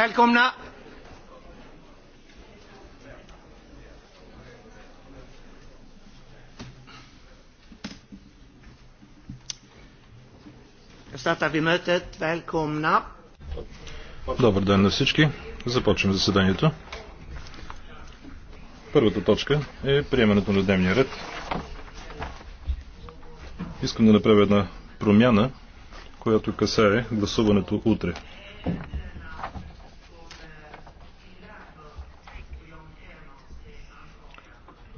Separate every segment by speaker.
Speaker 1: Välkomna!
Speaker 2: Добър ден на всички. Започваме заседанието. Първата точка е приемането на дневния ред. Искам да направя една промяна, която касае гласуването утре.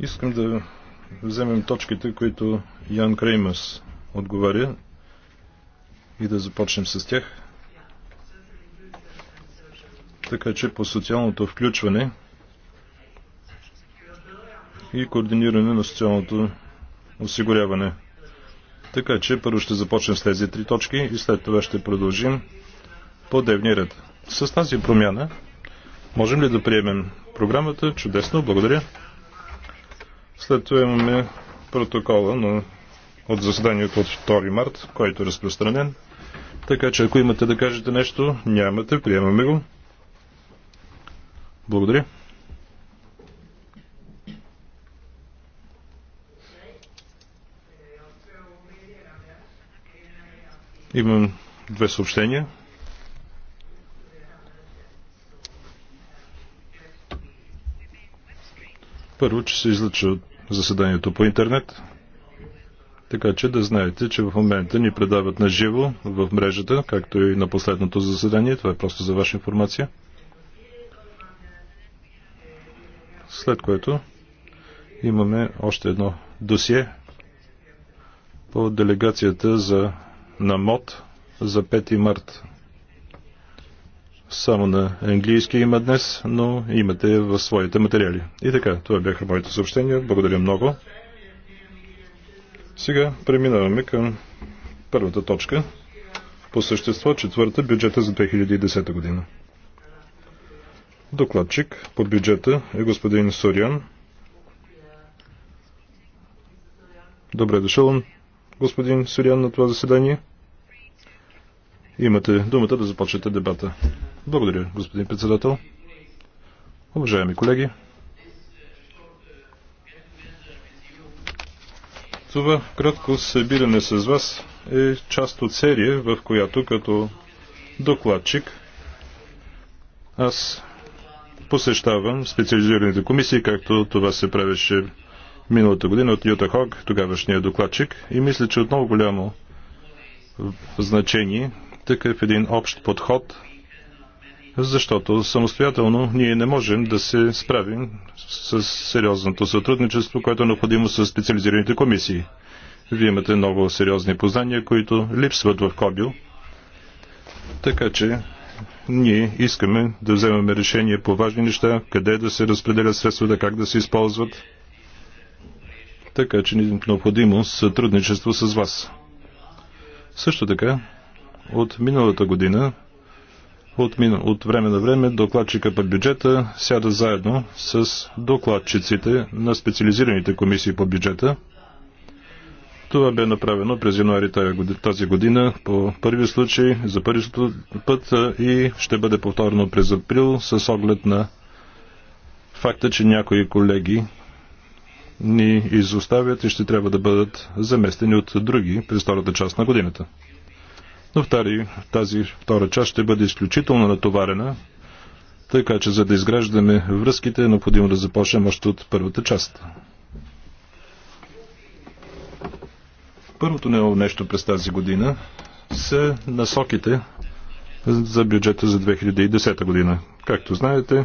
Speaker 2: Искам да вземем точките, които Ян Креймас отговаря и да започнем с тях. Така че по социалното включване и координиране на социалното осигуряване. Така че първо ще започнем с тези три точки и след това ще продължим по дневния ред. С тази промяна можем ли да приемем програмата? Чудесно, благодаря. След това имаме протокола на, от заседанието от 2 март, който е разпространен. Така че ако имате да кажете нещо, нямате, приемаме го. Благодаря. Имам две съобщения. Първо, че се излъчва от заседанието по интернет. Така че да знаете, че в момента ни предават на живо в мрежата, както и на последното заседание. Това е просто за ваша информация. След което имаме още едно досие по делегацията за, на МОД за 5 март само на английски има днес, но имате в своите материали. И така, това бяха моите съобщения. Благодаря много. Сега преминаваме към първата точка. По същество, четвърта, бюджета за 2010 година. Докладчик по бюджета е господин Сориан. Добре дошъл, господин Сориан, на това заседание. Имате думата да започнете дебата. Благодаря, господин председател. Уважаеми колеги, това кратко събиране с вас е част от серия, в която като докладчик аз посещавам специализираните комисии, както това се правеше миналата година от Юта Хог, тогавашния докладчик. И мисля, че отново голямо значение такъв един общ подход, защото самостоятелно ние не можем да се справим с сериозното сътрудничество, което е необходимо с специализираните комисии. Вие имате много сериозни познания, които липсват в Кобил. Така че ние искаме да вземем решение по важни неща, къде да се разпределят средствата, как да се използват. Така че ни е необходимо сътрудничество с вас. Също така от миналата година, от, мин... от време на време, докладчика по бюджета сяда заедно с докладчиците на специализираните комисии по бюджета. Това бе направено през януари тази година по първи случай, за първи път и ще бъде повторно през април с оглед на факта, че някои колеги ни изоставят и ще трябва да бъдат заместени от други през втората част на годината. Но в тази, в тази втора част ще бъде изключително натоварена, така че за да изграждаме връзките е необходимо да започнем още от първата част. Първото нещо през тази година са насоките за бюджета за 2010 година. Както знаете,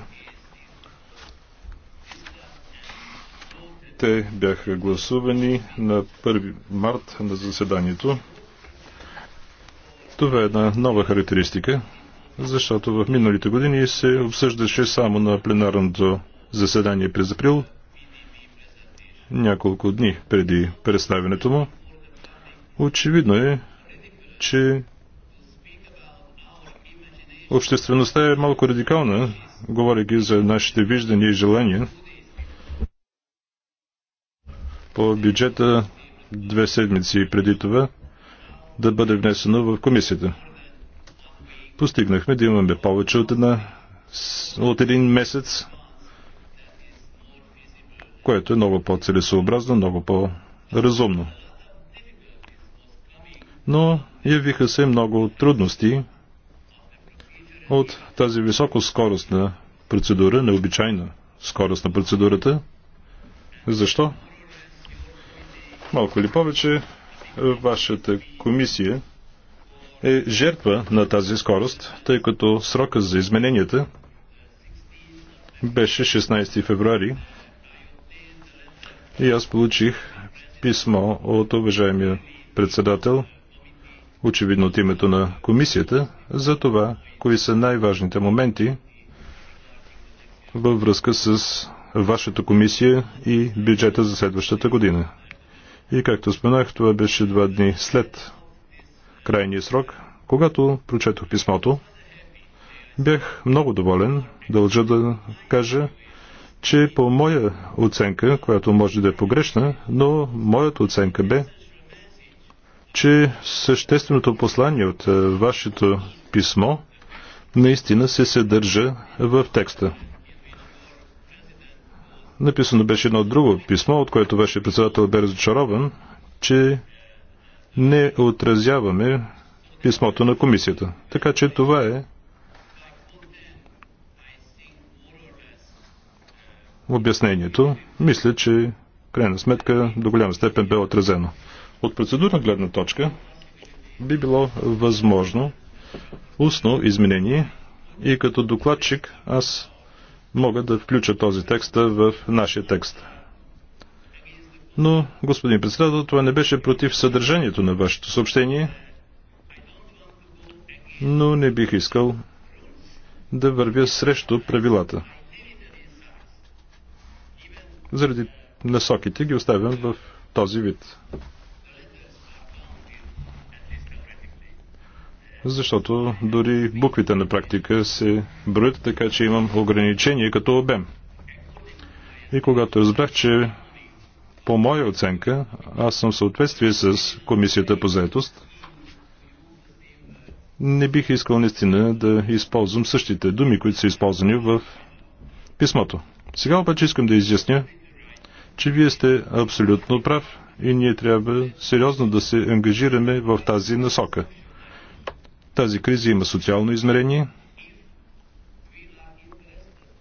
Speaker 2: те бяха гласувани на 1 март на заседанието това е една нова характеристика, защото в миналите години се обсъждаше само на пленарното заседание през април, няколко дни преди представянето му. Очевидно е, че обществеността е малко радикална, говоряки за нашите виждания и желания по бюджета две седмици преди това да бъде внесено в комисията. Постигнахме да имаме повече от, една, от един месец, което е много по-целесообразно, много по-разумно. Но явиха се много трудности от тази високоскоростна процедура, необичайна скорост на процедурата. Защо? Малко ли повече вашата комисия е жертва на тази скорост, тъй като срока за измененията беше 16 февруари и аз получих писмо от уважаемия председател, очевидно от името на комисията, за това, кои са най-важните моменти във връзка с вашата комисия и бюджета за следващата година. И както споменах, това беше два дни след крайния срок. Когато прочетох писмото, бях много доволен, дължа да кажа, че по моя оценка, която може да е погрешна, но моята оценка бе, че същественото послание от е, вашето писмо наистина се съдържа в текста. Написано беше едно друго писмо, от което беше председател бе разочарован, че не отразяваме писмото на комисията. Така че това е обяснението. Мисля, че крайна сметка до голяма степен бе отразено. От процедурна гледна точка би било възможно устно изменение и като докладчик аз мога да включа този текст в нашия текст. Но, господин председател, това не беше против съдържанието на вашето съобщение, но не бих искал да вървя срещу правилата. Заради насоките ги оставям в този вид. защото дори буквите на практика се броят, така че имам ограничение като обем. И когато разбрах, че по моя оценка аз съм в съответствие с Комисията по заетост, не бих искал наистина да използвам същите думи, които са използвани в писмото. Сега обаче искам да изясня, че вие сте абсолютно прав и ние трябва сериозно да се ангажираме в тази насока – тази криза има социално измерение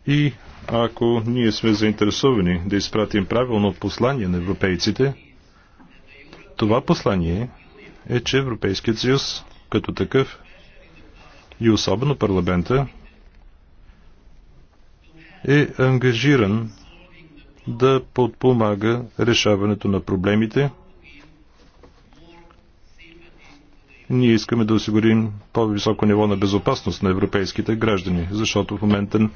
Speaker 2: и ако ние сме заинтересовани да изпратим правилно послание на европейците, това послание е, че Европейският съюз като такъв и особено парламента е ангажиран да подпомага решаването на проблемите, Ние искаме да осигурим по-високо ниво на безопасност на европейските граждани, защото в момента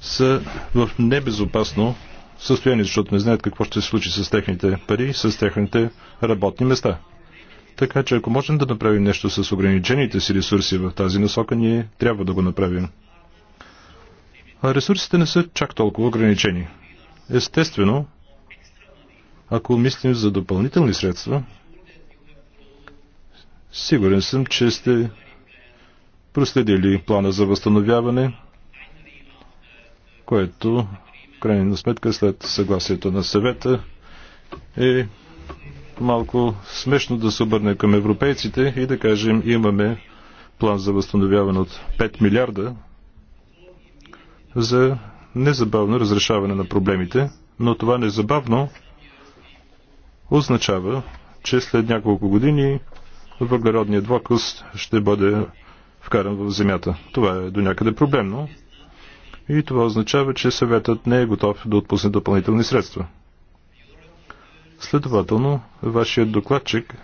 Speaker 2: са в небезопасно състояние, защото не знаят какво ще се случи с техните пари, с техните работни места. Така че ако можем да направим нещо с ограничените си ресурси в тази насока, ние трябва да го направим. А ресурсите не са чак толкова ограничени. Естествено, ако мислим за допълнителни средства, Сигурен съм, че сте проследили плана за възстановяване, което в крайна сметка след съгласието на съвета е малко смешно да се обърне към европейците и да кажем имаме план за възстановяване от 5 милиарда за незабавно разрешаване на проблемите, но това незабавно означава, че след няколко години въглеродният двокъс ще бъде вкаран в земята. Това е до някъде проблемно и това означава, че съветът не е готов да отпусне допълнителни средства. Следователно, вашият докладчик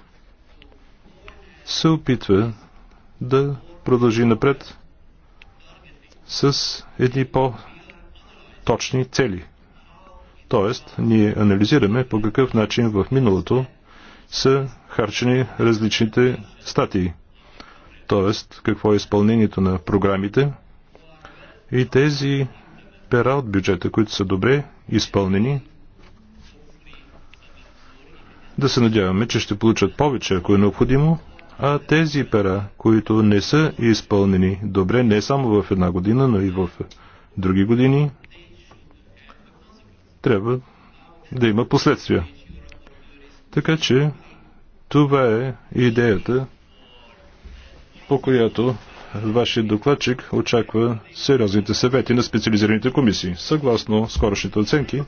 Speaker 2: се опитва да продължи напред с едни по-точни цели. Тоест, ние анализираме по какъв начин в миналото са харчени различните статии. Тоест, какво е изпълнението на програмите и тези пера от бюджета, които са добре изпълнени, да се надяваме, че ще получат повече, ако е необходимо, а тези пера, които не са изпълнени добре не само в една година, но и в други години, трябва да има последствия. Така че това е идеята, по която вашия докладчик очаква сериозните съвети на специализираните комисии. Съгласно скорошните оценки,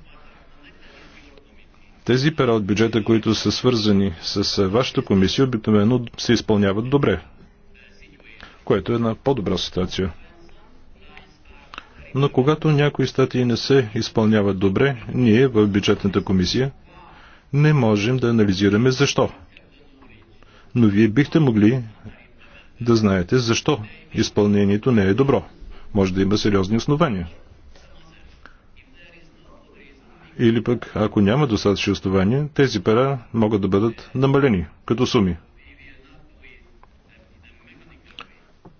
Speaker 2: тези пера от бюджета, които са свързани с вашата комисия, обикновено се изпълняват добре, което е една по-добра ситуация. Но когато някои статии не се изпълняват добре, ние в бюджетната комисия не можем да анализираме защо но вие бихте могли да знаете защо изпълнението не е добро. Може да има сериозни основания. Или пък, ако няма достатъчни основания, тези пера могат да бъдат намалени като суми.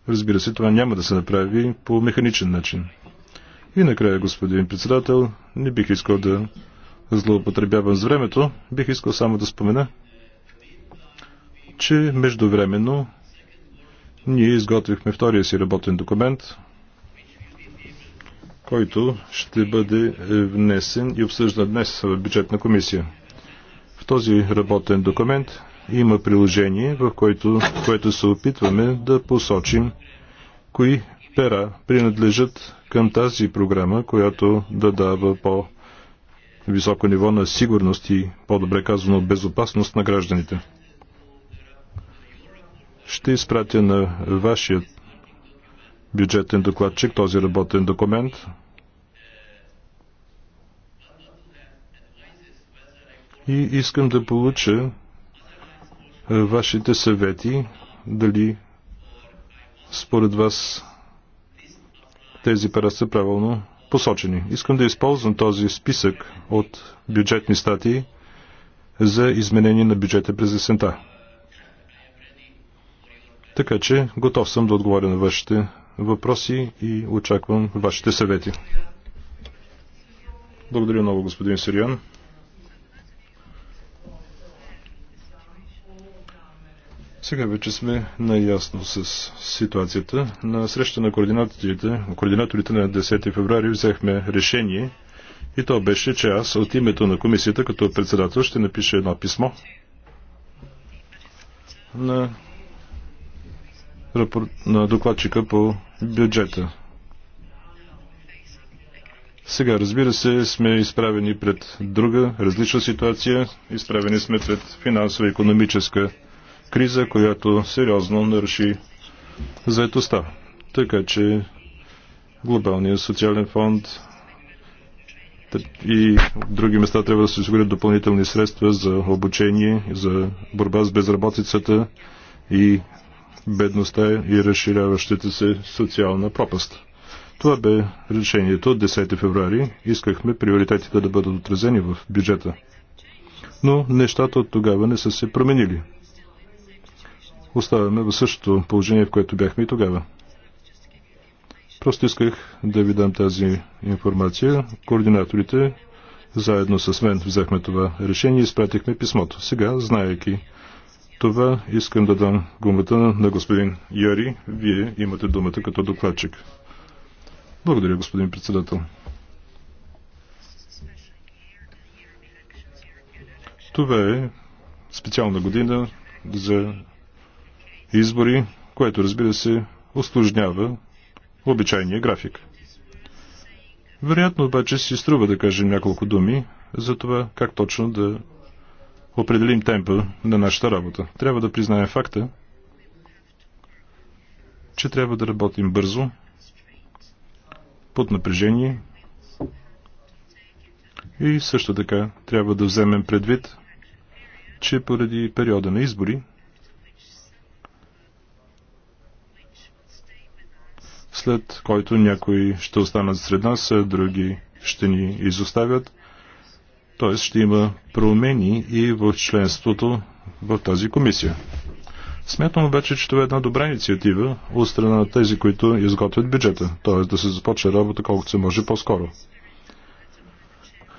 Speaker 2: Разбира се, това няма да се направи по механичен начин. И накрая, господин председател, не бих искал да злоупотребявам с времето, бих искал само да спомена, че междувременно ние изготвихме втория си работен документ, който ще бъде внесен и обсъждан днес в бюджетна комисия. В този работен документ има приложение, в което, в което се опитваме да посочим кои пера принадлежат към тази програма, която да дава по-високо ниво на сигурност и, по-добре казано, безопасност на гражданите. Ще изпратя на вашия бюджетен докладчик този работен документ. И искам да получа вашите съвети, дали според вас тези пара са правилно посочени. Искам да използвам този списък от бюджетни статии за изменение на бюджета през есента. Така че готов съм да отговоря на вашите въпроси и очаквам вашите съвети. Благодаря много, господин Сириан. Сега вече сме наясно с ситуацията. На среща на координаторите, координаторите на 10 феврари взехме решение и то беше, че аз от името на комисията като председател ще напиша едно писмо на на докладчика по бюджета. Сега, разбира се, сме изправени пред друга, различна ситуация. Изправени сме пред финансова и економическа криза, която сериозно наруши заетостта. Така че Глобалният социален фонд и други места трябва да се осигурят допълнителни средства за обучение, за борба с безработицата и бедността и разширяващата се социална пропаст. Това бе решението от 10 феврари. Искахме приоритетите да бъдат отразени в бюджета. Но нещата от тогава не са се променили. Оставаме в същото положение, в което бяхме и тогава. Просто исках да ви дам тази информация. Координаторите заедно с мен взехме това решение и изпратихме писмото. Сега, знаеки това искам да дам думата на господин Яри. Вие имате думата като докладчик. Благодаря, господин председател. Това е специална година за избори, което разбира се осложнява обичайния график. Вероятно обаче си струва да кажем няколко думи за това как точно да определим темпа на нашата работа. Трябва да признаем факта, че трябва да работим бързо, под напрежение и също така трябва да вземем предвид, че поради периода на избори, след който някои ще останат сред нас, други ще ни изоставят, т.е. ще има промени и в членството в тази комисия. Смятам обаче, че това е една добра инициатива от страна на тези, които изготвят бюджета, т.е. да се започне работа колкото се може по-скоро.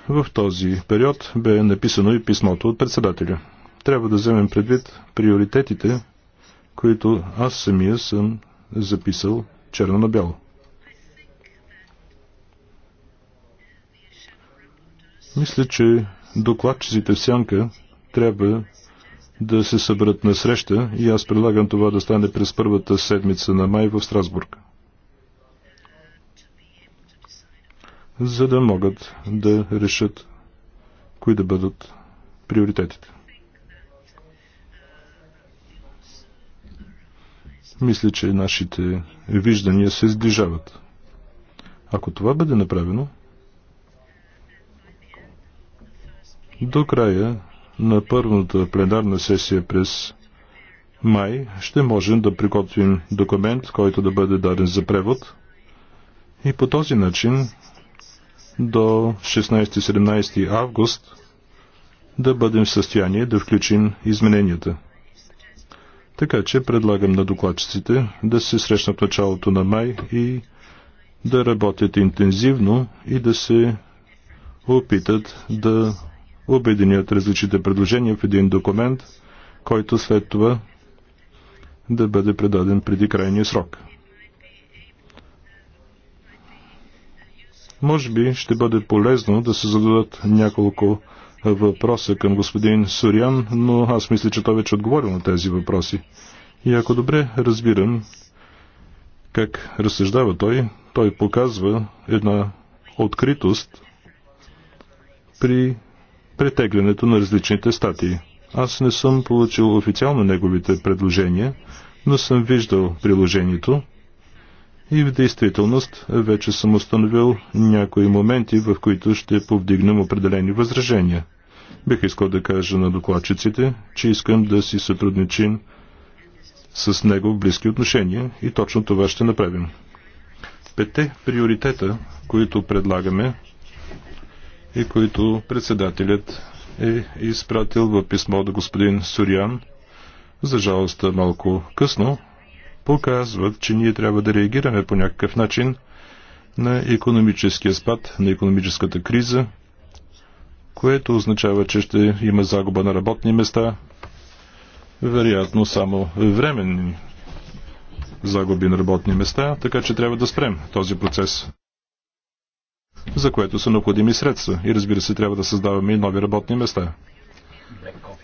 Speaker 2: В този период бе написано и писмото от председателя. Трябва да вземем предвид приоритетите, които аз самия съм записал черно на бяло. Мисля, че докладчиците в сянка трябва да се съберат на среща и аз предлагам това да стане през първата седмица на май в Страсбург. За да могат да решат кои да бъдат приоритетите. Мисля, че нашите виждания се сближават. Ако това бъде направено, До края на първата пленарна сесия през май ще можем да приготвим документ, който да бъде даден за превод. И по този начин до 16-17 август да бъдем в състояние да включим измененията. Така че предлагам на докладчиците да се срещнат началото на май и да работят интензивно и да се опитат да обединят различните предложения в един документ, който след това да бъде предаден преди крайния срок. Може би ще бъде полезно да се зададат няколко въпроса към господин Сурян, но аз мисля, че той вече отговорил на тези въпроси. И ако добре разбирам как разсъждава той, той показва една откритост при претеглянето на различните статии. Аз не съм получил официално неговите предложения, но съм виждал приложението и в действителност вече съм установил някои моменти, в които ще повдигнем определени възражения. Бих искал да кажа на докладчиците, че искам да си сътрудничим с него в близки отношения и точно това ще направим. Пете приоритета, които предлагаме, и които председателят е изпратил в писмо до господин Сурян, за жалост малко късно, показват, че ние трябва да реагираме по някакъв начин на економическия спад, на економическата криза, което означава, че ще има загуба на работни места, вероятно само временни загуби на работни места, така че трябва да спрем този процес за което са необходими средства. И разбира се, трябва да създаваме и нови работни места.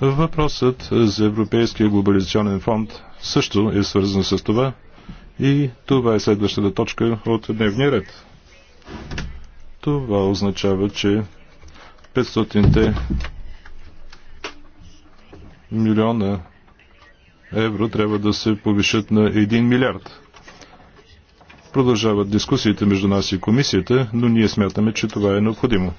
Speaker 2: Въпросът за Европейския глобализационен фонд също е свързан с това и това е следващата точка от дневния ред. Това означава, че 500-те милиона евро трябва да се повишат на 1 милиард. Продължават дискусиите между нас и комисията, но ние смятаме, че това е необходимо.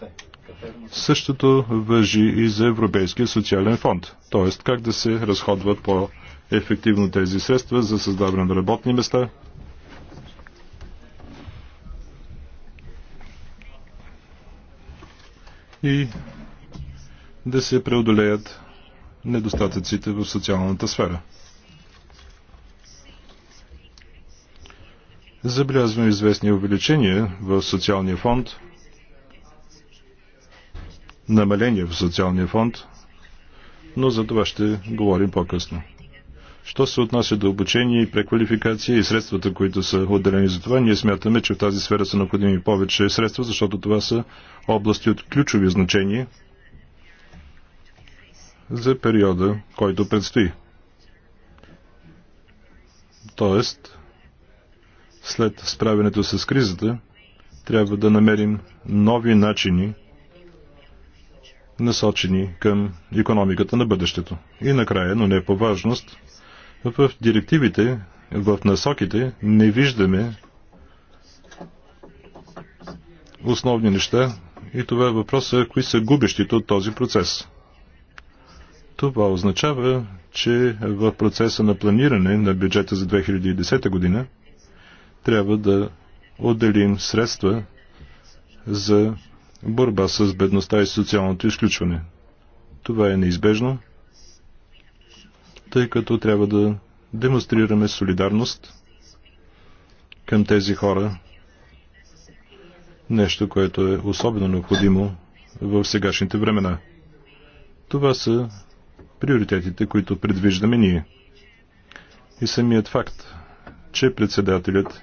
Speaker 2: Същото въжи и за Европейския социален фонд, т.е. как да се разходват по-ефективно тези средства за създаване на работни места, и да се преодолеят недостатъците в социалната сфера. Забелязваме известни увеличения в социалния фонд, намаление в социалния фонд, но за това ще говорим по-късно. Що се отнася до обучение и преквалификация и средствата, които са отделени за това, ние смятаме, че в тази сфера са необходими повече средства, защото това са области от ключови значения за периода, който предстои. Тоест, след справянето с кризата, трябва да намерим нови начини, насочени към економиката на бъдещето. И накрая, но не по важност, в директивите, в насоките не виждаме основни неща и това е въпроса, кои са губещите от този процес. Това означава, че в процеса на планиране на бюджета за 2010 година трябва да отделим средства за борба с бедността и социалното изключване. Това е неизбежно, тъй като трябва да демонстрираме солидарност към тези хора, нещо, което е особено необходимо в сегашните времена. Това са приоритетите, които предвиждаме ние. И самият факт, че председателят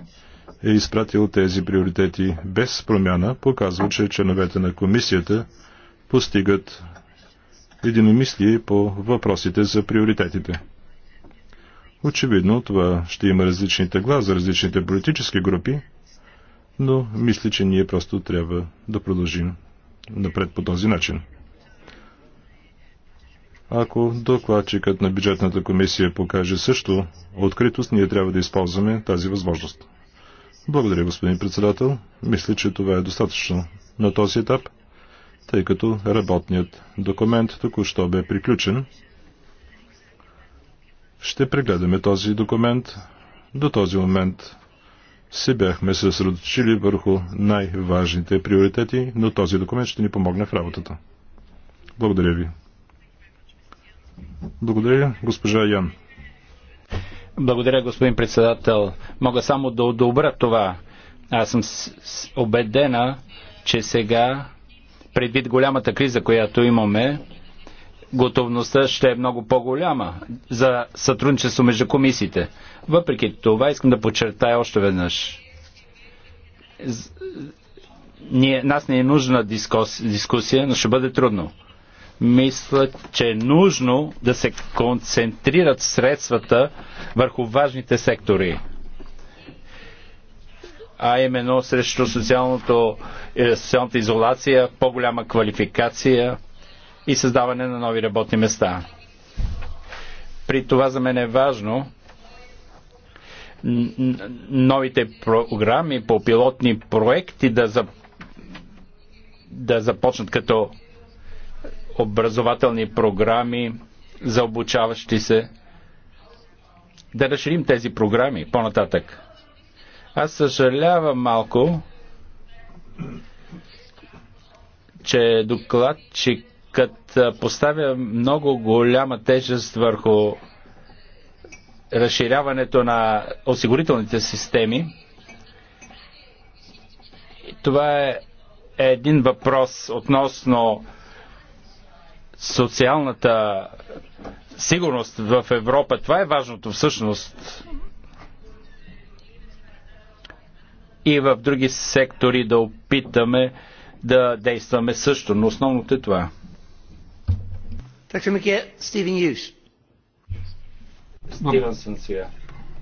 Speaker 2: е изпратил тези приоритети без промяна, показва, че членовете на комисията постигат единомислие по въпросите за приоритетите. Очевидно, това ще има различни тегла за различните политически групи, но мисля, че ние просто трябва да продължим напред по този начин. Ако докладчикът на бюджетната комисия покаже също откритост, ние трябва да използваме тази възможност. Благодаря, господин председател. Мисля, че това е достатъчно на този етап, тъй като работният документ току-що бе приключен. Ще прегледаме този документ. До този момент се бяхме съсредоточили върху най-важните приоритети, но този документ ще ни помогне в работата. Благодаря ви. Благодаря, госпожа Ян.
Speaker 3: Благодаря, господин председател. Мога само да одобря това. Аз съм убедена, че сега, предвид голямата криза, която имаме, готовността ще е много по-голяма за сътрудничество между комисиите. Въпреки това, искам да подчертая още веднъж. Ние, нас не е нужна дискус, дискусия, но ще бъде трудно мисля, че е нужно да се концентрират средствата върху важните сектори. А именно срещу социалното, социалната изолация, по-голяма квалификация и създаване на нови работни места. При това за мен е важно новите програми по пилотни проекти да, за, да започнат като образователни програми за обучаващи се. Да разширим тези програми по-нататък. Аз съжалявам малко, че докладчикът поставя много голяма тежест върху разширяването на осигурителните системи. Това е един въпрос относно социалната сигурност в Европа. Това е важното всъщност. И в други сектори да опитаме да действаме също, но основното е това.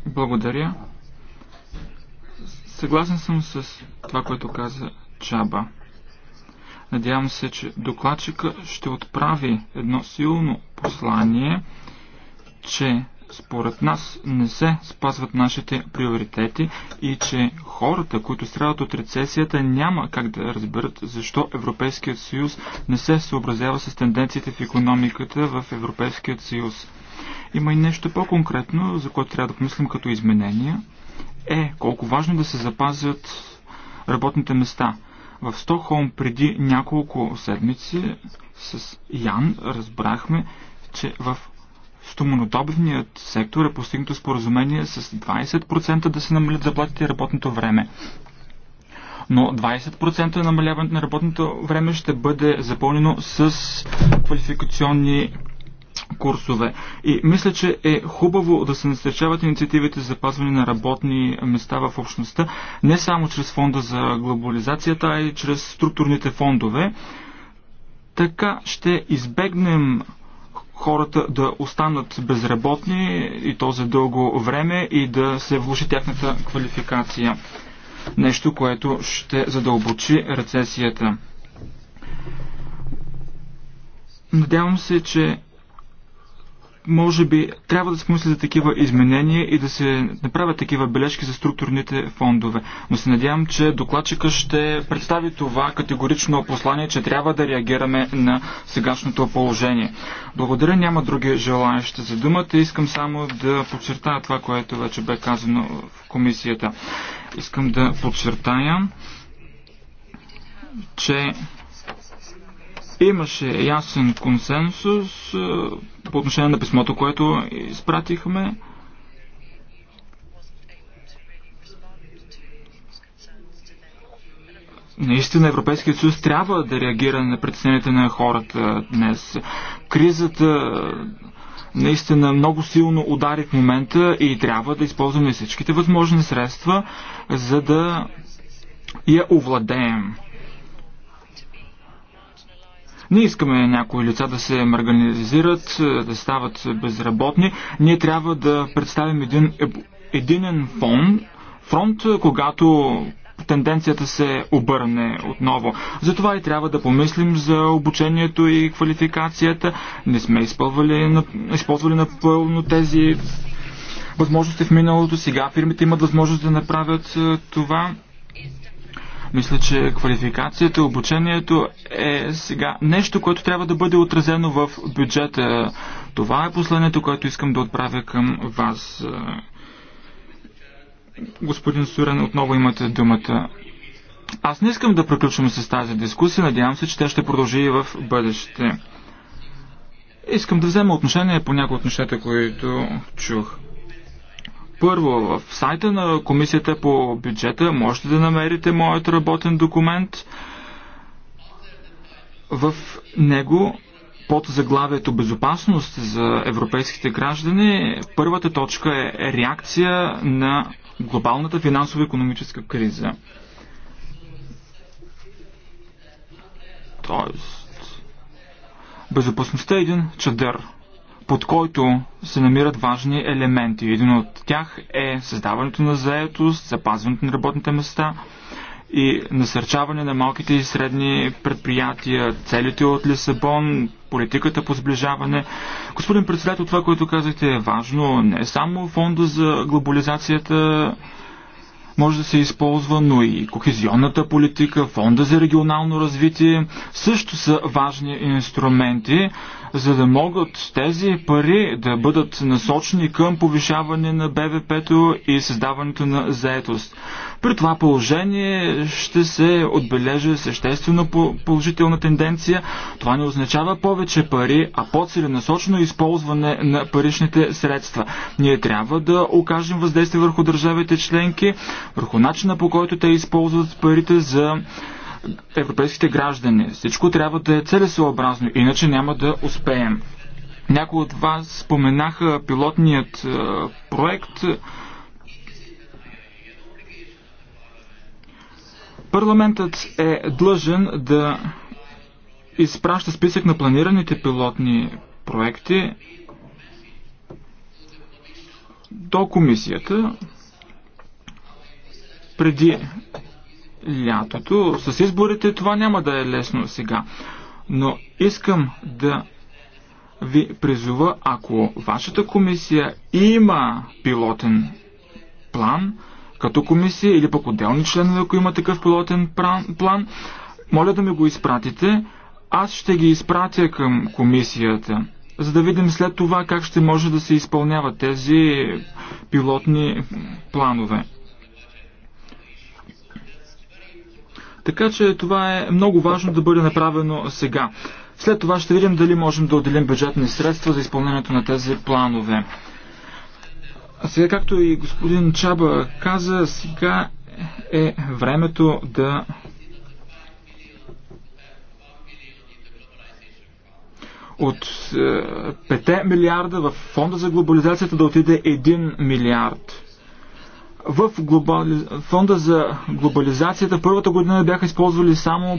Speaker 3: Благодаря.
Speaker 4: Съгласен съм с това, което каза Чаба. Надявам се, че докладчика ще отправи едно силно послание, че според нас не се спазват нашите приоритети и че хората, които страдат от рецесията, няма как да разберат защо Европейският съюз не се съобразява с тенденциите в економиката в Европейският съюз. Има и нещо по-конкретно, за което трябва да помислим като изменения. Е, колко важно да се запазят работните места. В Стокхолм преди няколко седмици с Ян разбрахме, че в стомонодобивният сектор е постигнато споразумение с 20% да се намалят заплатите и работното време. Но 20% намаляването на работното време ще бъде запълнено с квалификационни курсове. И мисля, че е хубаво да се насърчават инициативите за запазване на работни места в общността, не само чрез фонда за глобализацията, а и чрез структурните фондове. Така ще избегнем хората да останат безработни и то за дълго време и да се влуши тяхната квалификация. Нещо, което ще задълбочи рецесията. Надявам се, че може би трябва да се помисли за такива изменения и да се направят такива бележки за структурните фондове. Но се надявам, че докладчика ще представи това категорично послание, че трябва да реагираме на сегашното положение. Благодаря, няма други желаящи за думата. Искам само да подчертая това, което вече бе казано в комисията. Искам да подчертая, че Имаше ясен консенсус по отношение на писмото, което изпратихме. Наистина Европейският съюз трябва да реагира на притесненията на хората днес. Кризата наистина много силно удари в момента и трябва да използваме всичките възможни средства, за да я овладеем. Не искаме някои лица да се марганизират, е, да стават безработни. Ние трябва да представим един единен фон, фронт, е, когато тенденцията се обърне отново. Затова и трябва да помислим за обучението и квалификацията. Не сме използвали, използвали напълно тези възможности в миналото. Сега фирмите имат възможност да направят е, това. Мисля, че квалификацията, обучението е сега нещо, което трябва да бъде отразено в бюджета. Това е посланието, което искам да отправя към вас. Господин Сурен, отново имате думата. Аз не искам да приключвам с тази дискусия. Надявам се, че тя ще продължи и в бъдеще. Искам да взема отношение по някои от нещата, които чух. Първо, в сайта на Комисията по бюджета можете да намерите моят работен документ. В него под заглавието Безопасност за европейските граждани, първата точка е реакция на глобалната финансово-економическа криза. Тоест, безопасността е един чадър под който се намират важни елементи. Един от тях е създаването на заетост, запазването на работните места и насърчаване на малките и средни предприятия, целите от Лисабон, политиката по сближаване. Господин председател, това, което казахте е важно. Не само фонда за глобализацията може да се използва, но и кохезионната политика, фонда за регионално развитие също са важни инструменти за да могат тези пари да бъдат насочени към повишаване на БВП-то и създаването на заетост. При това положение ще се отбележи съществено положителна тенденция. Това не означава повече пари, а по-целенасочено използване на паричните средства. Ние трябва да окажем въздействие върху държавите членки, върху начина по който те използват парите за европейските граждани. Всичко трябва да е целесообразно, иначе няма да успеем. Някои от вас споменаха пилотният е, проект. Парламентът е длъжен да изпраща списък на планираните пилотни проекти до комисията преди лятото. С изборите това няма да е лесно сега. Но искам да ви призова, ако вашата комисия има пилотен план, като комисия или пък отделни членове, ако има такъв пилотен план, моля да ми го изпратите. Аз ще ги изпратя към комисията, за да видим след това как ще може да се изпълняват тези пилотни планове. Така че това е много важно да бъде направено сега. След това ще видим дали можем да отделим бюджетни средства за изпълнението на тези планове. А сега, както и господин Чаба каза, сега е времето да от 5 е, милиарда в фонда за глобализацията да отиде 1 милиард. В глобали... фонда за глобализацията първата година бяха използвали само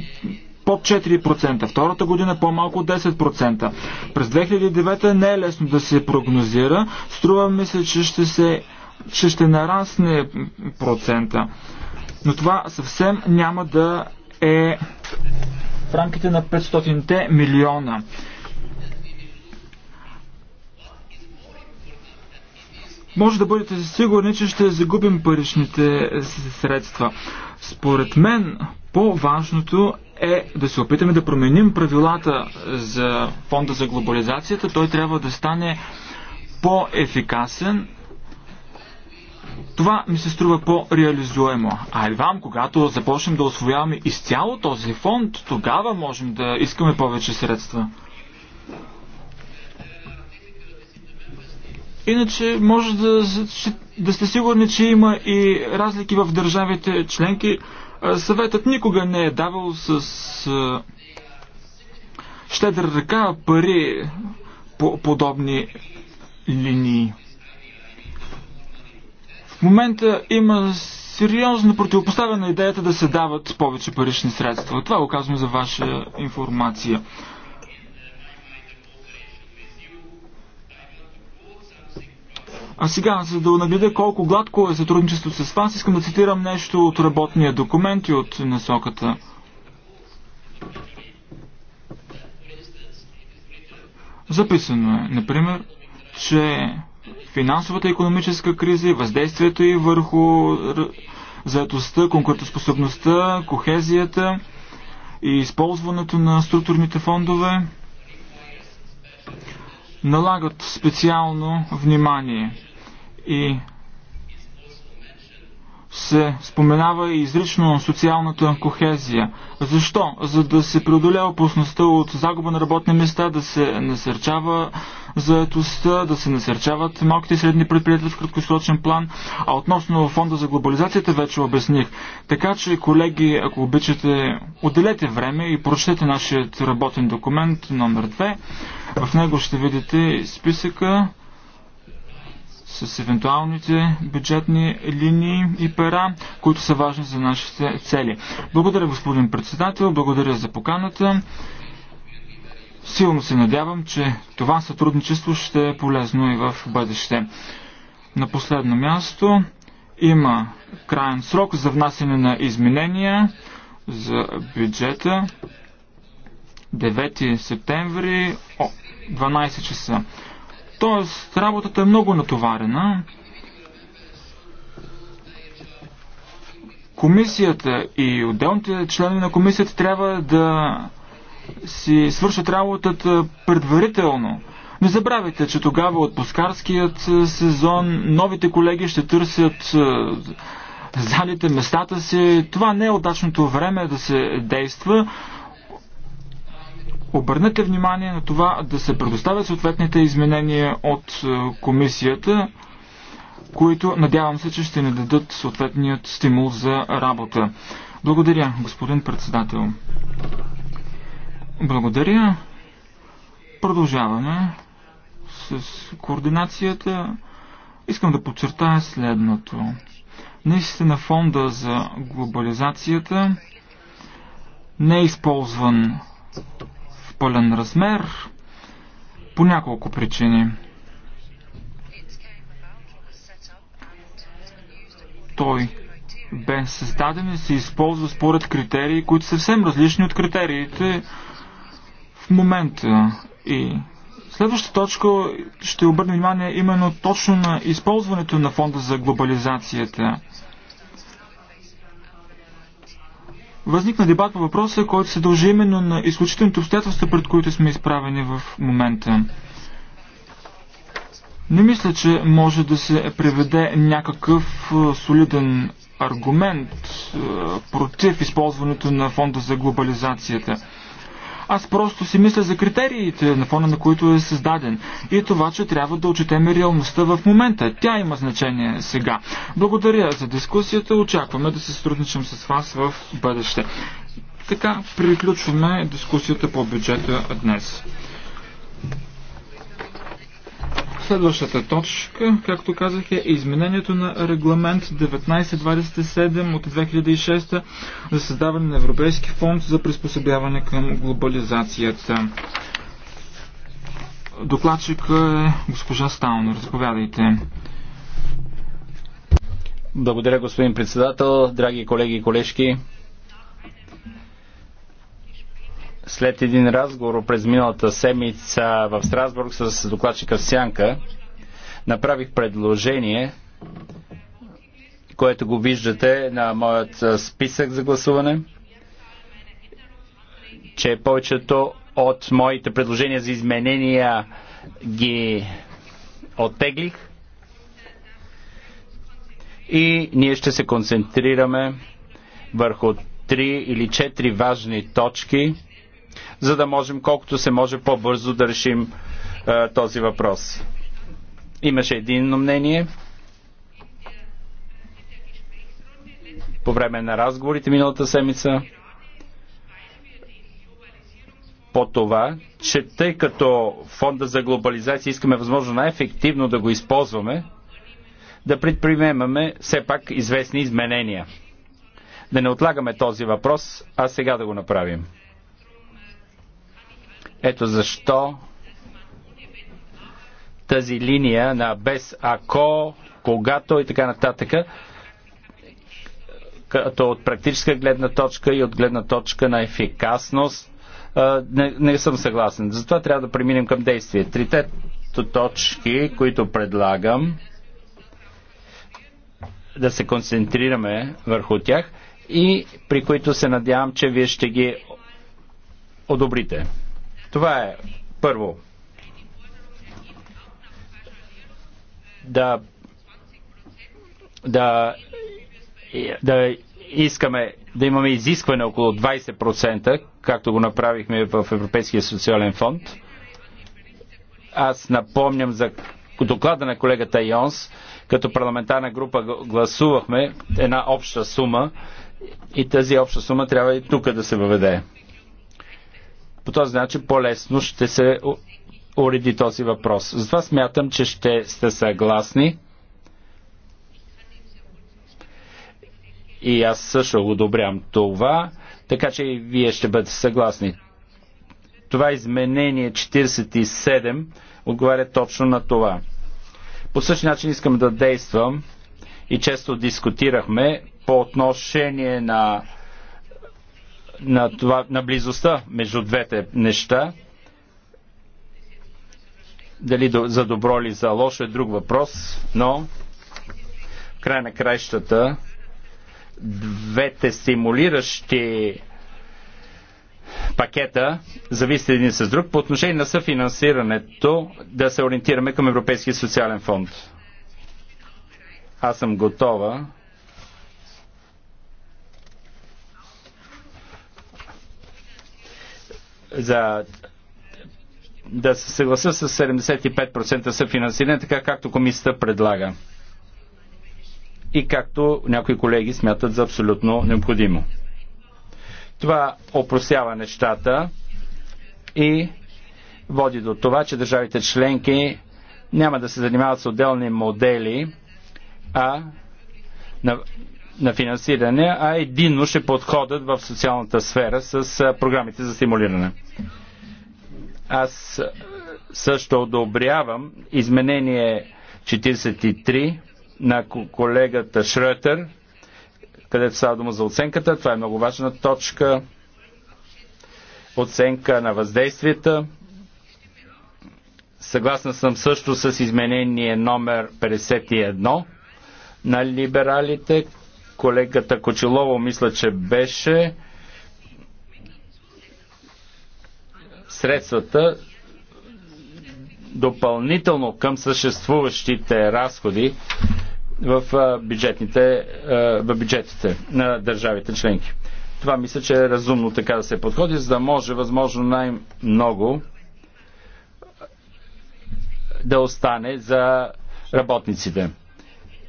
Speaker 4: под 4%, втората година по-малко 10%. През 2009 не е лесно да се прогнозира. Струва ми се, че ще, се, че ще нарасне процента. Но това съвсем няма да е в рамките на 500-те милиона. може да бъдете сигурни, че ще загубим паричните средства. Според мен, по-важното е да се опитаме да променим правилата за фонда за глобализацията. Той трябва да стане по-ефикасен. Това ми се струва по-реализуемо. А вам, когато започнем да освояваме изцяло този фонд, тогава можем да искаме повече средства. Иначе може да, да сте сигурни, че има и разлики в държавите членки. Съветът никога не е давал с щедра ръка пари по подобни линии. В момента има сериозно противопоставена идеята да се дават повече парични средства. Това го казвам за ваша информация. А сега, за да нагледа колко гладко е сътрудничеството с вас, искам да цитирам нещо от работния документ и от насоката. Записано е, например, че финансовата и економическа криза и въздействието и върху заетостта, конкурентоспособността, кохезията и използването на структурните фондове налагат специално внимание и се споменава и изрично социалната кохезия. Защо? За да се преодолява опасността от загуба на работни места, да се насърчава заетостта, да се насърчават малките и средни предприятия в краткосрочен план, а относно фонда за глобализацията вече обясних. Така че, колеги, ако обичате, отделете време и прочетете нашият работен документ номер 2. В него ще видите списъка с евентуалните бюджетни линии и пера, които са важни за нашите цели. Благодаря, господин председател, благодаря за поканата. Силно се надявам, че това сътрудничество ще е полезно и в бъдеще. На последно място има крайен срок за внасяне на изменения за бюджета 9 септември о, 12 часа. Тоест, работата е много натоварена. Комисията и отделните членове на комисията трябва да си свършат работата предварително. Не забравяйте, че тогава от пускарският сезон новите колеги ще търсят е, залите, местата си. Това не е удачното време да се действа. Обърнете внимание на това да се предоставят съответните изменения от е, комисията, които надявам се, че ще ни дадат съответният стимул за работа. Благодаря, господин председател. Благодаря. Продължаваме с координацията. Искам да подчертая следното. Наистина фонда за глобализацията не е използван пълен размер по няколко причини. Той бе създаден и се използва според критерии, които са съвсем различни от критериите в момента. И следващата точка ще обърне внимание именно точно на използването на фонда за глобализацията. Възникна дебат по въпроса, който се дължи именно на изключителните обстоятелства, пред които сме изправени в момента. Не мисля, че може да се преведе някакъв солиден аргумент против използването на фонда за глобализацията. Аз просто си мисля за критериите, на фона на които е създаден. И това, че трябва да отчетем реалността в момента. Тя има значение сега. Благодаря за дискусията. Очакваме да се сътрудничам с вас в бъдеще. Така, приключваме дискусията по бюджета днес. Следващата точка, както казах, е изменението на регламент 1927 от 2006 за създаване на Европейски фонд за приспособяване към глобализацията. Докладчик е госпожа Стауна.
Speaker 3: Разповядайте. Благодаря, господин председател, драги колеги и колежки. След един разговор през миналата седмица в Страсбург с докладчика Сянка, направих предложение, което го виждате на моят списък за гласуване, че повечето от моите предложения за изменения ги оттеглих и ние ще се концентрираме върху три или четири важни точки, за да можем колкото се може по-бързо да решим а, е, този въпрос. Имаше единно мнение. По време на разговорите миналата седмица по това, че тъй като фонда за глобализация искаме възможно най-ефективно да го използваме, да предприемаме все пак известни изменения. Да не отлагаме този въпрос, а сега да го направим. Ето защо тази линия на без ако, когато и така нататък, като от практическа гледна точка и от гледна точка на ефикасност, не, не съм съгласен. Затова трябва да преминем към действие. Трите точки, които предлагам, да се концентрираме върху тях и при които се надявам, че вие ще ги одобрите. Това е първо. Да, да, да искаме да имаме изискване около 20%, както го направихме в Европейския социален фонд. Аз напомням за доклада на колегата Йонс, като парламентарна група гласувахме една обща сума и тази обща сума трябва и тук да се въведе. По този начин по-лесно ще се уреди този въпрос. Затова смятам, че ще сте съгласни. И аз също одобрям това, така че и вие ще бъдете съгласни. Това изменение 47 отговаря точно на това. По същия начин искам да действам и често дискутирахме по отношение на на, това, на близостта между двете неща. Дали за добро или за лошо е друг въпрос, но в край на краищата двете стимулиращи пакета зависят един с друг. По отношение на съфинансирането да се ориентираме към Европейския социален фонд. Аз съм готова за да се съгласа с 75% съфинансиране, така както комисията предлага и както някои колеги смятат за абсолютно необходимо. Това опросява нещата и води до това, че държавите членки няма да се занимават с отделни модели, а на финансиране, а единно ще подходят в социалната сфера с програмите за стимулиране. Аз също одобрявам изменение 43 на колегата Шрътер, където става дума за оценката. Това е много важна точка. Оценка на въздействията. Съгласна съм също с изменение номер 51 на либералите, колегата Кочелово, мисля, че беше средствата допълнително към съществуващите разходи в бюджетните, в бюджетите на държавите членки. Това мисля, че е разумно така да се подходи, за да може възможно най-много да остане за работниците.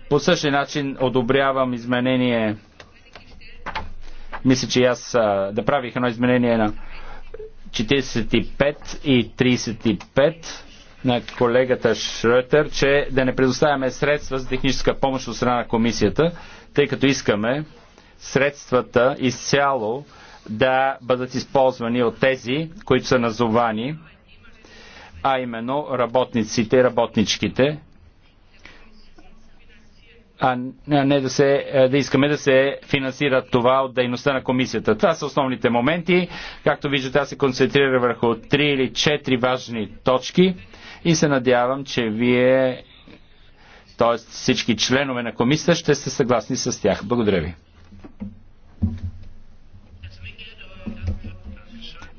Speaker 3: По същия начин одобрявам изменение. Мисля, че аз да правих едно изменение на 45 и 35 на колегата Шрътер, че да не предоставяме средства за техническа помощ от страна на комисията, тъй като искаме средствата изцяло да бъдат използвани от тези, които са назовани, а именно работниците и работничките, а не да, се, е, да искаме да се финансира това от дейността на комисията. Това са основните моменти. Както виждате, аз се концентрира върху три или четири важни точки и се надявам, че вие, т.е. всички членове на комисията, ще сте съгласни с тях. Благодаря ви.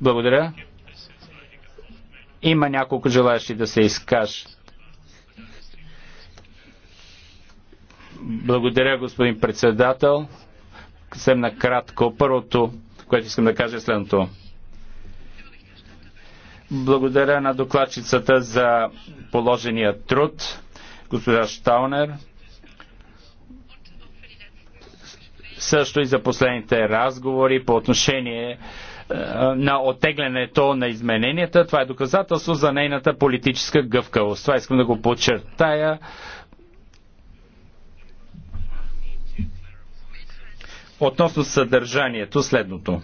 Speaker 3: Благодаря. Има няколко желаящи да се изкажат Благодаря, господин председател. Съм накратко. Първото, което искам да кажа е следното. Благодаря на докладчицата за положения труд, госпожа Штаунер. Също и за последните разговори по отношение е, на отеглянето на измененията. Това е доказателство за нейната политическа гъвкавост. Това искам да го подчертая. Относно съдържанието следното.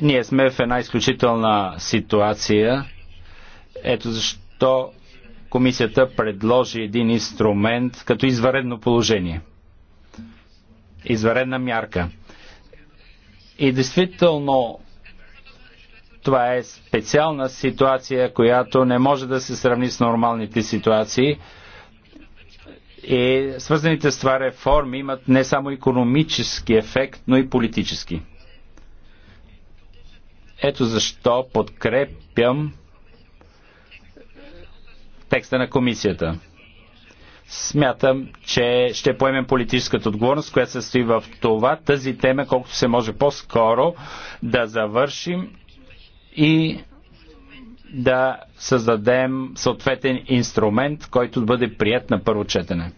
Speaker 3: Ние сме в една изключителна ситуация. Ето защо комисията предложи един инструмент като изваредно положение. Изваредна мярка. И действително това е специална ситуация, която не може да се сравни с нормалните ситуации – е, свързаните с това реформи имат не само економически ефект, но и политически. Ето защо подкрепям текста на комисията. Смятам, че ще поемем политическата отговорност, която се стои в това, тази тема, колкото се може по-скоро да завършим и да създадем съответен инструмент, който да бъде прият на първо четене.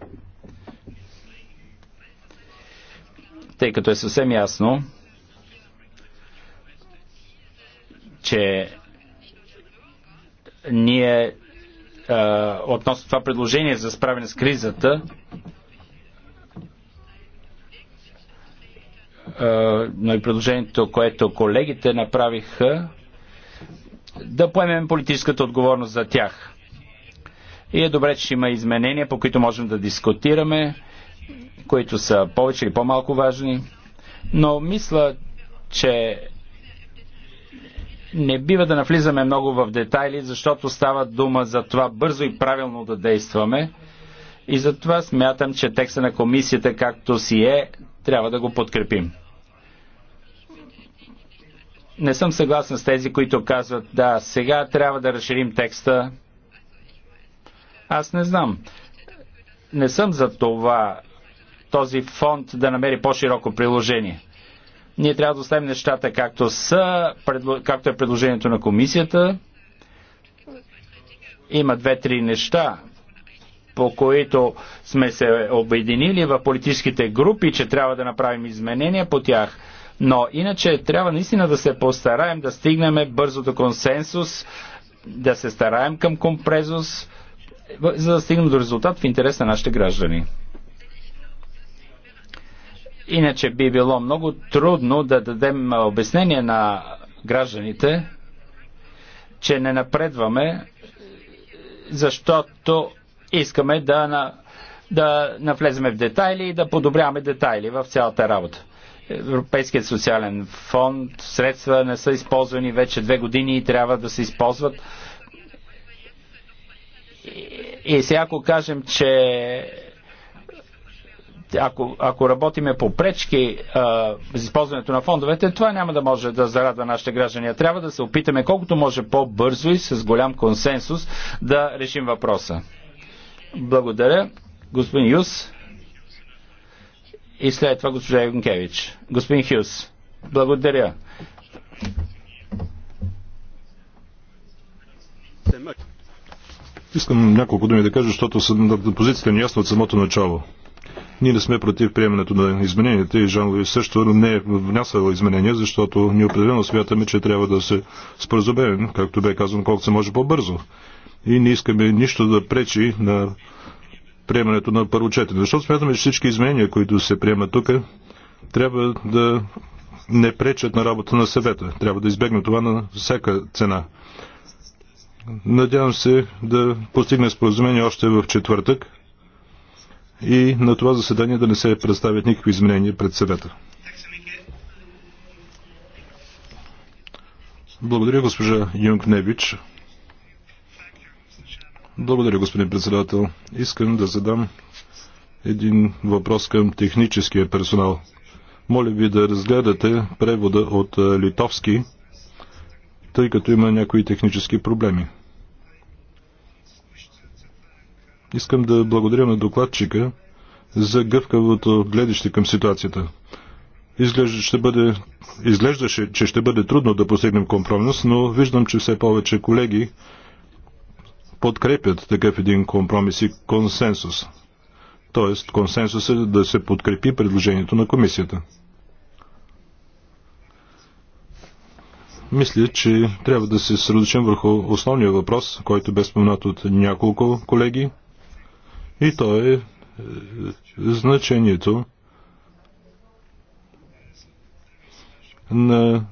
Speaker 3: Тъй като е съвсем ясно, че ние а, относно това предложение за справяне с кризата а, но и предложението, което колегите направиха да поемем политическата отговорност за тях. И е добре, че има изменения, по които можем да дискутираме, които са повече или по-малко важни. Но мисля, че не бива да навлизаме много в детайли, защото става дума за това бързо и правилно да действаме. И затова смятам, че текста на комисията, както си е, трябва да го подкрепим не съм съгласен с тези, които казват, да, сега трябва да разширим текста. Аз не знам. Не съм за това този фонд да намери по-широко приложение. Ние трябва да оставим нещата както са, както е предложението на комисията. Има две-три неща, по които сме се обединили в политическите групи, че трябва да направим изменения по тях но иначе трябва наистина да се постараем да стигнем бързо до консенсус, да се стараем към компрезус, за да стигнем до резултат в интерес на нашите граждани. Иначе би било много трудно да дадем обяснение на гражданите, че не напредваме, защото искаме да, на, да навлеземе в детайли и да подобряваме детайли в цялата работа. Европейският социален фонд, средства не са използвани вече две години и трябва да се използват. И сега ако кажем, че ако, ако работиме по пречки а, с използването на фондовете, това няма да може да зарадва нашите граждани. Трябва да се опитаме колкото може по-бързо и с голям консенсус да решим въпроса. Благодаря. Господин Юс. И след това госпожа Юнкевич. Господин Хюс, благодаря.
Speaker 2: Искам няколко думи да кажа, защото позицията ни е ясна от самото начало. Ние не сме против приемането на измененията и Жан Луис също не е внясал изменения, защото ни определено смятаме, че трябва да се споразумеем, както бе казано, колкото се може по-бързо. И не искаме нищо да пречи на приемането на първо четене. Защото смятаме, че всички изменения, които се приемат тук, трябва да не пречат на работа на съвета. Трябва да избегне това на всяка цена. Надявам се да постигне споразумение още в четвъртък и на това заседание да не се представят никакви изменения пред съвета. Благодаря, госпожа Юнг Невич. Благодаря, господин председател. Искам да задам един въпрос към техническия персонал. Моля ви да разгледате превода от литовски, тъй като има някои технически проблеми. Искам да благодаря на докладчика за гъвкавото гледаще към ситуацията. Изглежда, ще бъде, изглеждаше, че ще бъде трудно да постигнем компромис, но виждам, че все повече колеги подкрепят такъв един компромис и консенсус. Тоест, консенсус е да се подкрепи предложението на комисията. Мисля, че трябва да се съсредоточим върху основния въпрос, който бе споменат от няколко колеги. И то е, е значението на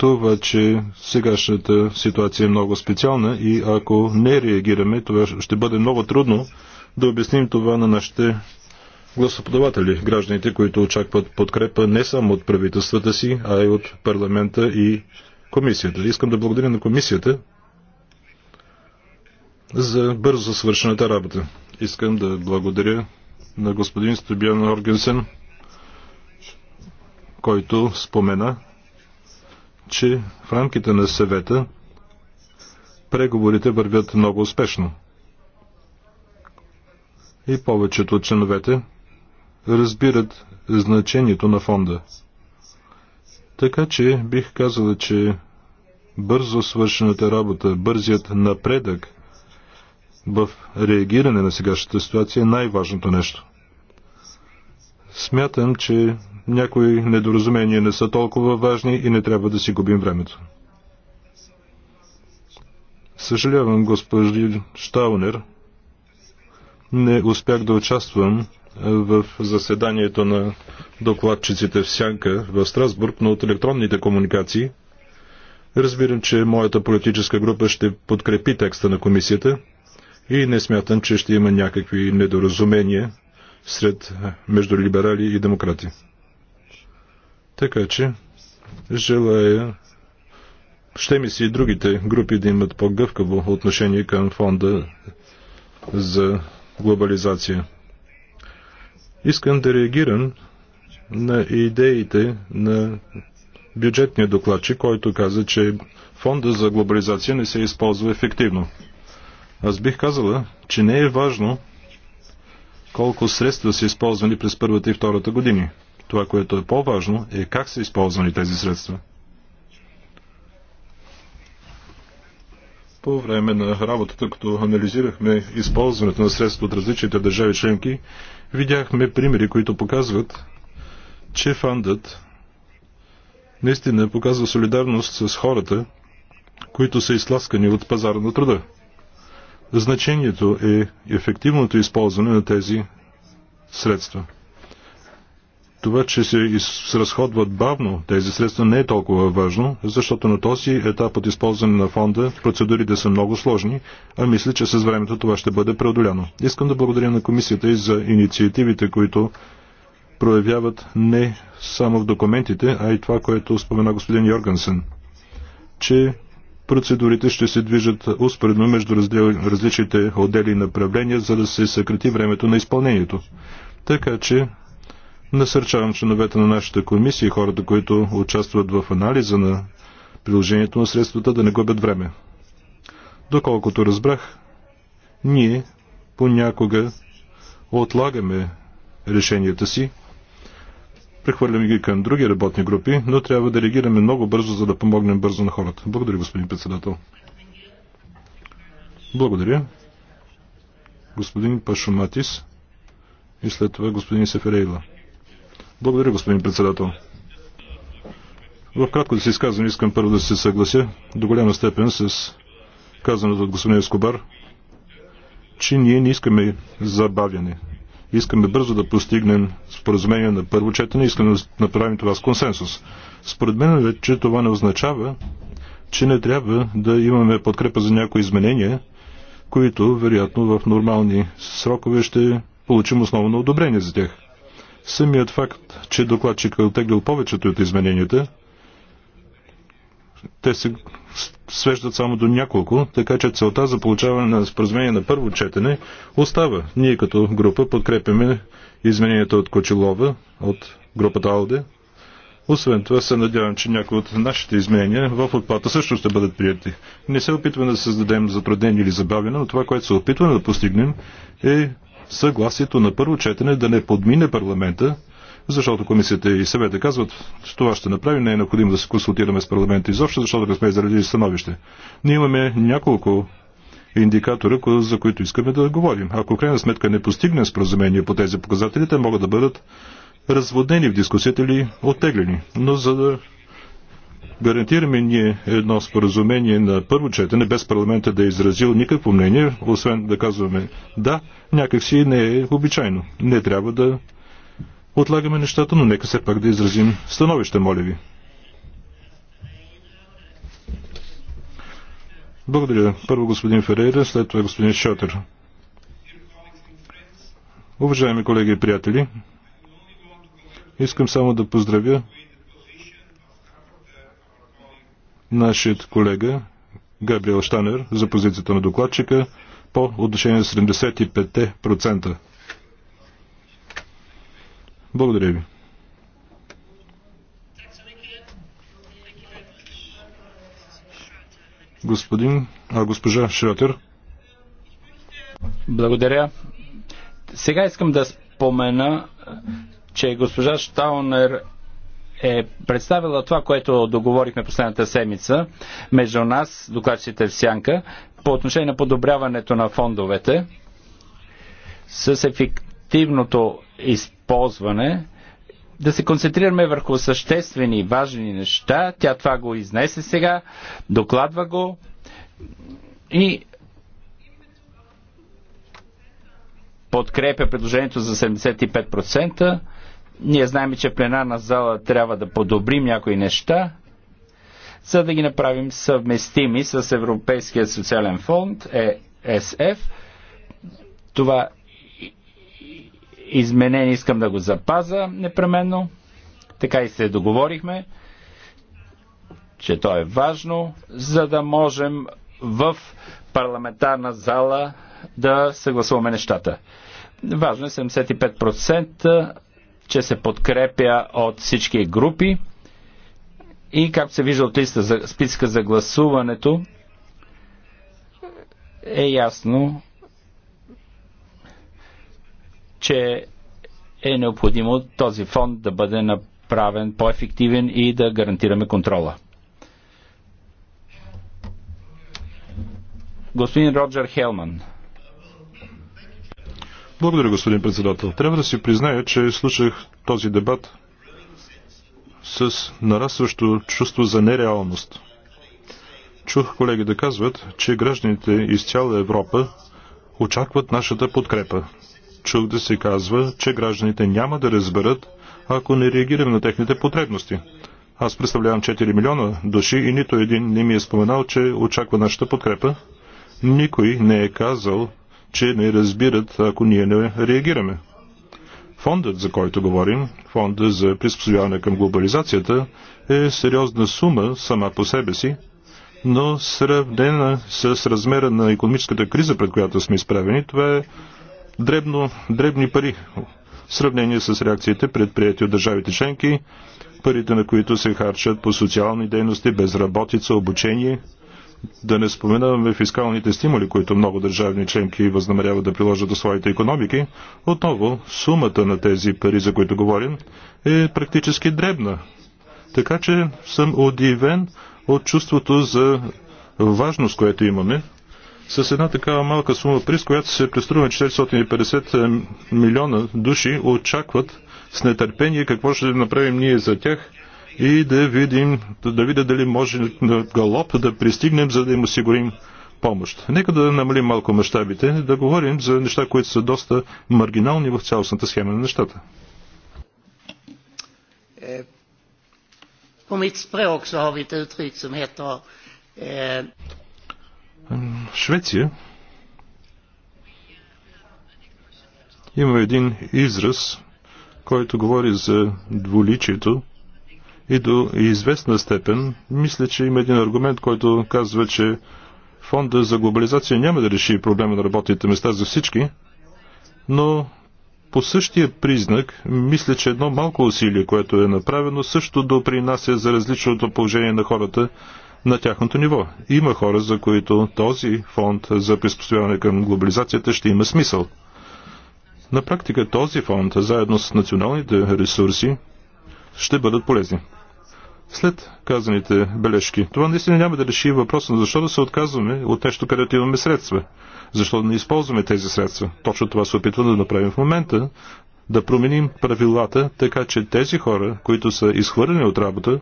Speaker 2: това, че сегашната ситуация е много специална и ако не реагираме, това ще бъде много трудно да обясним това на нашите гласоподаватели, гражданите, които очакват подкрепа не само от правителствата си, а и от парламента и комисията. Искам да благодаря на комисията за бързо свършената работа. Искам да благодаря на господин Стобиан Оргенсен, който спомена че в рамките на съвета преговорите вървят много успешно. И повечето от членовете разбират значението на фонда. Така че бих казала, че бързо свършената работа, бързият напредък в реагиране на сегашната ситуация е най-важното нещо. Смятам, че някои недоразумения не са толкова важни и не трябва да си губим времето. Съжалявам, госпожи Штаунер, не успях да участвам в заседанието на докладчиците в Сянка в Страсбург, но от електронните комуникации разбирам, че моята политическа група ще подкрепи текста на комисията и не смятам, че ще има някакви недоразумения сред между либерали и демократи. Така че желая ще ми си и другите групи да имат по-гъвкаво отношение към фонда за глобализация. Искам да реагирам на идеите на бюджетния докладчик, който каза, че фонда за глобализация не се използва ефективно. Аз бих казала, че не е важно колко средства са използвани през първата и втората години. Това, което е по-важно, е как са използвани тези средства. По време на работата, като анализирахме използването на средства от различните държави членки, видяхме примери, които показват, че фандът наистина показва солидарност с хората, които са изтласкани от пазара на труда. Значението е ефективното използване на тези средства. Това, че се разходват бавно тези средства не е толкова важно, защото на този етап от използване на фонда процедурите са много сложни, а мисля, че с времето това ще бъде преодоляно. Искам да благодаря на комисията и за инициативите, които проявяват не само в документите, а и това, което спомена господин Йоргансен, че процедурите ще се движат успоредно между различните отдели и направления, за да се съкрати времето на изпълнението. Така че Насърчавам членовете на нашата комисия и хората, които участват в анализа на приложението на средствата, да не губят време. Доколкото разбрах, ние понякога отлагаме решенията си, прехвърляме ги към други работни групи, но трябва да реагираме много бързо, за да помогнем бързо на хората. Благодаря, господин председател. Благодаря. Господин Пашуматис и след това господин Сеферейла. Благодаря, господин председател. В да си изказвам, искам първо да се съглася до голяма степен с казаното от господин Ескобар, че ние не искаме забавяне. Искаме бързо да постигнем споразумение на първо четене, искаме да направим това с консенсус. Според мен вече това не означава, че не трябва да имаме подкрепа за някои изменения, които вероятно в нормални срокове ще получим основно одобрение за тях. Самият факт, че докладчик е оттеглил повечето от измененията, те се свеждат само до няколко, така че целта за получаване на споразумение на първо четене остава. Ние като група подкрепяме измененията от Кочелова от групата Алде. Освен това се надявам, че някои от нашите изменения в отплата също ще бъдат прияти. Не се опитваме да създадем затруднение или забавяне, но това, което се опитваме да постигнем е съгласието на първо четене да не подмине парламента, защото комисията и съвета казват, че това ще направим, не е необходимо да се консултираме с парламента изобщо, защото не сме изразили становище. Ние имаме няколко индикатора, за които искаме да говорим. Ако в крайна сметка не постигнем споразумение по тези показатели, те могат да бъдат разводнени в дискусията или оттеглени. Но за да гарантираме ние едно споразумение на първо четене, без парламента да е изразил никакво мнение, освен да казваме да, някакси не е обичайно. Не трябва да отлагаме нещата, но нека все пак да изразим становище, моля ви. Благодаря. Първо господин Ферейра, след това господин Шотер. Уважаеми колеги и приятели, искам само да поздравя нашият колега Габриел Штанер за позицията на докладчика по отношение на 75%. Благодаря ви. Господин, а госпожа Шратер. Благодаря. Сега искам да
Speaker 3: спомена, че госпожа Штаунер е представила това, което договорихме последната седмица между нас, докладчите в Сянка, по отношение на подобряването на фондовете с ефективното използване да се концентрираме върху съществени и важни неща. Тя това го изнесе сега, докладва го и подкрепя предложението за 75%. Ние знаем, че пленарна зала трябва да подобрим някои неща, за да ги направим съвместими с Европейския социален фонд, ЕСФ. Това изменение искам да го запаза непременно. Така и се договорихме, че то е важно, за да можем в парламентарна зала да съгласуваме нещата. Важно е 75% че се подкрепя от всички групи и както се вижда от листа за списка за гласуването, е ясно, че е необходимо този фонд да бъде направен по-ефективен и да гарантираме контрола. Господин Роджер Хелман.
Speaker 2: Благодаря, господин председател. Трябва да си призная, че слушах този дебат с нарастващо чувство за нереалност. Чух колеги да казват, че гражданите из цяла Европа очакват нашата подкрепа. Чух да се казва, че гражданите няма да разберат, ако не реагирам на техните потребности. Аз представлявам 4 милиона души и нито един не ми е споменал, че очаква нашата подкрепа. Никой не е казал, че не разбират, ако ние не реагираме. Фондът, за който говорим, фонда за приспособяване към глобализацията, е сериозна сума сама по себе си, но сравнена с размера на економическата криза, пред която сме изправени, това е дребно, дребни пари. В сравнение с реакциите, предприяти от държавите членки, парите на които се харчат по социални дейности, безработица, обучение – да не споменаваме фискалните стимули, които много държавни членки възнамеряват да приложат до своите економики. Отново, сумата на тези пари, за които говорим, е практически дребна. Така че съм удивен от чувството за важност, което имаме, с една такава малка сума приз, която се преструва 450 е, милиона души, очакват с нетърпение какво ще направим ние за тях и да видим, да видя дали може на галоп да пристигнем, за да им осигурим помощ. Нека да намалим малко мащабите, да говорим за неща, които са доста маргинални в цялостната схема на нещата.
Speaker 1: Е, по mitt språk så har vi ett
Speaker 2: Швеция има един израз, който говори за дволичието и до известна степен, мисля, че има един аргумент, който казва, че фонда за глобализация няма да реши проблема на работните места за всички, но по същия признак, мисля, че едно малко усилие, което е направено, също допринася за различното положение на хората на тяхното ниво. Има хора, за които този фонд за приспособяване към глобализацията ще има смисъл. На практика този фонд, заедно с националните ресурси, ще бъдат полезни след казаните бележки. Това наистина няма да реши въпроса, защо да се отказваме от нещо, където имаме средства. Защо да не използваме тези средства? Точно това се опитваме да направим в момента, да променим правилата, така че тези хора, които са изхвърлени от работа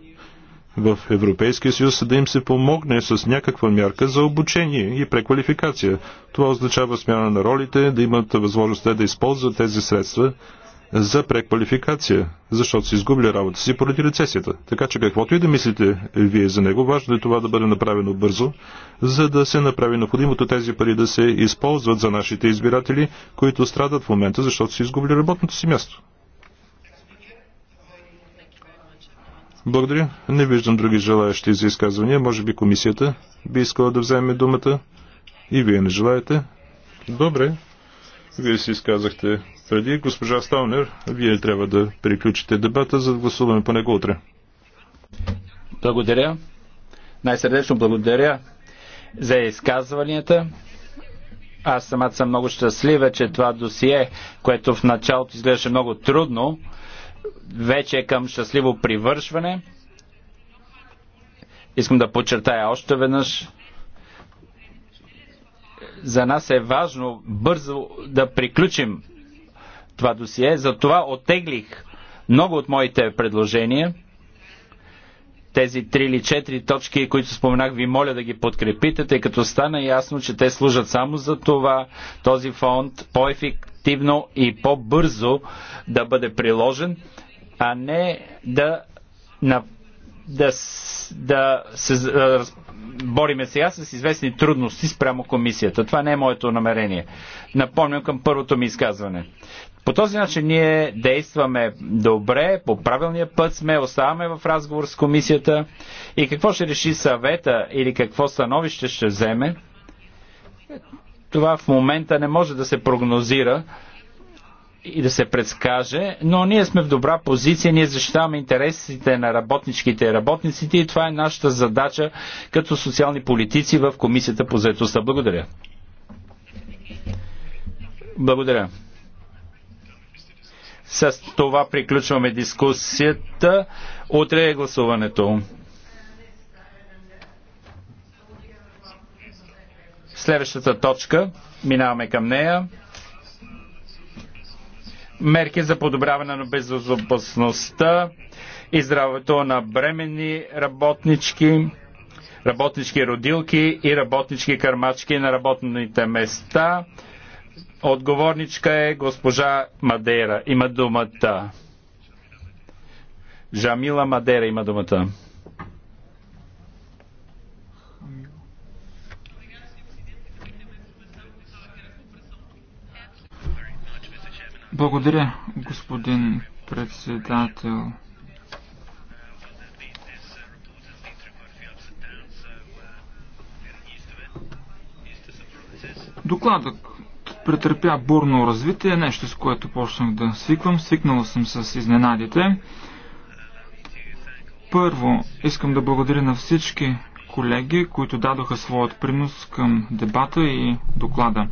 Speaker 2: в Европейския съюз, да им се помогне с някаква мярка за обучение и преквалификация. Това означава смяна на ролите, да имат възможността да използват тези средства за преквалификация, защото се изгубили работа си поради рецесията. Така че каквото и да мислите вие за него, важно е това да бъде направено бързо, за да се направи необходимото тези пари да се използват за нашите избиратели, които страдат в момента, защото се изгубили работното си място. Благодаря. Не виждам други желаящи за изказвания. Може би комисията би искала да вземе думата. И вие не желаете. Добре. Вие си изказахте преди. Госпожа Сталнер, вие трябва да приключите дебата, за да гласуваме по него утре.
Speaker 3: Благодаря. Най-сърдечно благодаря за изказванията. Аз самата съм много щастлива, че това досие, което в началото изглеждаше много трудно, вече е към щастливо привършване. Искам да подчертая още веднъж, за нас е важно бързо да приключим това досие. Затова отеглих много от моите предложения. Тези три или четири точки, които споменах, ви моля да ги подкрепите, тъй като стана ясно, че те служат само за това този фонд по-ефективно и по-бързо да бъде приложен, а не да, на, да, да се бориме сега с известни трудности спрямо комисията. Това не е моето намерение. Напомням към първото ми изказване. По този начин ние действаме добре, по правилния път сме, оставаме в разговор с комисията и какво ще реши съвета или какво становище ще вземе, това в момента не може да се прогнозира, и да се предскаже, но ние сме в добра позиция, ние защитаваме интересите на работничките и работниците и това е нашата задача като социални политици в Комисията по заедостта. Благодаря. Благодаря. С това приключваме дискусията. Утре е гласуването. Следващата точка, минаваме към нея мерки за подобряване на безопасността и здравето на бремени работнички, работнички родилки и работнички кърмачки на работните места. Отговорничка е госпожа Мадера. Има думата. Жамила Мадера има думата.
Speaker 4: Благодаря, господин председател. Докладът претърпя бурно развитие, нещо с което почнах да свиквам. Свикнала съм с изненадите. Първо, искам да благодаря на всички колеги, които дадоха своят принос към дебата и доклада.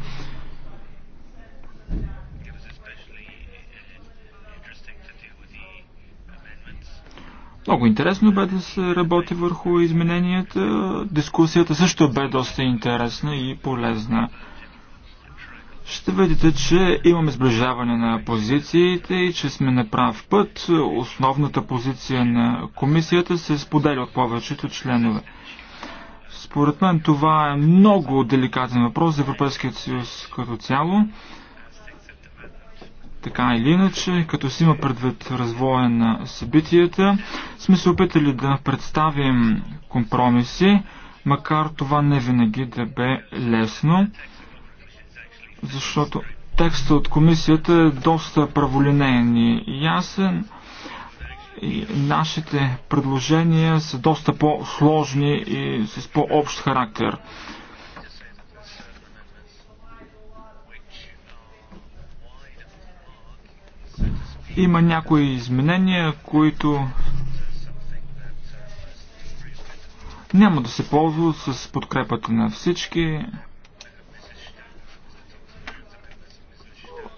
Speaker 4: Много интересно бе да се работи върху измененията. Дискусията също бе доста интересна и полезна. Ще видите, че имаме сближаване на позициите и че сме на прав път. Основната позиция на комисията се споделя от повечето членове. Според мен това е много деликатен въпрос за Европейския съюз като цяло. Така или иначе, като си има предвид развоя на събитията, сме се опитали да представим компромиси, макар това не винаги да бе лесно, защото текста от комисията е доста праволинейен и ясен. И нашите предложения са доста по-сложни и с по-общ характер. Има някои изменения, които няма да се ползват с подкрепата на всички.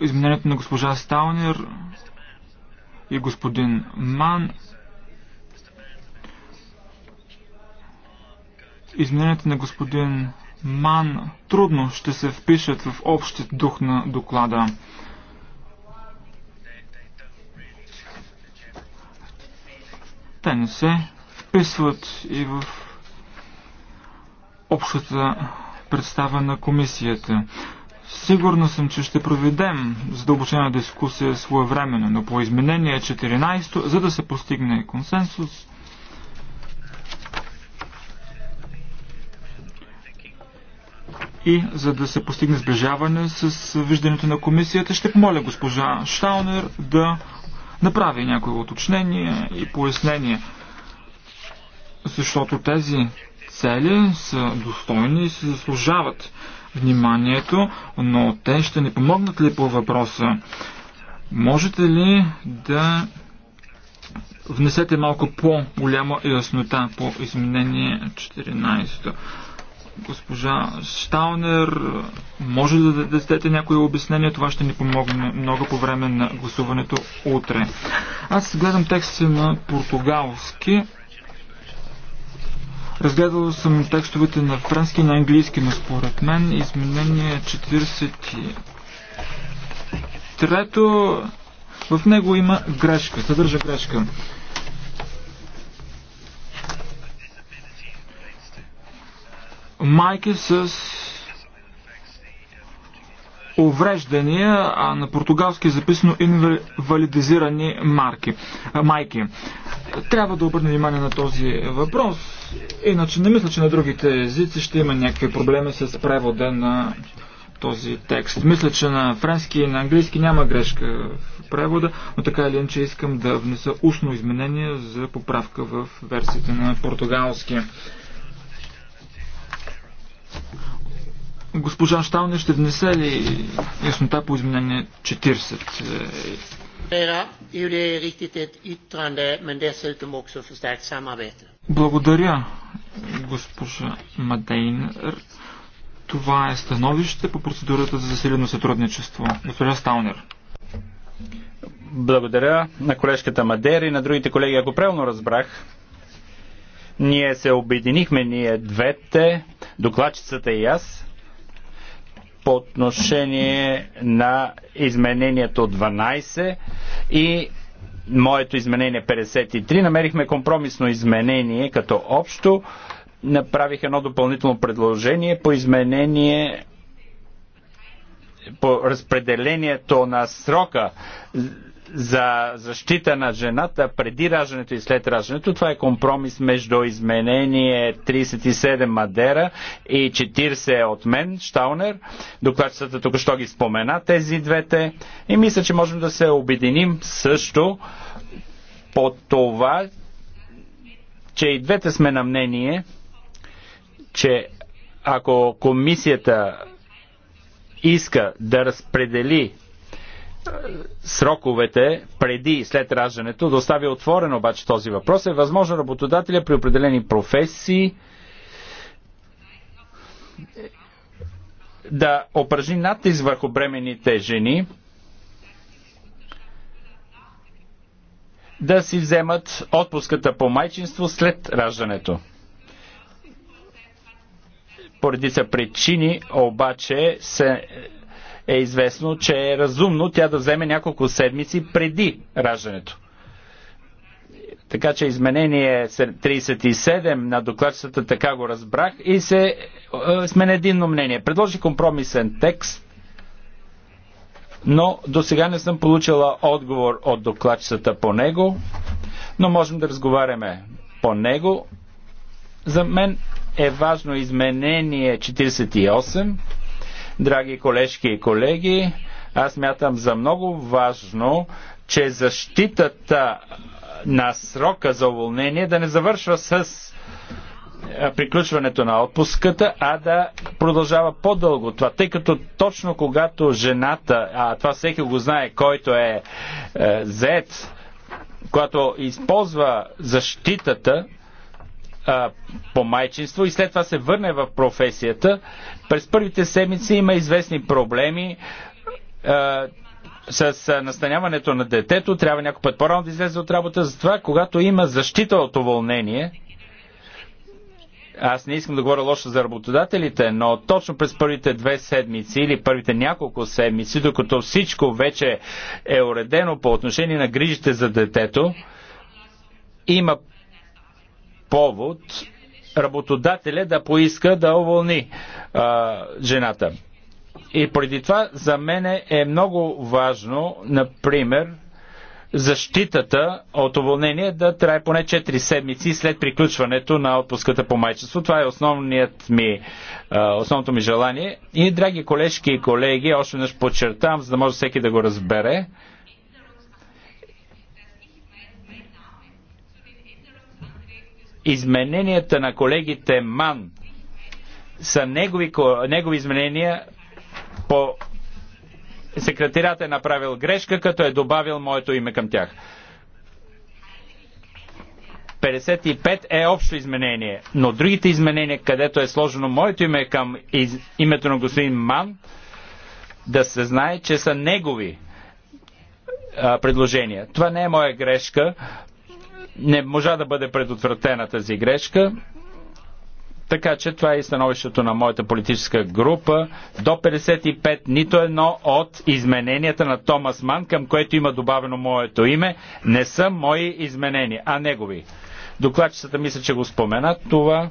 Speaker 4: Изменението на госпожа Сталнер и господин Ман. Изменението на господин Ман трудно ще се впишат в общия дух на доклада. Те не се вписват и в общата представа на комисията. Сигурно съм, че ще проведем задълбочена дискусия своевременно, но по изменение 14, за да се постигне консенсус, и за да се постигне сближаване с виждането на комисията, ще помоля госпожа Штаунер да направи някои уточнения и пояснения, защото тези цели са достойни и се заслужават вниманието, но те ще ни помогнат ли по въпроса? Можете ли да внесете малко по-голяма яснота по изменение 14? Госпожа Штаунер, може да дадете някои обяснения, това ще ни помогне много по време на гласуването утре. Аз гледам текстите на португалски. Разгледал съм текстовете на френски и на английски, но според мен изменение 43. Е трето, в него има грешка, съдържа грешка. майки с увреждания, а на португалски е записано инвалидизирани марки, майки. Трябва да обърнем внимание на този въпрос, иначе не мисля, че на другите езици ще има някакви проблеми с превода на този текст. Мисля, че на френски и на английски няма грешка в превода, но така или иначе искам да внеса устно изменение за поправка в версията на португалски. Госпожа Шталне ще внесе ли яснота по изменение 40?
Speaker 1: Er er
Speaker 4: Благодаря, госпожа Мадейнер. Това е становище по процедурата за засилено сътрудничество. Госпожа Сталнер.
Speaker 3: Благодаря на колежката Мадер и на другите колеги, ако правилно разбрах ние се обединихме, ние двете, докладчицата и аз, по отношение на изменението 12 и моето изменение 53. Намерихме компромисно изменение като общо. Направих едно допълнително предложение по изменение по разпределението на срока за защита на жената преди раждането и след раждането. Това е компромис между изменение 37 Мадера и 40 от мен, Штаунер. Докладчетата тук що ги спомена тези двете. И мисля, че можем да се обединим също по това, че и двете сме на мнение, че ако комисията иска да разпредели сроковете преди и след раждането, да остави отворен обаче този въпрос, е възможно работодателя при определени професии да опражни натиск върху бременните жени, да си вземат отпуската по майчинство след раждането. Поради са причини обаче се е известно, че е разумно тя да вземе няколко седмици преди раждането. Така че изменение 37 на докладчицата така го разбрах и се е, сме на единно мнение. Предложи компромисен текст, но до сега не съм получила отговор от докладчицата по него, но можем да разговаряме по него. За мен е важно изменение 48 Драги колежки и колеги, аз мятам за много важно, че защитата на срока за уволнение да не завършва с е, приключването на отпуската, а да продължава по-дълго това, тъй като точно когато жената, а това всеки го знае, който е, е зет, когато използва защитата, а, по майчинство и след това се върне в професията, през първите седмици има известни проблеми. А, с настаняването на детето трябва някой път по-рано да излезе от работа. Затова, когато има защита от уволнение, аз не искам да говоря лошо за работодателите, но точно през първите две седмици или първите няколко седмици, докато всичко вече е уредено по отношение на грижите за детето, има повод работодателя да поиска да уволни а, жената. И преди това за мен е много важно, например, защитата от уволнение да трае поне 4 седмици след приключването на отпуската по майчество. Това е основният ми, основното ми желание. И, драги колежки и колеги, още веднъж подчертавам, за да може всеки да го разбере, измененията на колегите Ман са негови, негови изменения по секретарят е направил грешка, като е добавил моето име към тях. 55 е общо изменение, но другите изменения, където е сложено моето име към из... името на господин Ман, да се знае, че са негови а, предложения. Това не е моя грешка не можа да бъде предотвратена тази грешка. Така че това е и становището на моята политическа група. До 55 нито едно от измененията на Томас Ман, към което има добавено моето име, не са мои изменения, а негови. Докладчицата мисля, че го спомена това.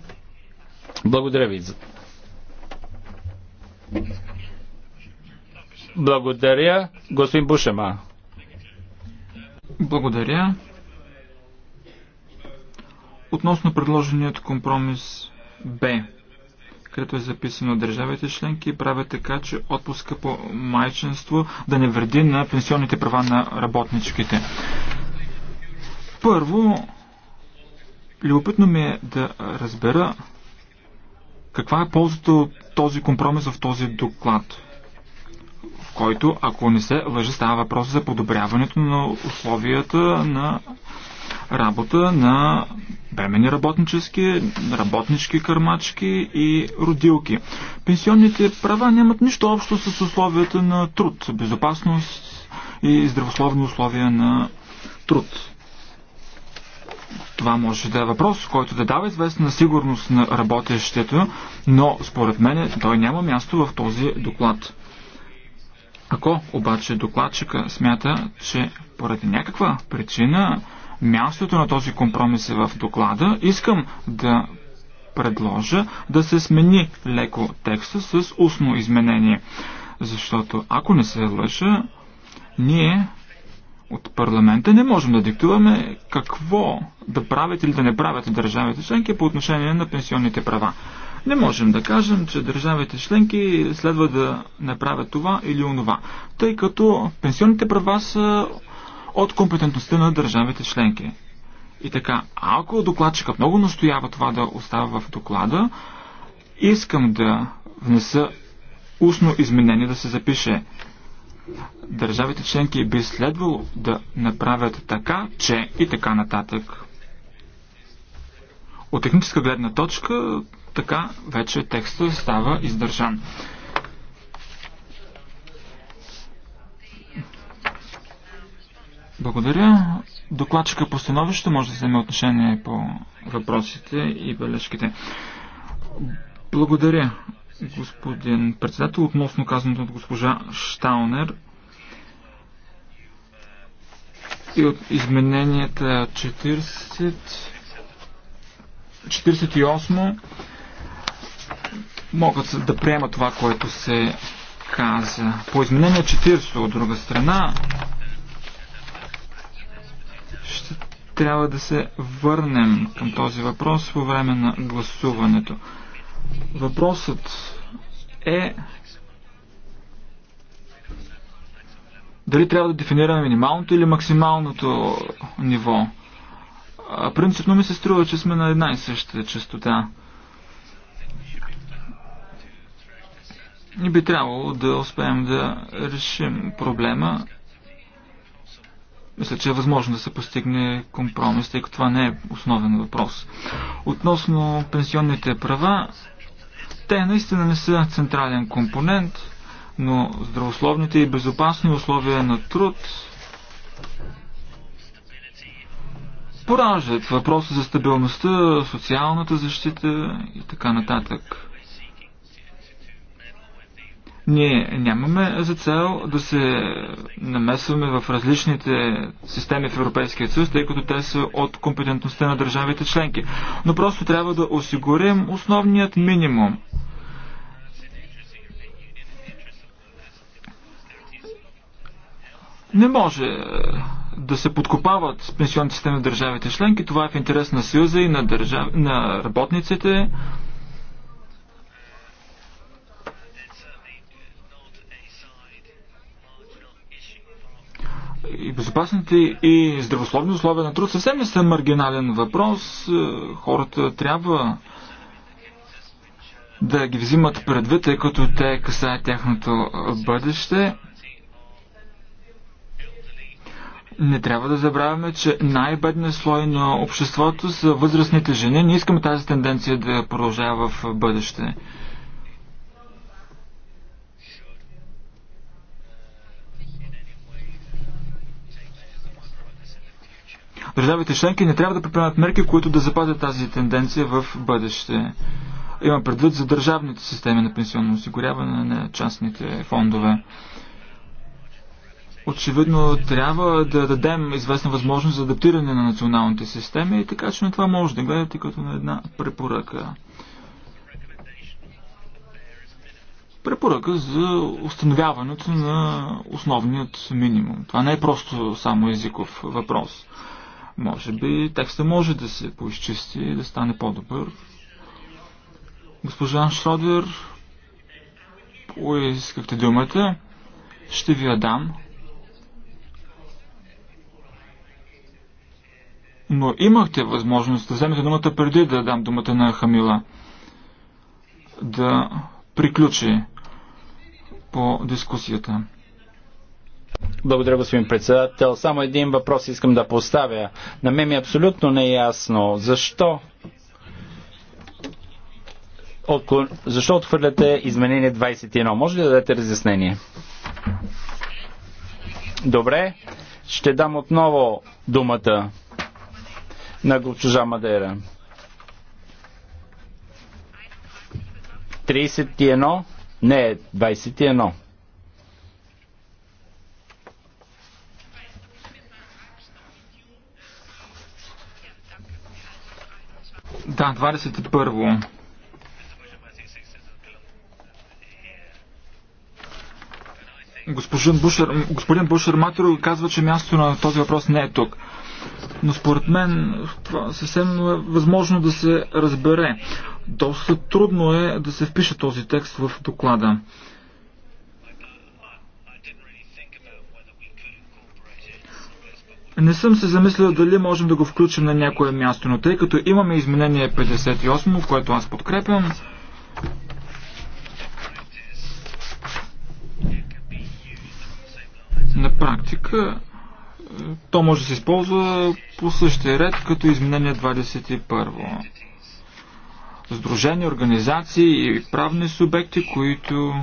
Speaker 3: Благодаря ви. Благодаря, господин Бушема.
Speaker 4: Благодаря. Относно предложеният компромис Б, където е записано държавите членки правят така, че отпуска по майчинство да не вреди на пенсионните права на работничките. Първо, любопитно ми е да разбера каква е ползата от този компромис в този доклад, в който, ако не се лъжи, става въпрос за подобряването на условията на работа на бремени работнически, работнички кърмачки и родилки. Пенсионните права нямат нищо общо с условията на труд, безопасност и здравословни условия на труд. Това може да е въпрос, който да дава известна сигурност на работещето, но според мен той няма място в този доклад. Ако обаче докладчика смята, че поради някаква причина Мястото на този компромис е в доклада. Искам да предложа да се смени леко текста с устно изменение. Защото ако не се лъжа, ние от парламента не можем да диктуваме какво да правят или да не правят държавите членки по отношение на пенсионните права. Не можем да кажем, че държавите членки следва да направят това или онова, тъй като пенсионните права са от компетентността на държавите членки. И така, ако докладчика много настоява това да остава в доклада, искам да внеса устно изменение да се запише. Държавите членки би следвало да направят така, че и така нататък. От техническа гледна точка, така вече текстът става издържан. Благодаря. Докладчика по становище може да вземе отношение по въпросите и бележките. Благодаря, господин председател, относно казаното от госпожа Штаунер и от измененията 40, 48 могат да приема това, което се каза. По изменение 40 от друга страна ще трябва да се върнем към този въпрос по време на гласуването. Въпросът е дали трябва да дефинираме минималното или максималното ниво. А принципно ми се струва, че сме на една и съща частота. И би трябвало да успеем да решим проблема мисля, че е възможно да се постигне компромис, тъй като това не е основен въпрос. Относно пенсионните права, те наистина не са централен компонент, но здравословните и безопасни условия на труд пораждат въпроса за стабилността, социалната защита и така нататък. Ние нямаме за цел да се намесваме в различните системи в Европейския съюз, тъй като те са от компетентността на държавите членки. Но просто трябва да осигурим основният минимум. Не може е, да се подкопават пенсионните системи в държавите членки. Това е в интерес на Съюза и на, държав... на работниците. и безопасните и здравословни условия на труд съвсем не са маргинален въпрос. Е, хората трябва да ги взимат предвид, тъй като те касаят тяхното бъдеще. Не трябва да забравяме, че най-бедният слой на обществото са възрастните жени. Не искаме тази тенденция да продължава в бъдеще. държавите членки не трябва да предприемат мерки, които да запазят тази тенденция в бъдеще. Има предвид за държавните системи на пенсионно осигуряване на частните фондове. Очевидно трябва да дадем известна възможност за адаптиране на националните системи, и така че на това може да гледате като на една препоръка. препоръка за установяването на основният минимум. Това не е просто само езиков въпрос. Може би текста може да се поизчисти и да стане по-добър. Госпожан Шродер, поискахте думата. Ще ви я дам. Но имахте възможност да вземете думата преди да дам думата на Хамила. Да приключи по дискусията.
Speaker 3: Благодаря, господин председател. Само един въпрос искам да поставя. На мен ми е абсолютно неясно защо Отклон... Защо отхвърляте изменение 21? Може ли да дадете разяснение? Добре, ще дам отново думата на госпожа Мадера. 31? Не, 21. Да,
Speaker 4: 21-во. Господин Бушер, господин Бушер казва, че мястото на този въпрос не е тук. Но според мен това съвсем е възможно да се разбере. Доста трудно е да се впише този текст в доклада. Не съм се замислил дали можем да го включим на някое място, но тъй като имаме изменение 58, в което аз подкрепям, на практика е, то може да се използва по същия ред като изменение 21. Сдружени организации и правни субекти, които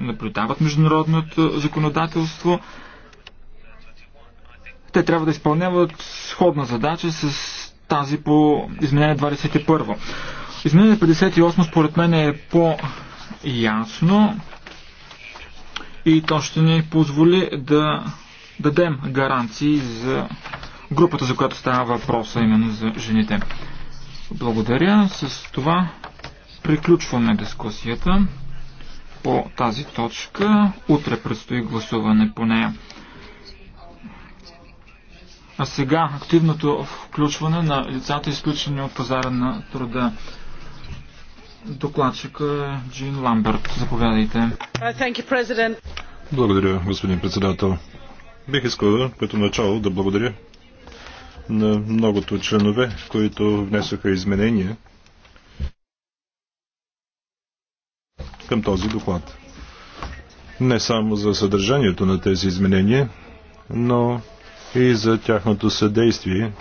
Speaker 4: наблюдават международното законодателство, те трябва да изпълняват сходна задача с тази по изменение 21. Изменение 58 според мен е по-ясно и то ще ни позволи да дадем гаранции за групата, за която става въпроса, именно за жените. Благодаря. С това приключваме дискусията по тази точка. Утре предстои гласуване по нея. А сега активното включване на лицата, изключени от пазара на труда. Докладчика е Джин Ламберт. Заповядайте.
Speaker 1: Uh,
Speaker 2: благодаря, господин председател. Бих искал като начало да благодаря на многото членове, които внесоха изменения към този доклад. Не само за съдържанието на тези изменения, но и за тяхното съдействие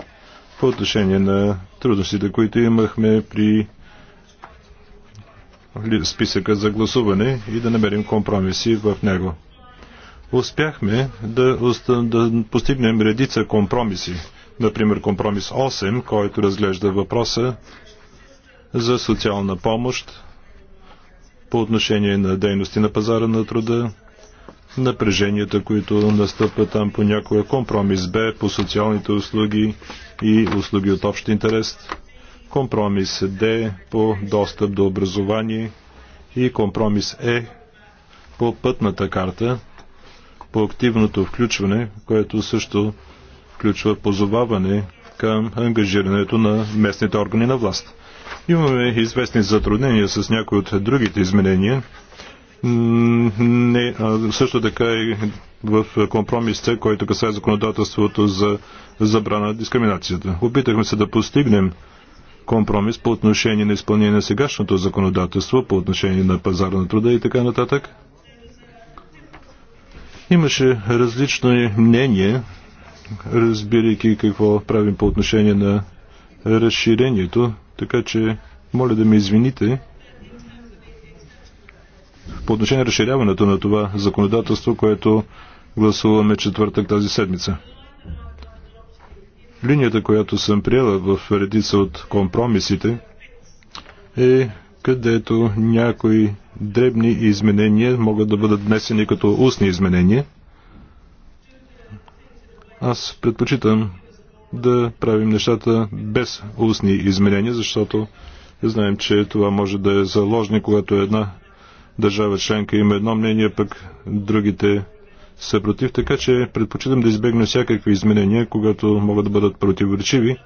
Speaker 2: по отношение на трудностите, които имахме при списъка за гласуване и да намерим компромиси в него. Успяхме да, да постигнем редица компромиси. Например, компромис 8, който разглежда въпроса за социална помощ по отношение на дейности на пазара на труда, напреженията, които настъпват там понякога. Компромис Б по социалните услуги и услуги от общ интерес. Компромис Д по достъп до образование и компромис Е по пътната карта, по активното включване, което също включва позоваване към ангажирането на местните органи на власт. Имаме известни затруднения с някои от другите изменения, не, също така и в компромисите, който касае законодателството за забрана на дискриминацията. Опитахме се да постигнем компромис по отношение на изпълнение на сегашното законодателство, по отношение на пазара на труда и така нататък. Имаше различно мнение, разбирайки какво правим по отношение на разширението, така че моля да ме извините, по отношение разширяването на това законодателство, което гласуваме четвъртък тази седмица. Линията, която съм приела в редица от компромисите, е където някои дребни изменения могат да бъдат внесени като устни изменения. Аз предпочитам да правим нещата без устни изменения, защото знаем, че това може да е заложник, когато една държава членка има едно мнение, пък другите са против, така че предпочитам да избегна всякакви изменения, когато могат да бъдат противоречиви,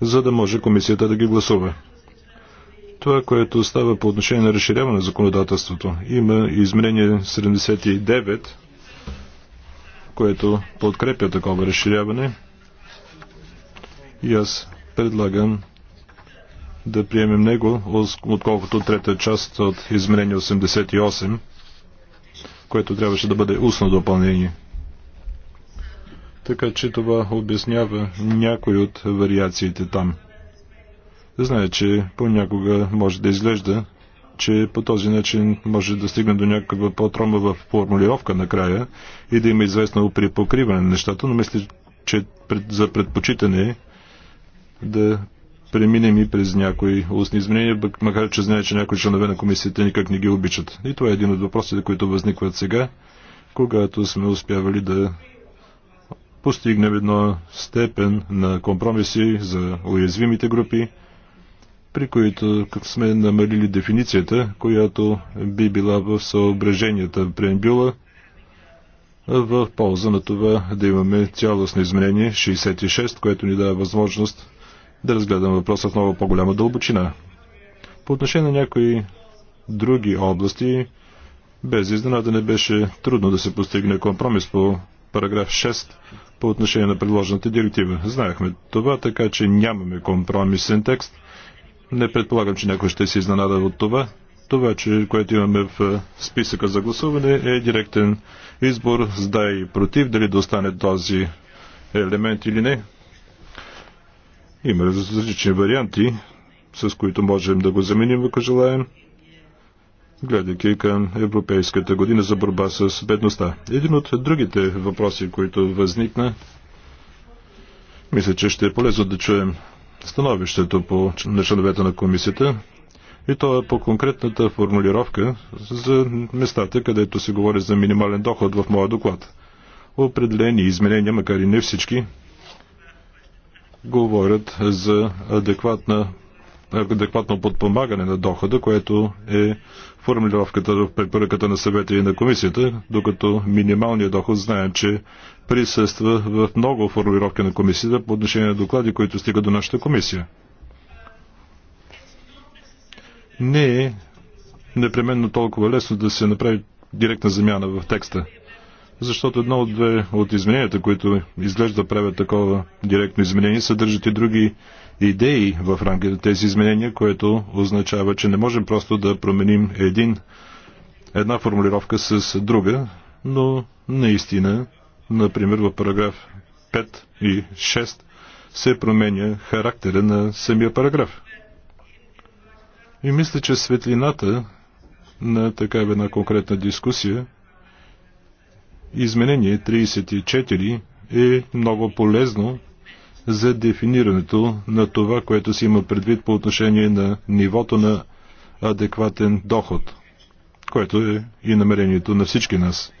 Speaker 2: за да може комисията да ги гласува. Това, което става по отношение на разширяване на законодателството, има изменение 79, което подкрепя такова разширяване. И аз предлагам да приемем него, отколкото трета част от изменение 88, което трябваше да бъде устно допълнение. Така че това обяснява някои от вариациите там. Знае, че понякога може да изглежда, че по този начин може да стигне до някаква по-трома в формулировка накрая и да има известно припокриване на нещата, но мисля, че пред, за предпочитане е да преминем и през някои устни изменения, макар че знае, че някои членове на комисията никак не ги обичат. И това е един от въпросите, които възникват сега, когато сме успявали да постигнем една степен на компромиси за уязвимите групи, при които сме намалили дефиницията, която би била в съображенията в преембюла, в полза на това да имаме цялостно изменение 66, което ни дава възможност да разгледам въпроса в много по-голяма дълбочина. По отношение на някои други области, без изненада не беше трудно да се постигне компромис по параграф 6 по отношение на предложената директива. Знаехме това, така че нямаме компромисен текст. Не предполагам, че някой ще се изненада от това. Това, че, което имаме в списъка за гласуване е директен избор с да и против, дали да остане този елемент или не. Има различни варианти, с които можем да го заменим, ако желаем, гледайки към Европейската година за борба с бедността. Един от другите въпроси, които възникна, мисля, че ще е полезно да чуем становището по на членовете на комисията и то е по конкретната формулировка за местата, където се говори за минимален доход в моя доклад. Определени изменения, макар и не всички, говорят за адекватна, адекватно подпомагане на дохода, което е формулировката в препоръката на съвета и на комисията, докато минималният доход знаем, че присъства в много формулировки на комисията по отношение на доклади, които стигат до нашата комисия. Не е непременно толкова лесно да се направи директна замяна в текста защото едно от, две, от измененията, които изглежда правят такова директно изменение, съдържат и други идеи в рамките на тези изменения, което означава, че не можем просто да променим един, една формулировка с друга, но наистина, например в параграф 5 и 6 се променя характера на самия параграф. И мисля, че светлината на такава една конкретна дискусия Изменение 34 е много полезно за дефинирането на това, което се има предвид по отношение на нивото на адекватен доход, което е и намерението на всички нас,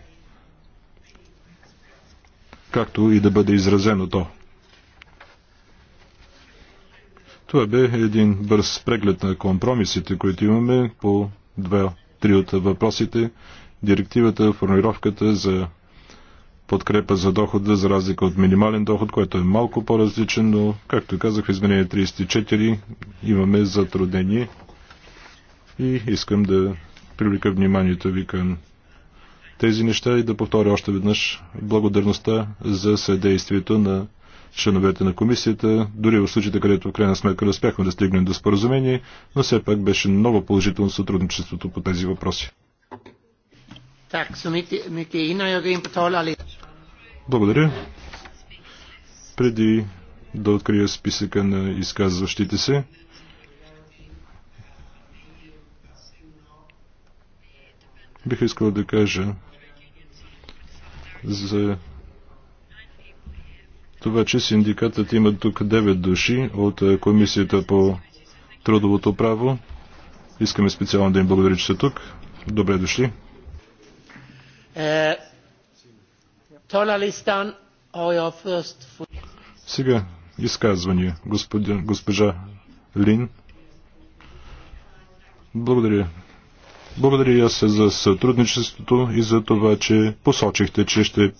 Speaker 2: както и да бъде изразено то. Това бе един бърз преглед на компромисите, които имаме по два-три от въпросите. Директивата, формировката за подкрепа за дохода, за разлика от минимален доход, който е малко по-различен, но, както казах, в изменение 34 имаме затруднение и искам да привлека вниманието ви към тези неща и да повторя още веднъж благодарността за съдействието на членовете на комисията, дори в случаите, където в крайна сметка успяхме да стигнем до споразумение, но все пак беше много положително сътрудничеството по тези въпроси. Благодаря. Преди да открия списъка на изказващите се, бих искал да кажа за това, че синдикатът има тук 9 души от е, Комисията по трудовото право. Искаме специално да им благодаря, че са тук. Добре дошли.
Speaker 1: Talarlistan har jag
Speaker 2: Сега изказвания господин, госпожа Лин. Благодаря. Благодаря и аз за сътрудничеството и за това, че посочихте, че ще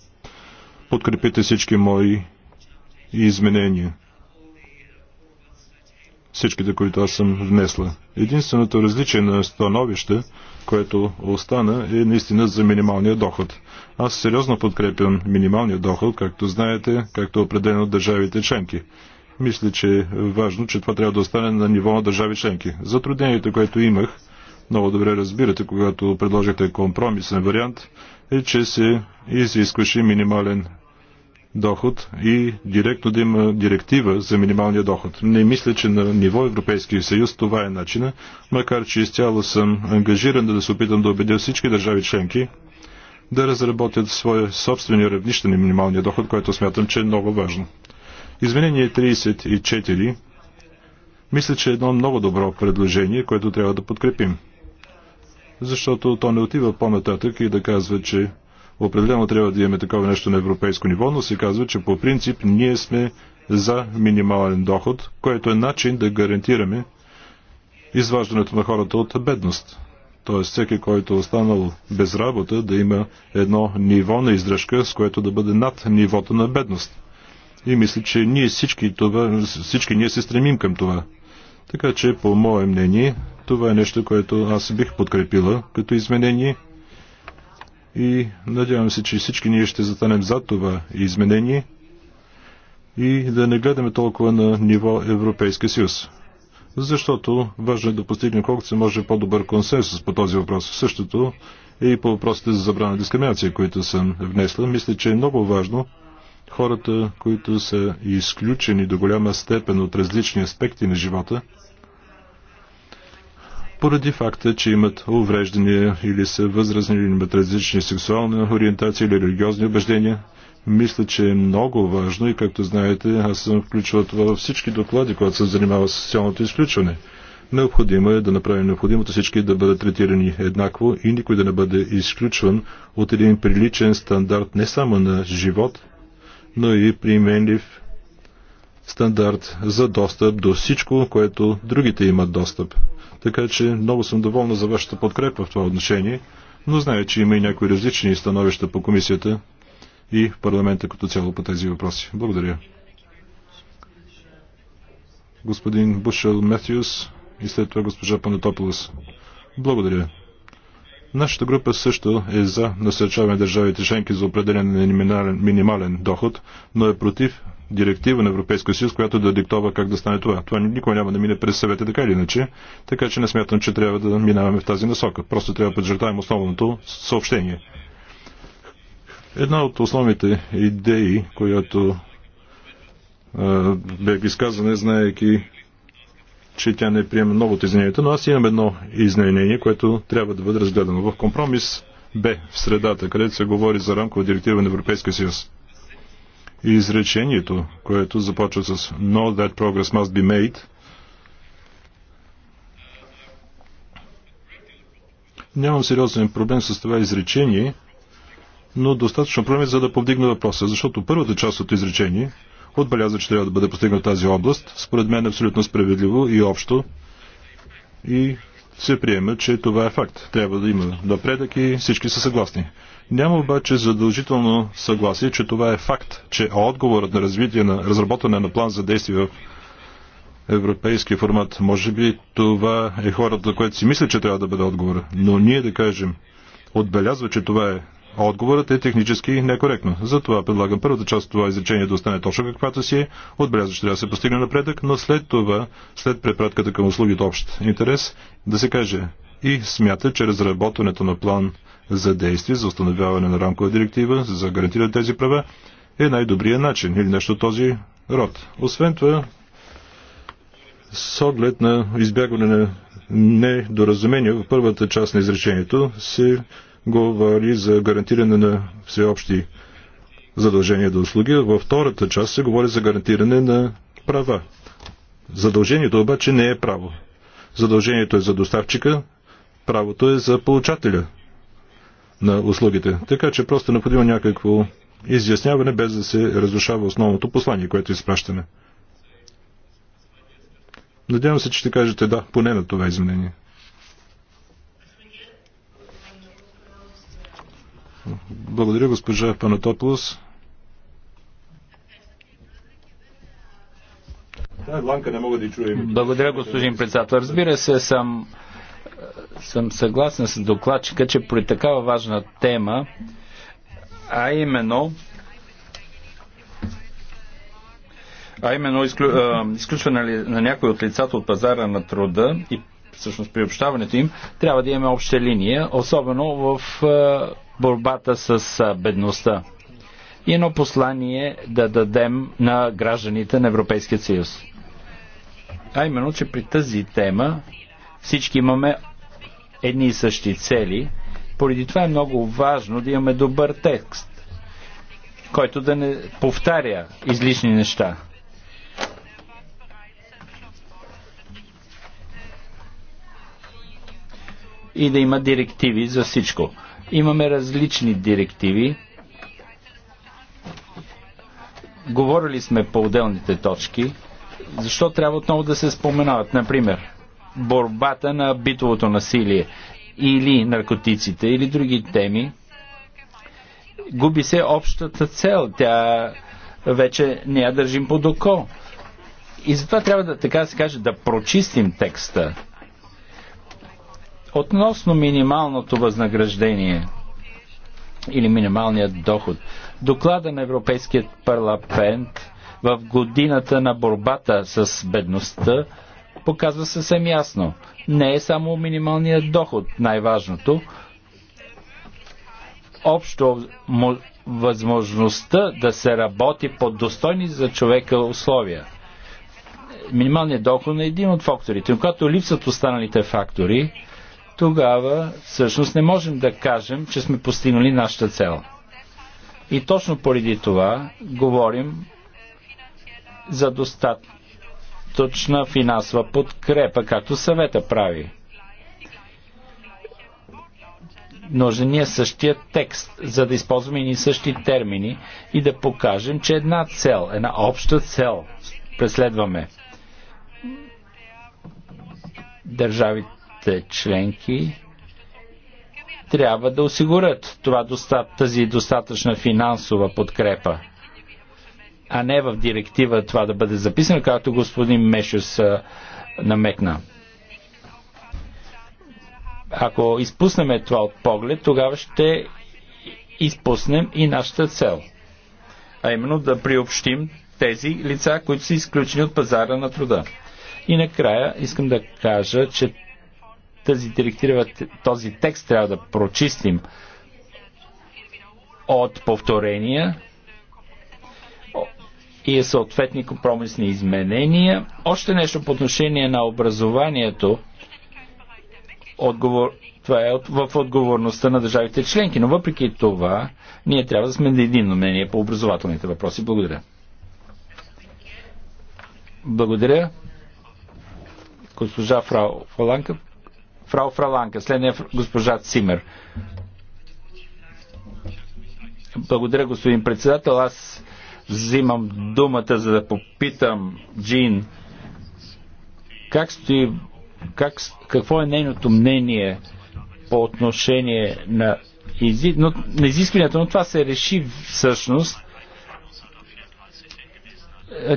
Speaker 2: подкрепите всички мои изменения всичките, които аз съм внесла. Единственото различие на становище, което остана, е наистина за минималния доход. Аз сериозно подкрепям минималния доход, както знаете, както е определено от държавите членки. Мисля, че е важно, че това трябва да остане на ниво на държави членки. Затруднението, което имах, много добре разбирате, когато предложихте компромисен вариант, е, че се изискваше минимален доход и директно да има директива за минималния доход. Не мисля, че на ниво Европейския съюз това е начина, макар че изцяло съм ангажиран да се опитам да убедя всички държави членки да разработят своя собствени равнище на минималния доход, което смятам, че е много важно. Изменение 34 мисля, че е едно много добро предложение, което трябва да подкрепим. Защото то не отива по-нататък и да казва, че Определено трябва да имаме такова нещо на европейско ниво, но се казва, че по принцип ние сме за минимален доход, което е начин да гарантираме изваждането на хората от бедност. Тоест всеки, който е останал без работа, да има едно ниво на издръжка, с което да бъде над нивото на бедност. И мисля, че ние всички, това, всички ние се стремим към това. Така че, по мое мнение, това е нещо, което аз бих подкрепила като изменение – и надявам се, че всички ние ще затанем за това изменение и да не гледаме толкова на ниво Европейски съюз. Защото важно е да постигнем колкото се може по-добър консенсус по този въпрос. Същото е и по въпросите за забрана дискриминация, които съм внесла. Мисля, че е много важно хората, които са изключени до голяма степен от различни аспекти на живота, поради факта, че имат увреждания или са възрастни или имат различни сексуални ориентации или религиозни убеждения. Мисля, че е много важно и както знаете, аз съм включвал това във всички доклади, когато се занимава с социалното изключване. Необходимо е да направим необходимото всички да бъдат третирани еднакво и никой да не бъде изключван от един приличен стандарт не само на живот, но и применлив стандарт за достъп до всичко, което другите имат достъп. Така че много съм доволна за вашата подкрепа в това отношение, но знае, че има и някои различни становища по комисията и парламента като цяло по тези въпроси. Благодаря. Господин Бушел Метюс и след това госпожа Панатополос. Благодаря. Нашата група също е за насърчаване държавите членки за определен минимален доход, но е против директива на Европейския съюз, която да диктова как да стане това. Това никога няма да мине през съвета, така или иначе. Така че не смятам, че трябва да минаваме в тази насока. Просто трябва да подчертаем основното съобщение. Една от основните идеи, която а, бях изказана, знаеки, че тя не приема много от но аз имам едно изменение, което трябва да бъде разгледано в компромис Б в средата, където се говори за рамкова директива на Европейския съюз и изречението, което започва с No, that progress must be made. Нямам сериозен проблем с това изречение, но достатъчно проблем е за да повдигна въпроса, защото първата част от изречение отбеляза, че трябва да бъде постигната тази област. Според мен е абсолютно справедливо и общо и се приема, че това е факт. Трябва да има напредък и всички са съгласни. Няма обаче задължително съгласие, че това е факт, че отговорът на развитие на разработване на план за действие в европейски формат. Може би това е хората, което си мисля, че трябва да бъде отговора. Но ние да кажем, отбелязва, че това е Отговорът е технически некоректно. Затова предлагам първата част от това изречение да остане точно каквато си е. Отбелязва, че трябва да се постигне напредък, но след това, след препратката към услугите общ интерес, да се каже и смята, че разработването на план за действие за установяване на рамкова директива, за гарантиране тези права, е най-добрият начин или нещо този род. Освен това, с оглед на избягване на недоразумения в първата част на изречението се говори за гарантиране на всеобщи задължения до услуги. Във втората част се говори за гарантиране на права. Задължението обаче не е право. Задължението е за доставчика, правото е за получателя на услугите. Така че просто необходимо някакво изясняване, без да се разрушава основното послание, което изпращаме. Надявам се, че ще кажете да, поне на това изменение. Благодаря, госпожа Панатоплос. Благодаря, господин председател. Разбира се,
Speaker 3: съм съм съгласен с докладчика, че при такава важна тема, а именно а именно изклю, а, изключване на някои от лицата от пазара на труда и всъщност приобщаването им, трябва да имаме обща линия, особено в а, борбата с а, бедността. И едно послание да дадем на гражданите на Европейския съюз. А именно, че при тази тема всички имаме едни и същи цели. Поради това е много важно да имаме добър текст, който да не повтаря излишни неща. И да има директиви за всичко. Имаме различни директиви. Говорили сме по отделните точки. Защо трябва отново да се споменават? Например, борбата на битовото насилие или наркотиците или други теми, губи се общата цел. Тя вече не я държим под око. И затова трябва да, така се каже, да прочистим текста. Относно минималното възнаграждение или минималният доход, доклада на Европейският парламент в годината на борбата с бедността показва съвсем ясно. Не е само минималният доход най-важното. Общо възможността да се работи под достойни за човека условия. Минималният доход е един от факторите, но когато липсват останалите фактори, тогава всъщност не можем да кажем, че сме постигнали нашата цел. И точно поради това говорим за достатъчно достатъчна финансова подкрепа, както съвета прави. Нужен ни е същия текст, за да използваме и същи термини и да покажем, че е една цел, една обща цел преследваме. Държавите членки трябва да осигурят това, тази достатъчна финансова подкрепа а не в директива това да бъде записано, както господин Мешус намекна. Ако изпуснем това от поглед, тогава ще изпуснем и нашата цел. А именно да приобщим тези лица, които са изключени от пазара на труда. И накрая искам да кажа, че тази директива, този текст трябва да прочистим от повторения, и съответни компромисни изменения. Още нещо по отношение на образованието. Отговор... Това е в отговорността на държавите членки, но въпреки това ние трябва да сме на единно мнение по образователните въпроси. Благодаря. Благодаря. Госпожа Фрау Фраланка. Фрау Фраланка, след нея госпожа Цимер. Благодаря, господин председател. Аз взимам думата, за да попитам Джин как стои, как, какво е нейното мнение по отношение на, изи, но, на изискването, но това се реши всъщност.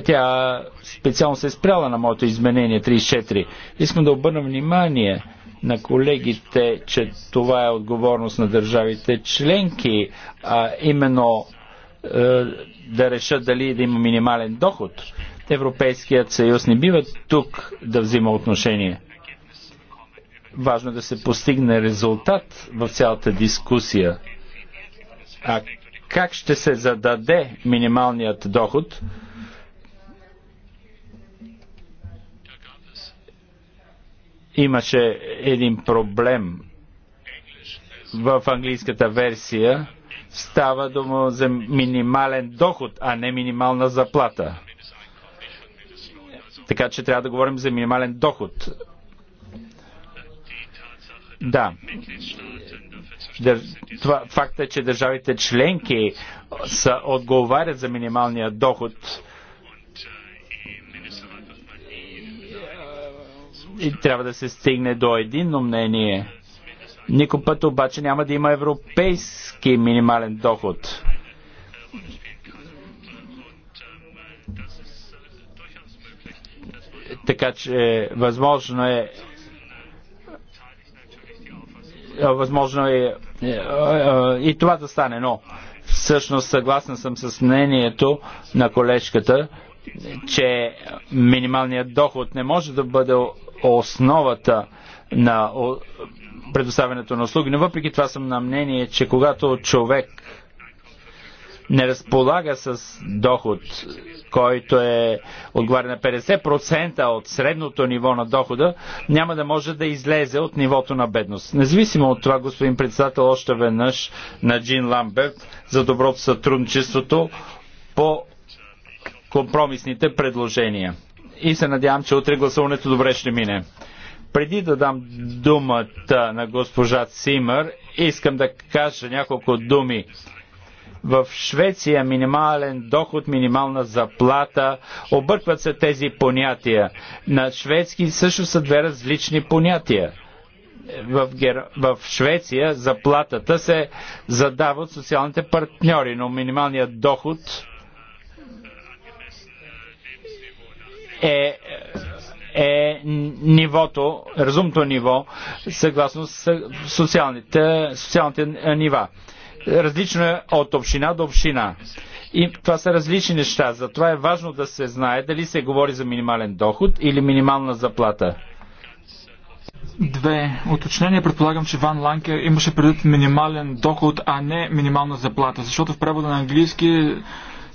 Speaker 3: Тя специално се е спряла на моето изменение 34. Искам да обърна внимание на колегите, че това е отговорност на държавите членки, а именно е, да решат дали да има минимален доход. Европейският съюз не бива тук да взима отношение. Важно е да се постигне резултат в цялата дискусия. А как ще се зададе минималният доход? Имаше един проблем в английската версия Става дума за минимален доход, а не минимална заплата. Така че трябва да говорим за минимален доход. Да. Дър... Това, факта е, че държавите членки са отговарят за минималния доход и трябва да се стигне до единно мнение никой път обаче няма да има европейски минимален доход. Така че е, възможно е, е възможно е, е и това да стане, но всъщност съгласен съм с мнението на колежката, че минималният доход не може да бъде основата на предоставянето на услуги, но въпреки това съм на мнение, че когато човек не разполага с доход, който е отговаря на 50% от средното ниво на дохода, няма да може да излезе от нивото на бедност. Независимо от това, господин председател, още веднъж на Джин Ламберт за доброто сътрудничеството по компромисните предложения. И се надявам, че утре гласуването добре ще мине. Преди да дам думата на госпожа Цимър, искам да кажа няколко думи. В Швеция минимален доход, минимална заплата, объркват се тези понятия. На шведски също са две различни понятия в, Гер... в Швеция заплатата се задава от социалните партньори, но минималният доход е е нивото, разумното ниво, съгласно с социалните, социалните нива. Различно е от община до община. И това са различни неща. Затова е важно да се знае дали се говори за минимален доход или минимална заплата.
Speaker 4: Две уточнения. Предполагам, че Ван Ланкер имаше предвид минимален доход, а не минимална заплата. Защото в превода на английски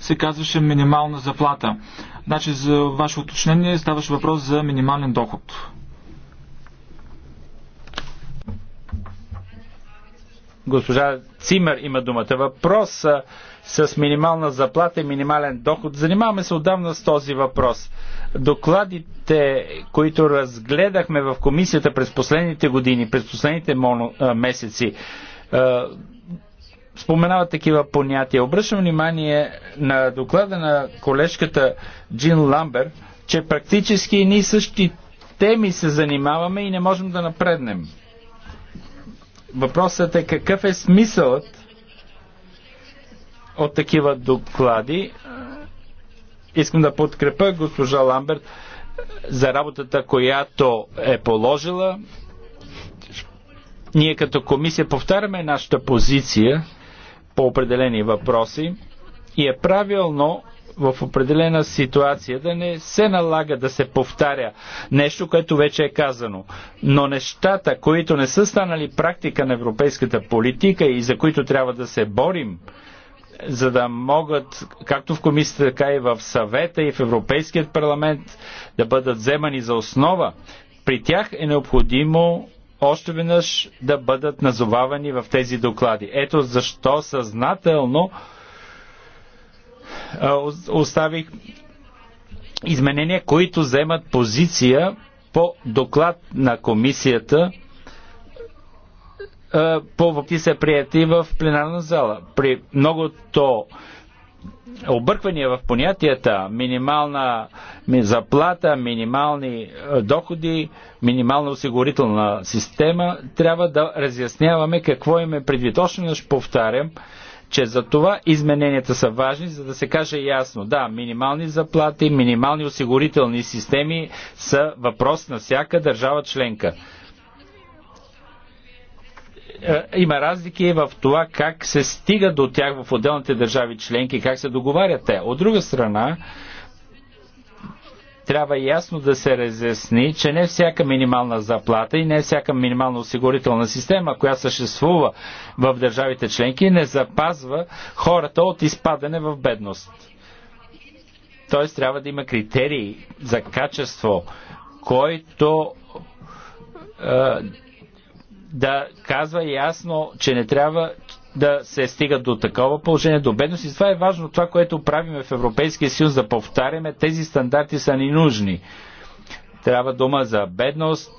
Speaker 4: се казваше минимална заплата. Значи за ваше уточнение ставаше въпрос за минимален доход.
Speaker 3: Госпожа Цимер има думата. Въпрос с минимална заплата и минимален доход. Занимаваме се отдавна с този въпрос. Докладите, които разгледахме в комисията през последните години, през последните месеци, споменават такива понятия. Обръщам внимание на доклада на колежката Джин Ламбер, че практически ние същи теми се занимаваме и не можем да напреднем. Въпросът е какъв е смисълът от такива доклади. Искам да подкрепя госпожа Ламберт за работата, която е положила. Ние като комисия повтаряме нашата позиция по определени въпроси и е правилно в определена ситуация да не се налага да се повтаря нещо, което вече е казано. Но нещата, които не са станали практика на европейската политика и за които трябва да се борим, за да могат, както в комисията, така и в съвета и в Европейският парламент, да бъдат вземани за основа, при тях е необходимо още веднъж да бъдат назовавани в тези доклади. Ето защо съзнателно оставих изменения, които вземат позиция по доклад на комисията по въпти са прияти в пленарна зала. При многото обърквания в понятията минимална заплата, минимални е, доходи, минимална осигурителна система, трябва да разясняваме какво им е предвид. Още веднъж повтарям, че за това измененията са важни, за да се каже ясно. Да, минимални заплати, минимални осигурителни системи са въпрос на всяка държава членка. Е, има разлики в това как се стига до тях в отделните държави членки, как се договарят те. От друга страна, трябва ясно да се разясни, че не всяка минимална заплата и не всяка минимална осигурителна система, която съществува в държавите членки, не запазва хората от изпадане в бедност. Т.е. трябва да има критерии за качество, който е, да казва ясно, че не трябва да се стига до такова положение, до бедност. И това е важно, това, което правиме в Европейския съюз, да повтаряме, тези стандарти са ни нужни. Трябва дума за бедност,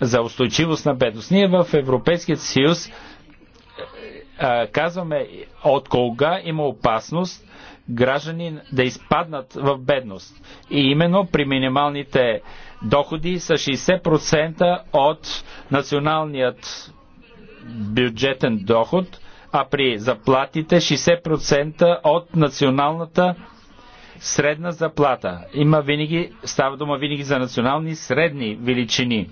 Speaker 3: за устойчивост на бедност. Ние в Европейския съюз е, е, казваме от кога има опасност граждани да изпаднат в бедност. И именно при минималните доходи са 60% от националният бюджетен доход, а при заплатите 60% от националната средна заплата. Има винаги, става дума винаги за национални средни величини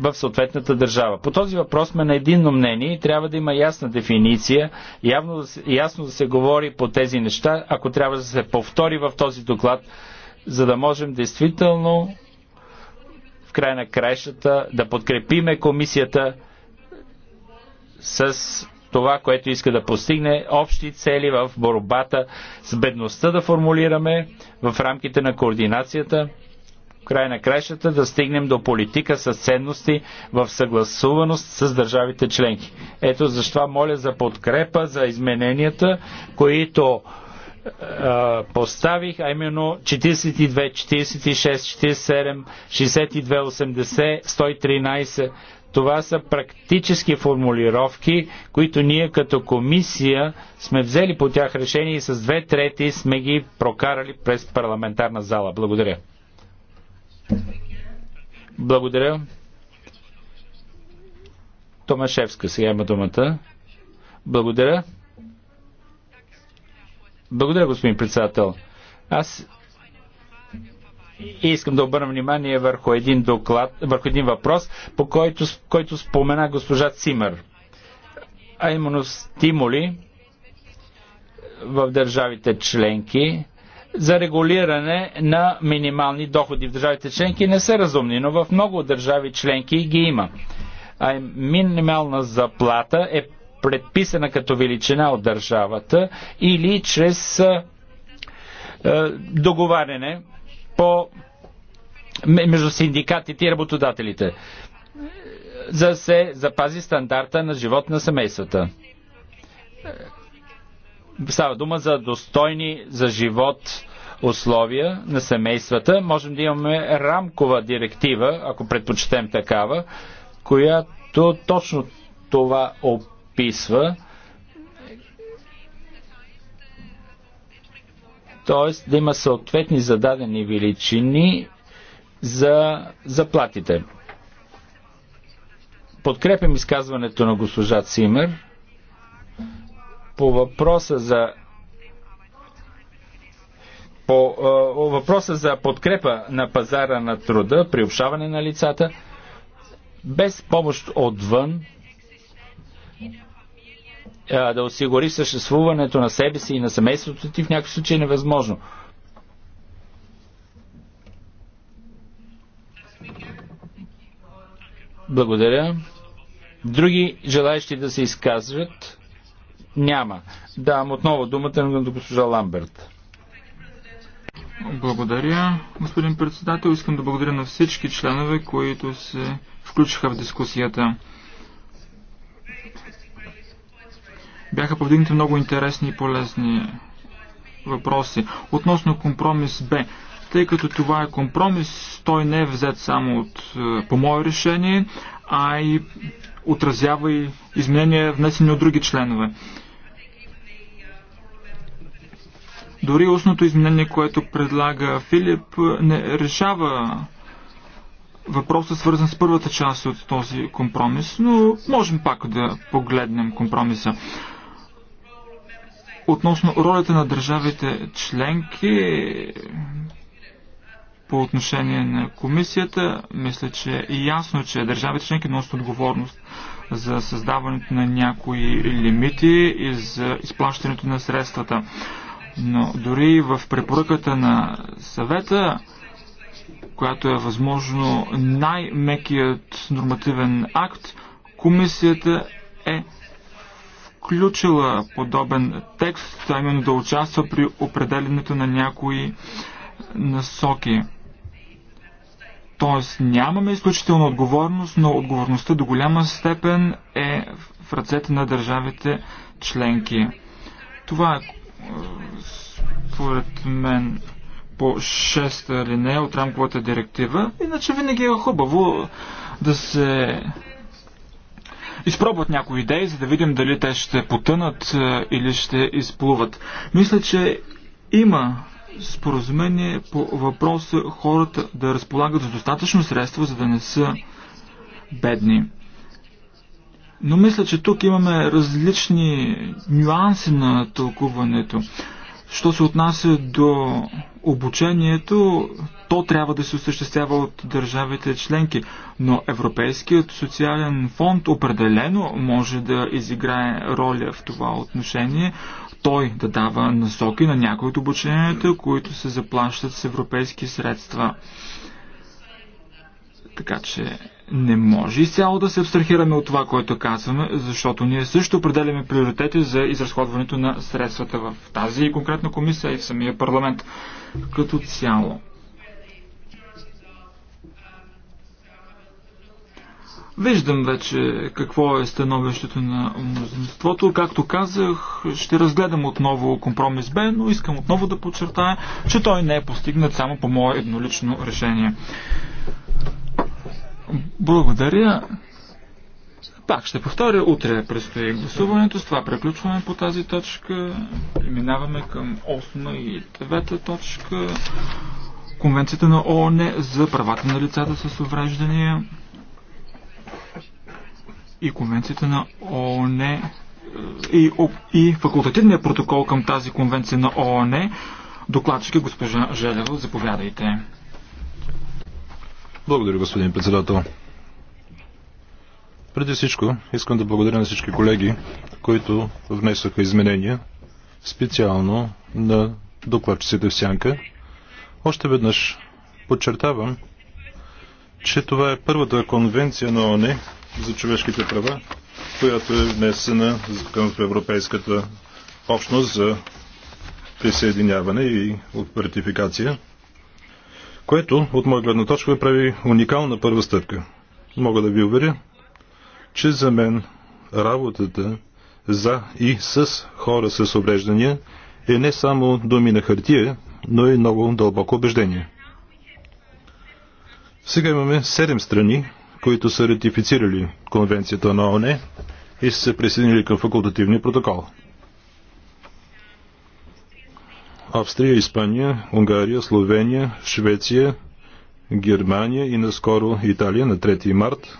Speaker 3: в съответната държава. По този въпрос сме на единно мнение и трябва да има ясна дефиниция, явно, ясно да се говори по тези неща, ако трябва да се повтори в този доклад, за да можем действително в край на краищата да подкрепиме комисията с това, което иска да постигне общи цели в борбата с бедността да формулираме в рамките на координацията в край на краищата да стигнем до политика с ценности в съгласуваност с държавите членки. Ето защо моля за подкрепа за измененията, които поставих, а именно 42, 46, 47, 62, 80, 113. Това са практически формулировки, които ние като комисия сме взели по тях решение и с две трети сме ги прокарали през парламентарна зала. Благодаря. Благодаря. Томашевска сега има думата. Благодаря. Благодаря, господин председател. Аз искам да обърна внимание върху един доклад, върху един въпрос, по който, който спомена госпожа Цимър. А именно стимули в държавите членки за регулиране на минимални доходи в държавите членки не са разумни, но в много държави членки ги има. А минимална заплата е предписана като величина от държавата или чрез договаряне по между синдикатите и работодателите, за да се запази стандарта на живот на семействата. Става дума за достойни за живот условия на семействата. Можем да имаме рамкова директива, ако предпочитем такава, която точно това описва описва. Т.е. да има съответни зададени величини за заплатите. Подкрепям изказването на госпожа Цимер по въпроса за по е, въпроса за подкрепа на пазара на труда, приобщаване на лицата, без помощ отвън, да осигури съществуването на себе си и на семейството ти в някакъв случай е невъзможно. Благодаря. Други желаящи да се изказват? Няма. Дам отново думата на госпожа Ламберт.
Speaker 4: Благодаря, господин председател. Искам да благодаря на всички членове, които се включиха в дискусията. Бяха повдигнати много интересни и полезни въпроси. Относно компромис Б, тъй като това е компромис, той не е взет само от, е, по мое решение, а и отразява и изменения внесени от други членове. Дори устното изменение, което предлага Филип, не решава въпроса, свързан с първата част от този компромис, но можем пак да погледнем компромиса. Относно ролята на държавите членки по отношение на комисията, мисля, че е ясно, че държавите членки носят отговорност за създаването на някои лимити и за изплащането на средствата. Но дори в препоръката на съвета, която е възможно най-мекият нормативен акт, комисията е включила подобен текст, а именно да участва при определенето на някои насоки. Тоест нямаме изключителна отговорност, но отговорността до голяма степен е в ръцете на държавите членки. Това е според мен по 6 линия от рамковата директива. Иначе винаги е хубаво да се изпробват някои идеи, за да видим дали те ще потънат е, или ще изплуват. Мисля, че има споразумение по въпроса хората да разполагат с достатъчно средства, за да не са бедни. Но мисля, че тук имаме различни нюанси на тълкуването. Що се отнася до Обучението, то трябва да се осъществява от държавите членки, но Европейският социален фонд определено може да изиграе роля в това отношение. Той да дава насоки на някои от обученията, които се заплащат с европейски средства. Така че не може изцяло да се абстрахираме от това, което казваме, защото ние също определяме приоритети за изразходването на средствата в тази конкретна комисия и в самия парламент като цяло. Виждам вече какво е становището на мнозинството. Както казах, ще разгледам отново компромис Б, но искам отново да подчертая, че той не е постигнат само по мое еднолично решение. Благодаря. Пак ще повторя, утре предстои гласуването. С това приключваме по тази точка. Минаваме към 8 и 9 точка. Конвенцията на ООН за правата на лицата с увреждания и Конвенцията на ООН е, и, и факултативния протокол към тази конвенция на ООН. Докладчик е госпожа Желева. Заповядайте.
Speaker 2: Благодаря, господин председател. Преди всичко, искам да благодаря на всички колеги, които внесоха изменения, специално на докладчиците в Сянка. Още веднъж подчертавам, че това е първата конвенция на ОНЕ за човешките права, която е внесена към Европейската общност за присъединяване и ратификация което от моя гледна точка е прави уникална първа стъпка. Мога да ви уверя, че за мен работата за и с хора с обреждания е не само думи на хартия, но и много дълбоко убеждение. Сега имаме 7 страни, които са ратифицирали конвенцията на ОНЕ и са се присъединили към факултативния протокол. Австрия, Испания, Унгария, Словения, Швеция, Германия и наскоро Италия на 3 март.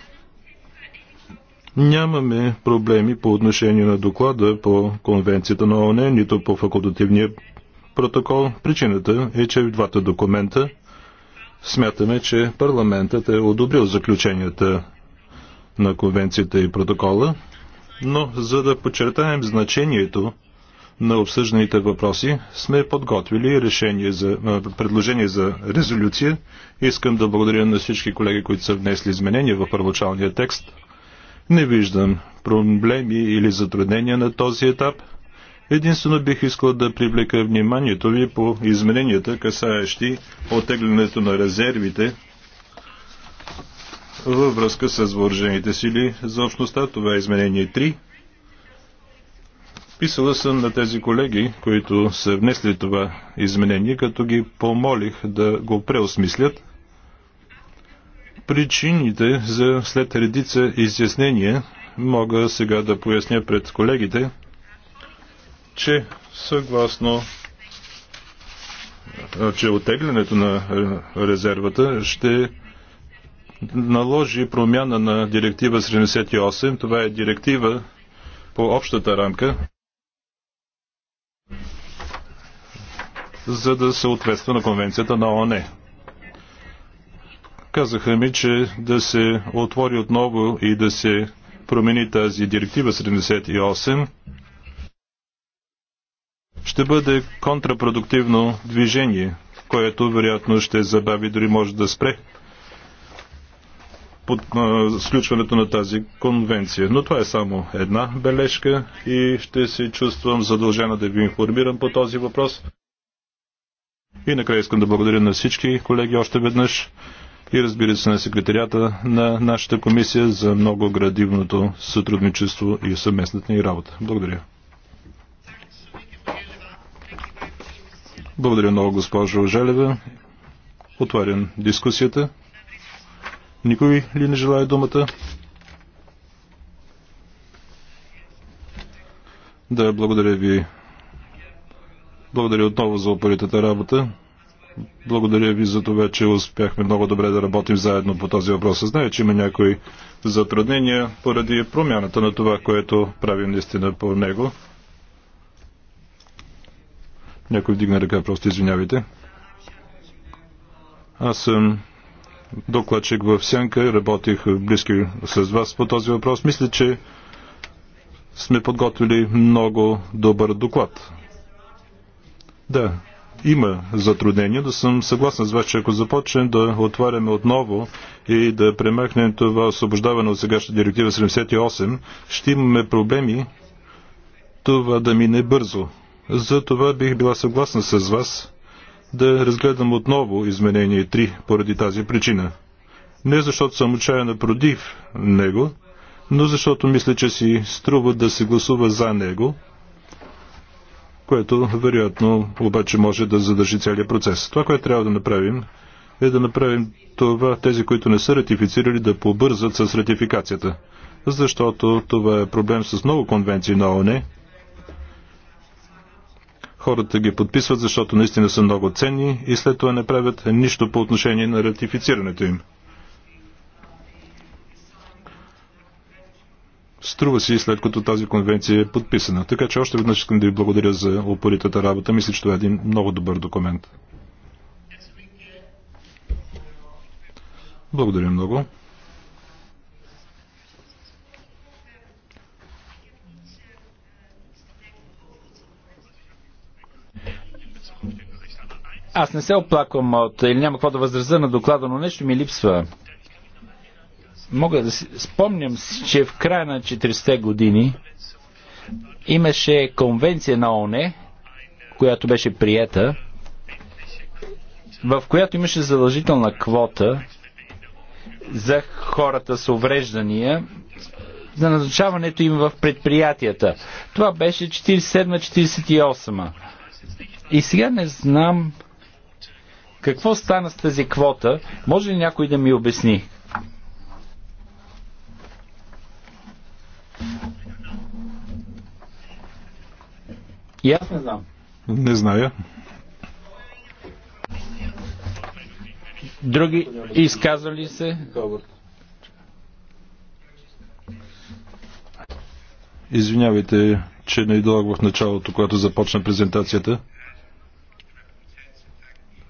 Speaker 2: Нямаме проблеми по отношение на доклада по конвенцията на ООН, нито по факултативния протокол. Причината е, че в двата документа смятаме, че парламентът е одобрил заключенията на конвенцията и протокола, но за да подчертаем значението на обсъжданите въпроси сме подготвили решение за, предложение за резолюция. Искам да благодаря на всички колеги, които са внесли изменения в първоначалния текст. Не виждам проблеми или затруднения на този етап. Единствено бих искал да привлека вниманието ви по измененията, касаещи отеглянето на резервите във връзка с въоръжените сили за общността. Това е изменение 3. Писала съм на тези колеги, които са внесли това изменение, като ги помолих да го преосмислят. Причините за след редица изяснения мога сега да поясня пред колегите, че съгласно че отеглянето на резервата ще наложи промяна на директива 78. Това е директива по общата рамка. за да се ответства на конвенцията на ООН. Казаха ми, че да се отвори отново и да се промени тази директива 78 ще бъде контрапродуктивно движение, което вероятно ще забави, дори може да спре под а, сключването на тази конвенция. Но това е само една бележка и ще се чувствам задължена да ви информирам по този въпрос. И накрая искам да благодаря на всички колеги още веднъж и разбира се на секретарията на нашата комисия за много градивното сътрудничество и съместната ни работа. Благодаря. Благодаря много, госпожо Желева. Отварям дискусията. Никой ли не желая думата? Да, благодаря ви, благодаря отново за опоритата работа. Благодаря ви за това, че успяхме много добре да работим заедно по този въпрос. Зная, че има някои затруднения поради промяната на това, което правим наистина по него. Някой вдигна ръка, просто извинявайте. Аз съм докладчик в Сянка, работих близки с вас по този въпрос. Мисля, че сме подготвили много добър доклад да, има затруднения, да съм съгласен с вас, че ако започнем да отваряме отново и да премахнем това освобождаване от сегашната директива 78, ще имаме проблеми това да мине бързо. За това бих била съгласна с вас да разгледам отново изменение 3 поради тази причина. Не защото съм отчаяна против него, но защото мисля, че си струва да се гласува за него – което вероятно обаче може да задържи целият процес. Това, което трябва да направим, е да направим това тези, които не са ратифицирали, да побързат с ратификацията. Защото това е проблем с много конвенции на ОНЕ. Хората ги подписват, защото наистина са много ценни и след това не правят нищо по отношение на ратифицирането им. Струва си след като тази конвенция е подписана. Така че още веднъж искам да ви благодаря за опоритата работа. Мисля, че това е един много добър документ. Благодаря много.
Speaker 3: Аз не се оплаквам от или няма какво да възразя на доклада, но нещо ми липсва мога да си, спомням че в края на 40-те години имаше конвенция на ОНЕ, която беше приета, в която имаше задължителна квота за хората с увреждания за назначаването им в предприятията. Това беше 47-48. И сега не знам какво стана с тази квота. Може ли някой да ми обясни?
Speaker 2: И аз не знам. Не зная.
Speaker 3: Други изказали се?
Speaker 2: Извинявайте, че не идвах в началото, когато започна презентацията.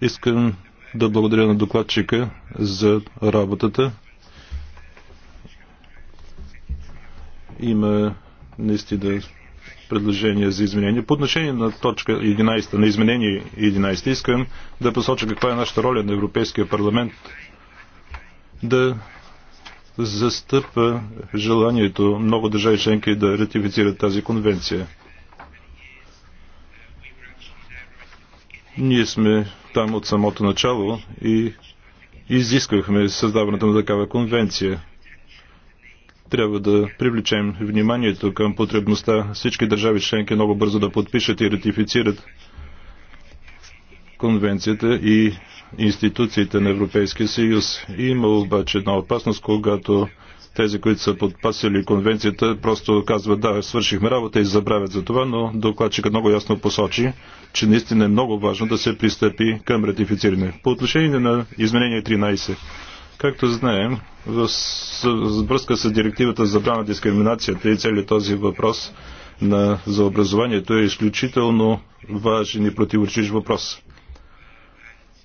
Speaker 2: Искам да благодаря на докладчика за работата. Има наистина предложения за изменение. По отношение на точка 11, на изменение 11, искам да посоча каква е нашата роля на Европейския парламент да застъпа желанието много държави членки да ратифицират тази конвенция. Ние сме там от самото начало и изисквахме създаването на такава конвенция трябва да привлечем вниманието към потребността всички държави членки много бързо да подпишат и ратифицират конвенцията и институциите на Европейския съюз. Има обаче една опасност, когато тези, които са подпасили конвенцията, просто казват да, свършихме работа и забравят за това, но докладчикът много ясно посочи, че наистина е много важно да се пристъпи към ратифициране. По отношение на изменение 13 Както знаем, в връзка с директивата за забрана дискриминацията и цели този въпрос на, за образованието е изключително важен и противоречив въпрос.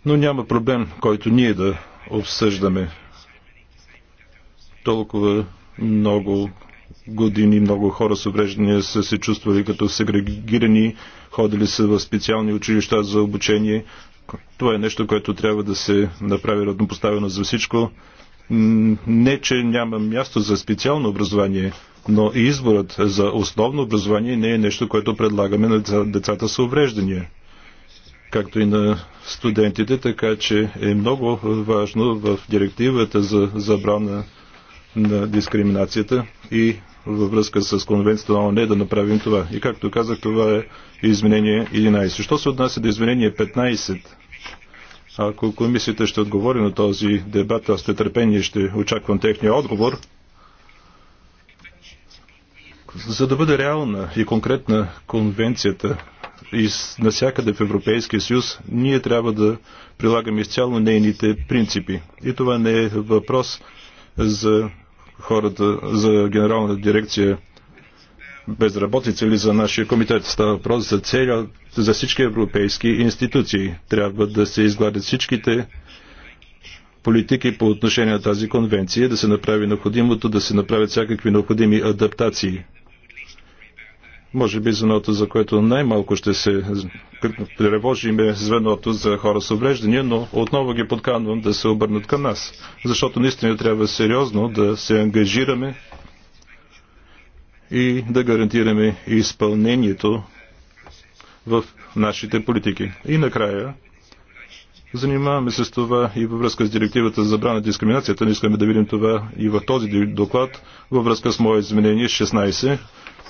Speaker 2: Но няма проблем, който ние да обсъждаме толкова много години много хора с увреждания са се чувствали като сегрегирани, ходили са в специални училища за обучение, това е нещо, което трябва да се направи равнопоставено за всичко. Не, че няма място за специално образование, но и изборът за основно образование не е нещо, което предлагаме на децата с увреждания, както и на студентите, така че е много важно в директивата за забрана на дискриминацията и във връзка с конвенцията на ОНЕ да направим това. И както казах, това е изменение 11. Що се отнася до изменение 15? Ако комисията ще отговори на този дебат, аз с търпение ще очаквам техния отговор. За да бъде реална и конкретна конвенцията и насякъде в Европейския съюз, ние трябва да прилагаме изцяло нейните принципи. И това не е въпрос за хората, за генерална дирекция безработица или за нашия комитет. Става въпрос за целя, за всички европейски институции. Трябва да се изгладят всичките политики по отношение на тази конвенция, да се направи необходимото, да се направят всякакви необходими адаптации. Може би звеното, за което най-малко ще се тревожим е звеното за хора с увреждания, но отново ги подканвам да се обърнат към нас, защото наистина трябва сериозно да се ангажираме и да гарантираме изпълнението в нашите политики. И накрая, занимаваме се с това и във връзка с директивата за забрана дискриминацията. Не искаме да видим това и в този доклад във връзка с мое изменение 16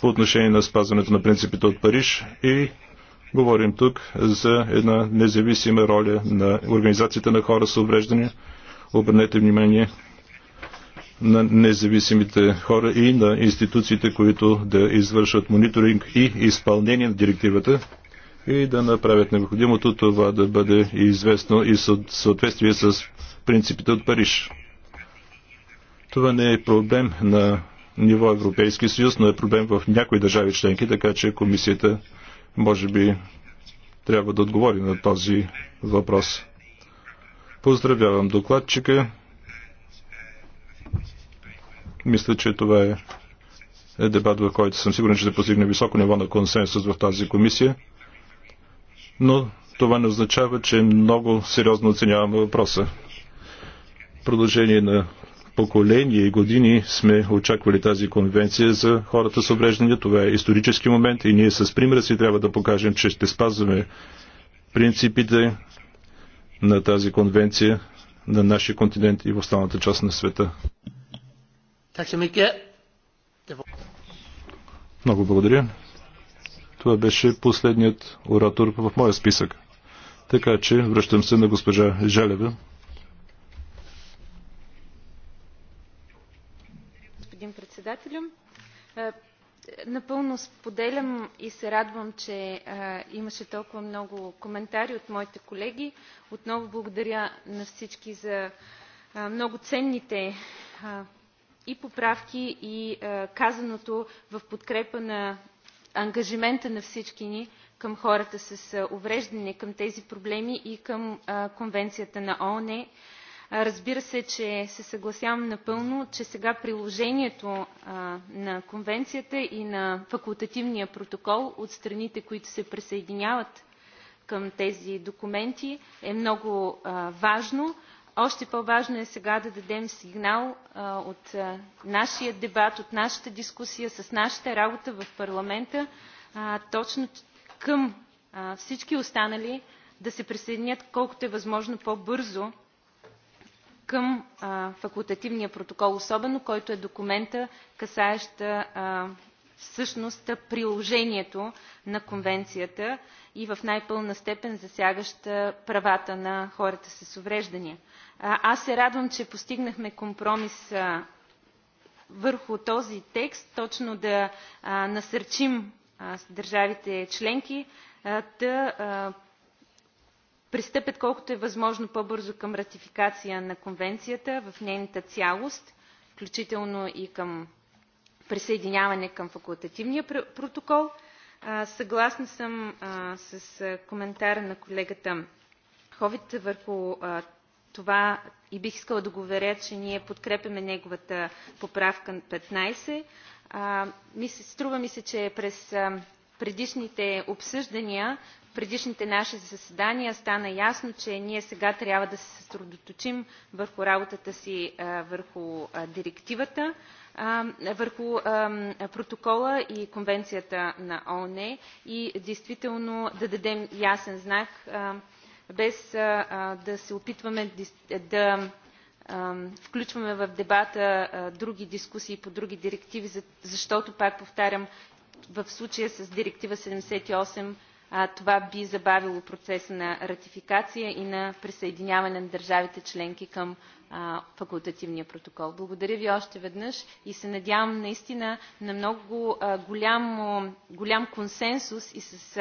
Speaker 2: по отношение на спазването на принципите от Париж и говорим тук за една независима роля на организацията на хора с увреждания. Обърнете внимание на независимите хора и на институциите, които да извършат мониторинг и изпълнение на директивата и да направят необходимото това да бъде известно и съответствие с принципите от Париж. Това не е проблем на ниво Европейски съюз, но е проблем в някои държави членки, така че комисията може би трябва да отговори на този въпрос. Поздравявам докладчика мисля, че това е, е дебат, в който съм сигурен, че ще постигне високо ниво на консенсус в тази комисия. Но това не означава, че много сериозно оценяваме въпроса. В продължение на поколения и години сме очаквали тази конвенция за хората с обреждания. Това е исторически момент и ние с примера си трябва да покажем, че ще спазваме принципите на тази конвенция на нашия континент и в останалата част на света. Много благодаря. Това беше последният оратор в моя списък. Така че връщам се на госпожа Желева.
Speaker 5: Господин председателю, е, напълно споделям и се радвам, че е, имаше толкова много коментари от моите колеги. Отново благодаря на всички за е, много ценните и поправки и е, казаното в подкрепа на ангажимента на всички ни към хората с е, увреждане, към тези проблеми и към е, Конвенцията на ООН. Разбира се, че се съгласявам напълно, че сега приложението на конвенцията и на факултативния протокол от страните, които се присъединяват към тези документи, е много важно още по-важно е сега да дадем сигнал а, от а, нашия дебат, от нашата дискусия, с нашата работа в парламента, а, точно към а, всички останали да се присъединят колкото е възможно по-бързо към а, факултативния протокол, особено който е документа, касаеща. а, всъщност приложението на конвенцията и в най-пълна степен засягаща правата на хората с увреждания. Аз се радвам, че постигнахме компромис върху този текст, точно да насърчим държавите членки да пристъпят колкото е възможно по-бързо към ратификация на конвенцията в нейната цялост, включително и към присъединяване към факултативния протокол. Съгласна съм с коментара на колегата Ховит върху това и бих искала да го уверя, че ние подкрепяме неговата поправка 15. Струва ми се, че през предишните обсъждания, предишните наши заседания стана ясно, че ние сега трябва да се съсредоточим върху работата си, върху директивата върху протокола и конвенцията на ООН и действително да дадем ясен знак, без да се опитваме да включваме в дебата други дискусии по други директиви, защото, пак повтарям, в случая с Директива 78 това би забавило процеса на ратификация и на присъединяване на държавите членки към факултативния протокол. Благодаря ви още веднъж и се надявам наистина на много голям, голям консенсус и с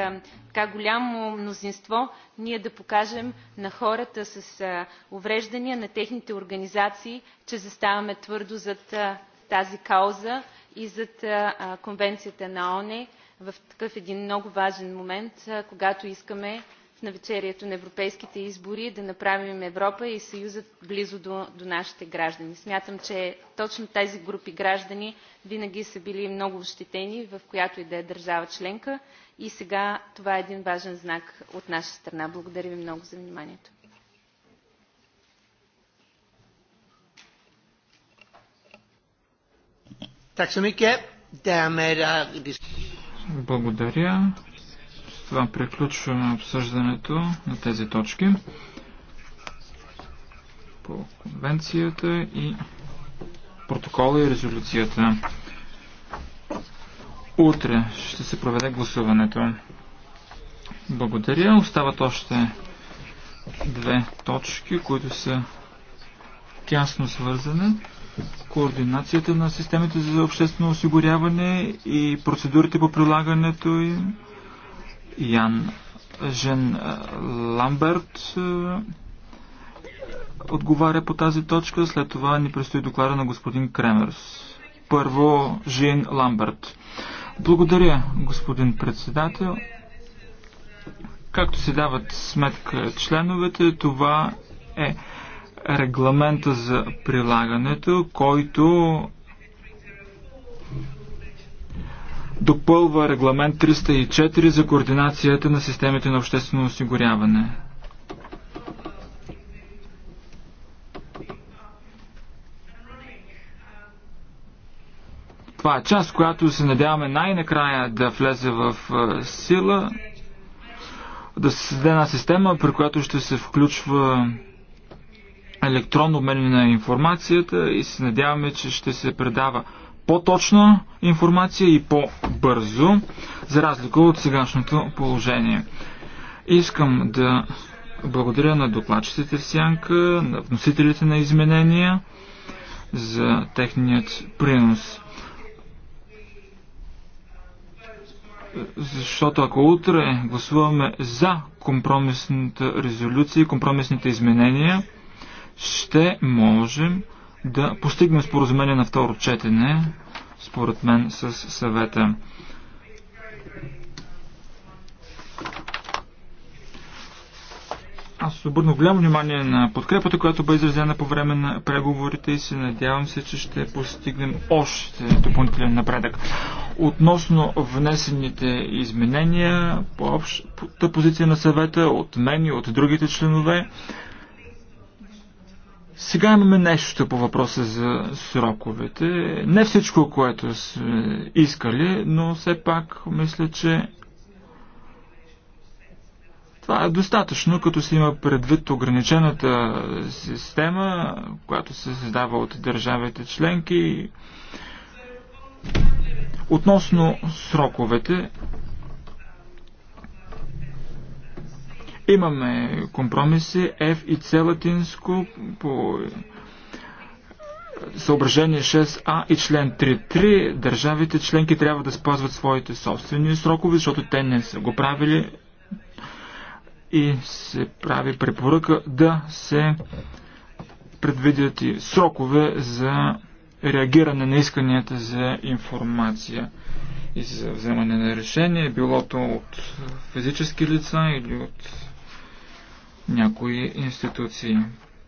Speaker 5: така голямо мнозинство ние да покажем на хората с увреждания, на техните организации, че заставаме твърдо зад тази кауза и зад конвенцията на ОНЕ в такъв един много важен момент, когато искаме в навечерието на европейските избори да направим Европа и Съюзът близо до, до нашите граждани. Смятам, че точно тези групи граждани винаги са били много ощетени в която и да е държава членка и сега това е един важен знак от наша страна. Благодаря ви много за вниманието.
Speaker 1: Tack
Speaker 4: благодаря. С това приключваме обсъждането на тези точки по конвенцията и протокола и резолюцията. Утре ще се проведе гласуването. Благодаря. Остават още две точки, които са тясно свързани координацията на системите за обществено осигуряване и процедурите по прилагането и Ян Жен Ламберт отговаря по тази точка, след това ни предстои доклада на господин Кремерс. Първо Жен Ламберт. Благодаря, господин председател. Както се дават сметка членовете, това е регламента за прилагането, който допълва регламент 304 за координацията на системите на обществено осигуряване. Това е част, която се надяваме най-накрая да влезе в е, сила, да се създаде една система, при която ще се включва електронно обмене на информацията и се надяваме, че ще се предава по-точна информация и по-бързо, за разлика от сегашното положение. Искам да благодаря на докладчиците в Сянка, на вносителите на изменения за техният принос. Защото ако утре гласуваме за компромисната резолюция и компромисните изменения, ще можем да постигнем споразумение на второ четене, според мен, с съвета. Аз обърнах голямо внимание на подкрепата, която бе изразена по време на преговорите и се надявам се, че ще постигнем още допълнителен напредък. Относно внесените изменения по общата позиция на съвета от мен и от другите членове, сега имаме нещо по въпроса за сроковете. Не всичко, което сме искали, но все пак мисля, че това е достатъчно, като се има предвид ограничената система, която се създава от държавите членки. Относно сроковете, Имаме компромиси F и C латинско по съображение 6а и член 3.3. Държавите членки трябва да спазват своите собствени срокове, защото те не са го правили и се прави препоръка да се предвидят и срокове за реагиране на исканията за информация и за вземане на решение, било то от физически лица или от някои институции.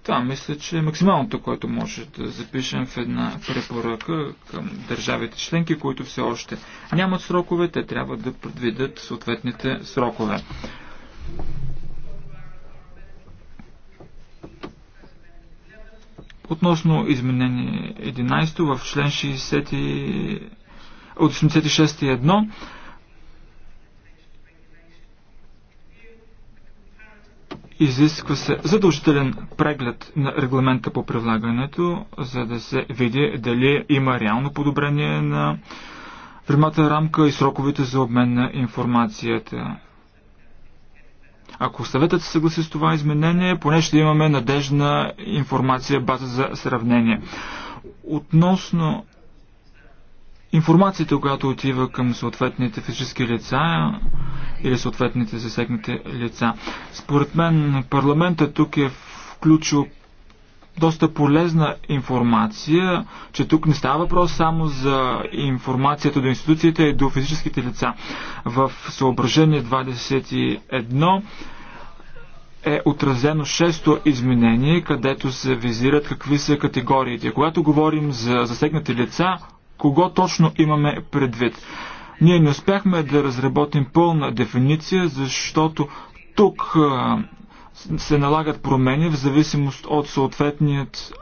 Speaker 4: Това мисля, че е максималното, което може да запишем в една препоръка към държавите членки, които все още нямат срокове, те трябва да предвидят съответните срокове. Относно изменение 11 в член 60 86.1 Изисква се задължителен преглед на регламента по прилагането, за да се види дали има реално подобрение на времата рамка и сроковете за обмен на информацията. Ако съветът се съгласи с това изменение, поне ще имаме надежна информация, база за сравнение. Относно Информацията, която отива към съответните физически лица или съответните засегнати лица. Според мен парламента тук е включил доста полезна информация, че тук не става въпрос само за информацията до институциите и до физическите лица. В съображение 21 е отразено шесто изменение, където се визират какви са категориите. Когато говорим за засегнати лица, кого точно имаме предвид. Ние не успяхме да разработим пълна дефиниция, защото тук се налагат промени в зависимост от съответният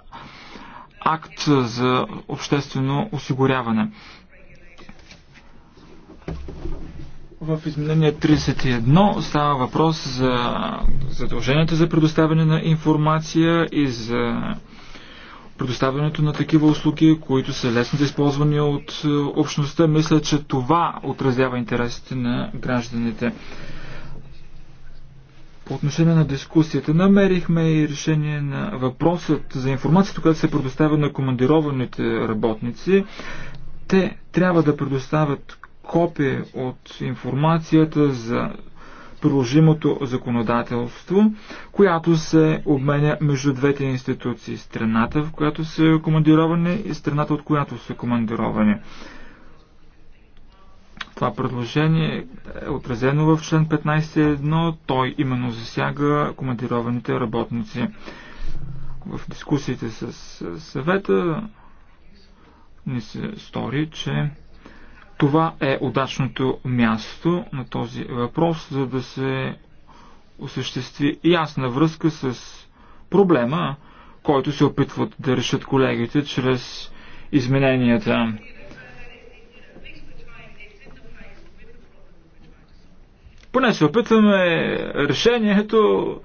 Speaker 4: акт за обществено осигуряване. В изменение 31 става въпрос за задълженията за предоставяне на информация и за предоставянето на такива услуги, които са лесно за използване от е, общността. Мисля, че това отразява интересите на гражданите. По отношение на дискусията, намерихме и решение на въпросът за информацията, която се предоставя на командированите работници. Те трябва да предоставят копие от информацията за приложимото законодателство, която се обменя между двете институции. Страната, в която са командировани и страната, от която са командировани. Това предложение е отразено в член 15.1. Той именно засяга командированите работници. В дискусиите с съвета ни се стори, че това е удачното място на този въпрос, за да се осъществи ясна връзка с проблема, който се опитват да решат колегите чрез измененията. Поне се опитваме решението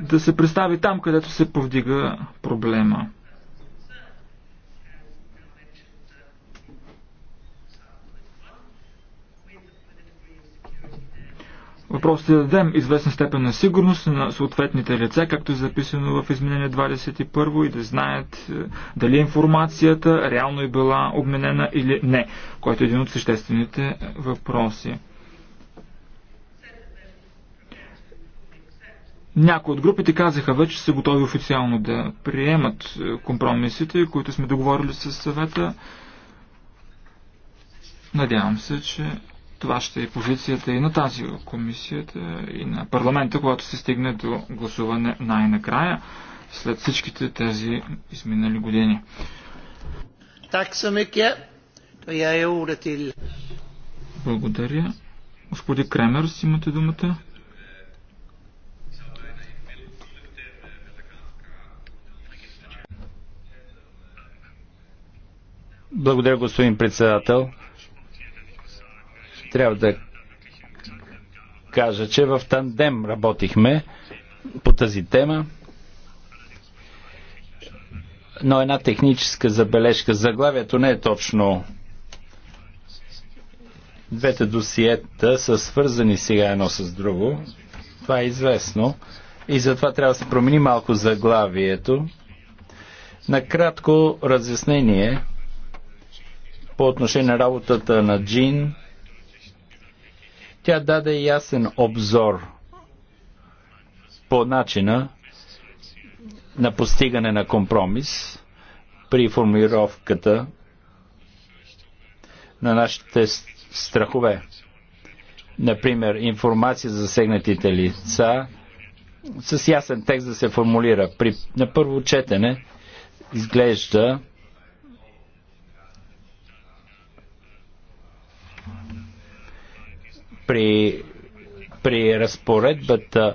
Speaker 4: да се представи там, където се повдига проблема. Въпросът е да дадем известна степен на сигурност на съответните лица, както е записано в изменение 21 и да знаят е, дали информацията реално е била обменена или не, който е един от съществените е, въпроси. Някои от групите казаха вече, че са готови официално да приемат е, компромисите, които сме договорили с съвета. Надявам се, че това ще е позицията и на тази комисията, и на парламента, когато се стигне до гласуване най-накрая, след всичките тези изминали години.
Speaker 1: Так са мике. Я е уретил.
Speaker 4: Благодаря. Господи си имате думата.
Speaker 3: Благодаря, господин председател. Трябва да кажа, че в тандем работихме по тази тема. Но една техническа забележка. Заглавието не е точно. Двете досиета са свързани сега едно с друго. Това е известно. И затова трябва да се промени малко заглавието. Накратко разяснение по отношение на работата на Джин тя даде ясен обзор по начина на постигане на компромис при формулировката на нашите страхове. Например, информация за засегнатите лица с ясен текст да се формулира. При, на първо четене изглежда при, при разпоредбата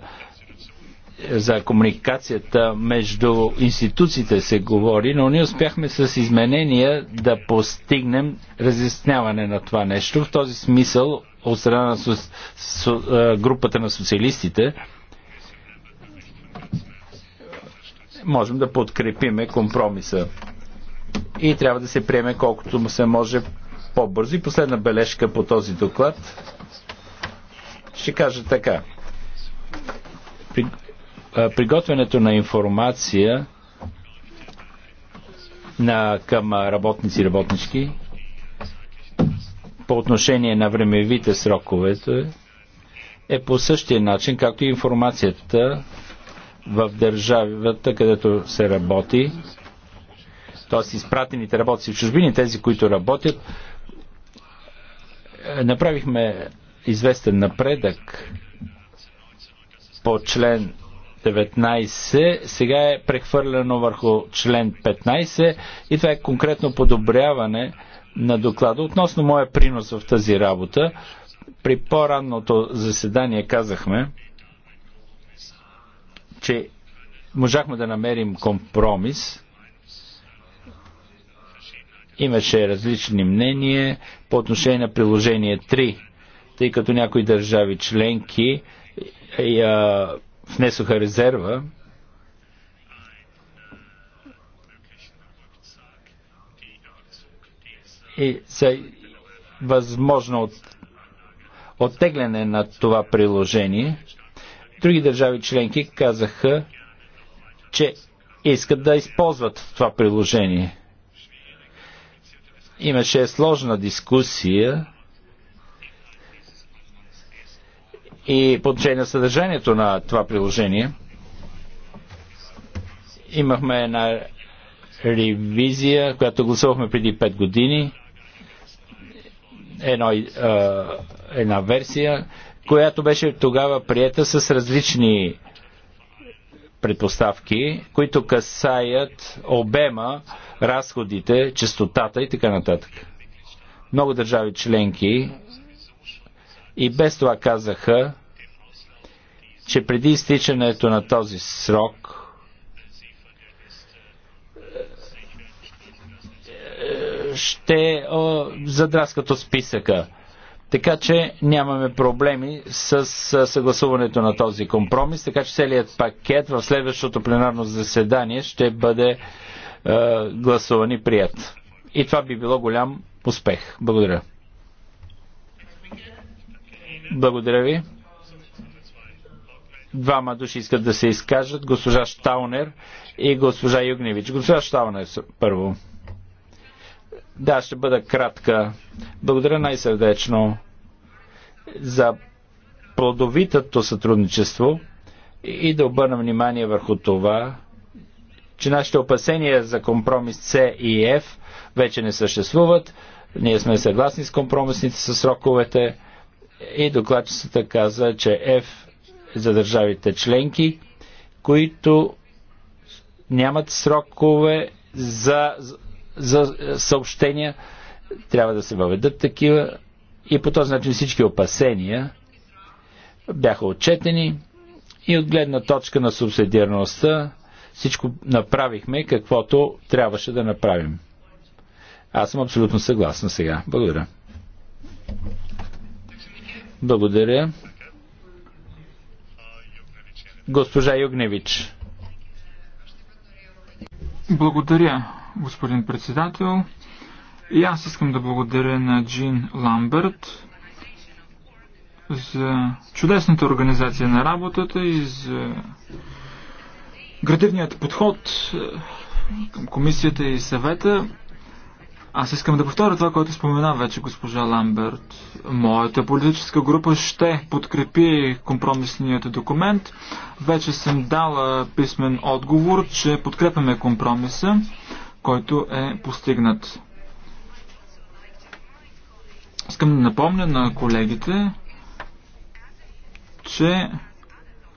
Speaker 3: за комуникацията между институциите се говори, но ние успяхме с изменения да постигнем разясняване на това нещо. В този смисъл, от страна на со, со, групата на социалистите, можем да подкрепиме компромиса. И трябва да се приеме колкото му се може по-бързо. И последна бележка по този доклад ще кажа така. При, а, приготвянето на информация на, към работници и работнички по отношение на времевите сроковете е по същия начин, както и информацията в държавата, където се работи, т.е. изпратените работници в чужбини, тези, които работят, е, направихме известен напредък по член 19, сега е прехвърлено върху член 15 и това е конкретно подобряване на доклада. Относно моя принос в тази работа, при по-ранното заседание казахме, че можахме да намерим компромис. Имаше различни мнения по отношение на приложение 3 тъй като някои държави членки я е, е, внесоха резерва. И се възможно от, оттегляне на това приложение. Други държави членки казаха, че искат да използват това приложение. Имаше сложна дискусия И по отношение на съдържанието на това приложение, имахме една ревизия, която гласувахме преди 5 години, едно, е, една версия, която беше тогава приета с различни предпоставки, които касаят обема, разходите, частотата и така нататък. Много държави членки и без това казаха, че преди изтичането на този срок ще о, задраскат от списъка. Така че нямаме проблеми с съгласуването на този компромис, така че целият пакет в следващото пленарно заседание ще бъде е, гласуван и прият. И това би било голям успех. Благодаря. Благодаря ви. Двама души искат да се изкажат. Госпожа Штаунер и госпожа Югневич. Госпожа Штаунер първо. Да, ще бъда кратка. Благодаря най-сърдечно за плодовитото сътрудничество и да обърна внимание върху това, че нашите опасения за компромис С и Ф вече не съществуват. Ние сме съгласни с компромисните със сроковете и докладчицата каза, че F за държавите членки, които нямат срокове за, за съобщения, трябва да се въведат такива и по този начин всички опасения бяха отчетени и от гледна точка на субсидиарността всичко направихме каквото трябваше да направим. Аз съм абсолютно съгласна сега. Благодаря. Благодаря. Госпожа Югневич.
Speaker 4: Благодаря, господин председател. И аз искам да благодаря на Джин Ламберт за чудесната организация на работата и за градивният подход към комисията и съвета. Аз искам да повторя това, което спомена вече госпожа Ламберт. Моята политическа група ще подкрепи компромисният документ. Вече съм дала писмен отговор, че подкрепяме компромиса, който е постигнат. Искам да напомня на колегите, че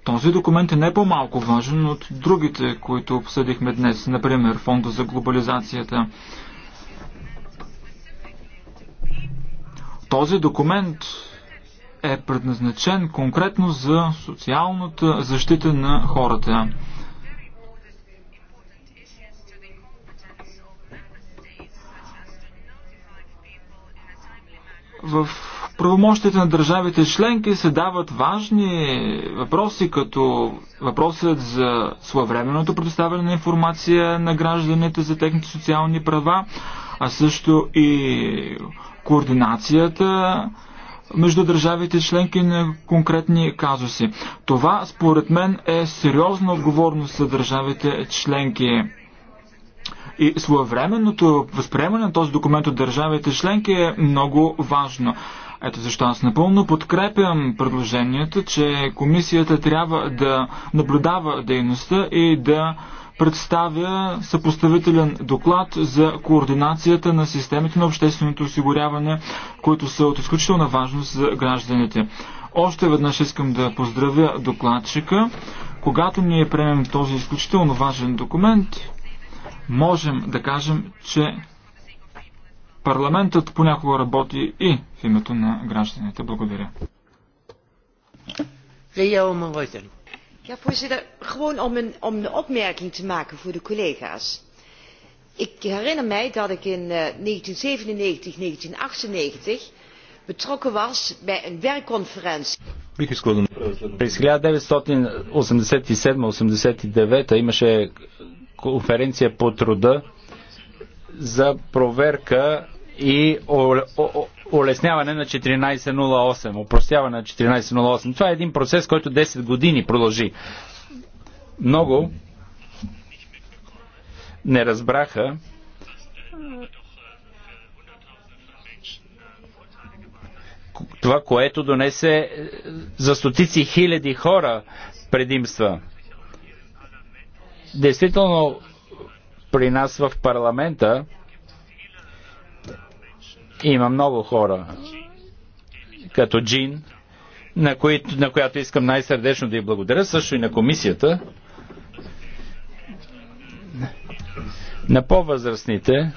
Speaker 4: този документ е не по-малко важен от другите, които обсъдихме днес, например Фонда за глобализацията. Този документ е предназначен конкретно за социалната защита на хората. В правомощите на държавите членки се дават важни въпроси, като въпросът за своевременното предоставяне на информация на гражданите за техните социални права, а също и координацията между държавите членки на конкретни казуси. Това, според мен, е сериозна отговорност за държавите членки. И своевременното възприемане на този документ от държавите членки е много важно. Ето защо аз напълно подкрепям предложението, че комисията трябва да наблюдава дейността и да представя съпоставителен доклад за координацията на системите на общественото осигуряване, които са от изключителна важност за гражданите. Още веднъж искам да поздравя докладчика. Когато ние приемем този изключително важен документ, можем да кажем, че парламентът понякога работи и в името на гражданите. Благодаря.
Speaker 1: Лия Омагойтен
Speaker 5: voorzitter gewoon om een opmerking te maken voor de collega's. ik herinner mij dat ik in duizendnegenhonderdzevenennegentig duizendnegenhonderdachtennegentig betrokken was bij een werkconferentie.
Speaker 3: През 1987-89 имаше конференция по труда за проверка и улесняване на 1408, упростяване на 1408. Това е един процес, който 10 години продължи. Много не разбраха това, което донесе е, за стотици хиляди хора предимства. Действително, при нас в парламента има много хора, като Джин, на, които, на която искам най-сърдечно да й благодаря, също и на комисията. На по-възрастните,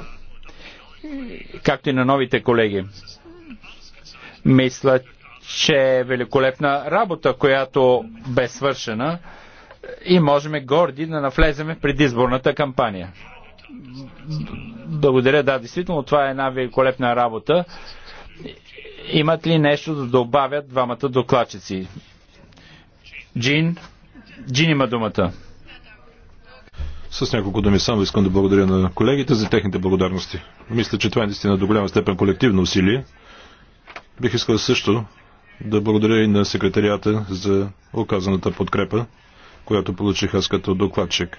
Speaker 3: както и на новите колеги. Мисля, че е великолепна работа, която бе свършена и можем горди да навлеземе в предизборната кампания. Благодаря, да, действително това е една великолепна работа. Имат ли нещо да добавят двамата докладчици?
Speaker 2: Джин? Джин има думата. С няколко думи само искам да благодаря на колегите за техните благодарности. Мисля, че това е наистина до голяма степен колективно усилие. Бих искал също да благодаря и на секретарията за оказаната подкрепа, която получих аз като докладчик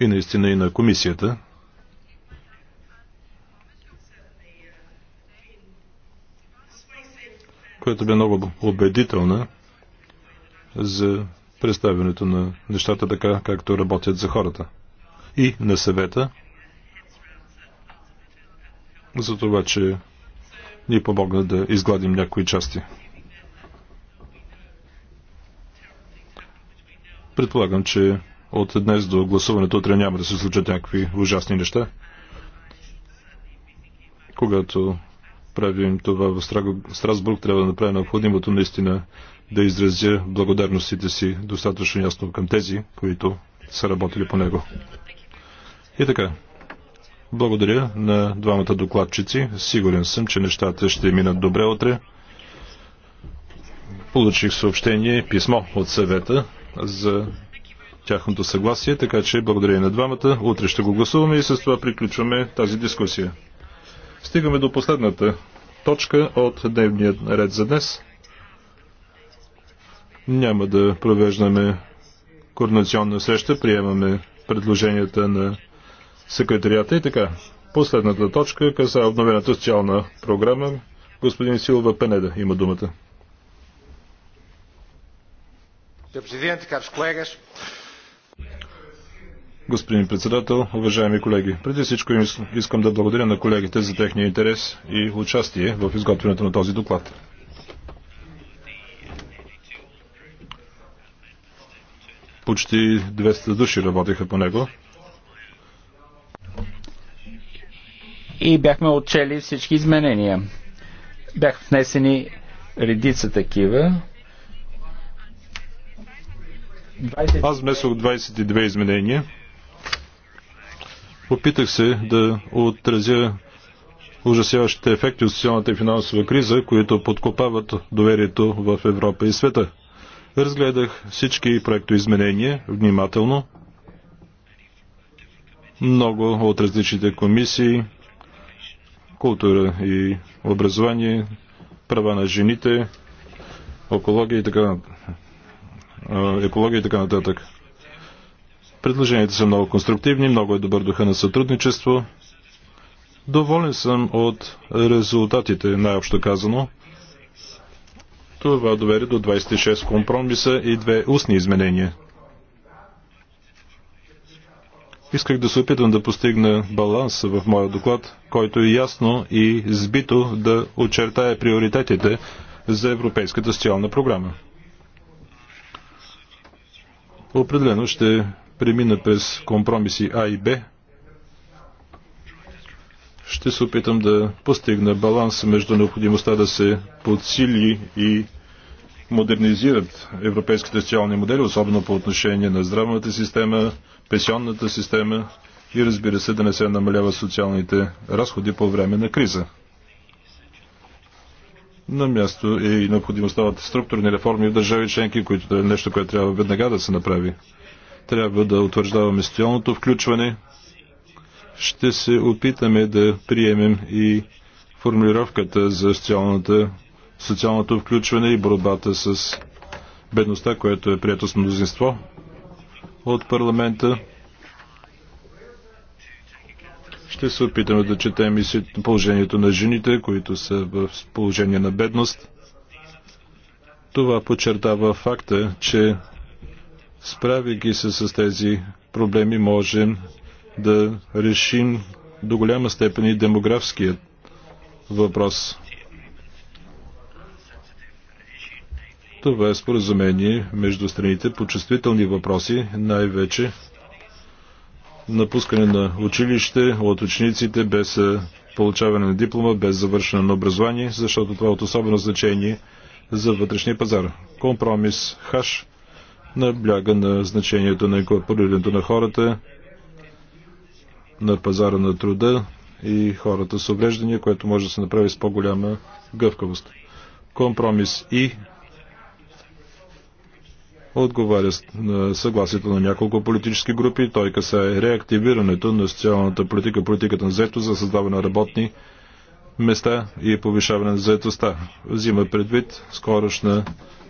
Speaker 2: и наистина и на комисията. която бе много убедителна за представянето на нещата така, както работят за хората. И на съвета за това, че ни помогна да изгладим някои части. Предполагам, че от днес до гласуването утре няма да се случат някакви ужасни неща. Когато правим това в Страсбург, трябва да направим необходимото наистина да изразя благодарностите си достатъчно ясно към тези, които са работили по него. И така, благодаря на двамата докладчици. Сигурен съм, че нещата ще минат добре утре. Получих съобщение, писмо от съвета за тяхното съгласие, така че благодаря и на двамата. Утре ще го гласуваме и с това приключваме тази дискусия. Стигаме до последната точка от дневния ред за днес. Няма да провеждаме координационна среща, приемаме предложенията на секретарията и така. Последната точка каса обновената социална програма. Господин Силва Пенеда има думата.
Speaker 3: Senhor
Speaker 2: Господин председател, уважаеми колеги, преди всичко искам да благодаря на колегите за техния интерес и участие в изготвянето на този доклад. Почти 200 души работеха по него.
Speaker 3: И бяхме отчели всички изменения. Бяха внесени редица такива.
Speaker 2: 20... Аз внесох 22 изменения. Опитах се да отразя ужасяващите ефекти от социалната и финансова криза, които подкопават доверието в Европа и света. Разгледах всички проектоизменения внимателно. Много от различните комисии, култура и образование, права на жените, екология и така, екология и така нататък. Предложенията са много конструктивни, много е добър духа на сътрудничество. Доволен съм от резултатите, най-общо казано. Това довери до 26 компромиса и две устни изменения. Исках да се опитам да постигна баланс в моя доклад, който е ясно и сбито да очертая приоритетите за Европейската социална програма. Определено ще премина през компромиси А и Б, ще се опитам да постигна баланс между необходимостта да се подсили и модернизират европейските социални модели, особено по отношение на здравната система, пенсионната система и разбира се да не се намалява социалните разходи по време на криза. На място е и необходимостта от структурни реформи в държави членки, които е нещо, което трябва веднага да се направи. Трябва да утвърждаваме социалното включване. Ще се опитаме да приемем и формулировката за социалното включване и борбата с бедността, което е прието с мнозинство от парламента. Ще се опитаме да четем и положението на жените, които са в положение на бедност. Това подчертава факта, че Справяйки се с тези проблеми, можем да решим до голяма степен и демографският въпрос. Това е споразумение между страните по чувствителни въпроси, най-вече напускане на училище от учениците без получаване на диплома, без завършване на образование, защото това е от особено значение за вътрешния пазар. Компромис ХАШ набляга на значението на инкорпорирането на хората на пазара на труда и хората с увреждания, което може да се направи с по-голяма гъвкавост. Компромис и отговаря на съгласието на няколко политически групи. Той касае реактивирането на социалната политика, политиката на заето за създаване на работни места и повишаване на заетостта. Взима предвид скорошна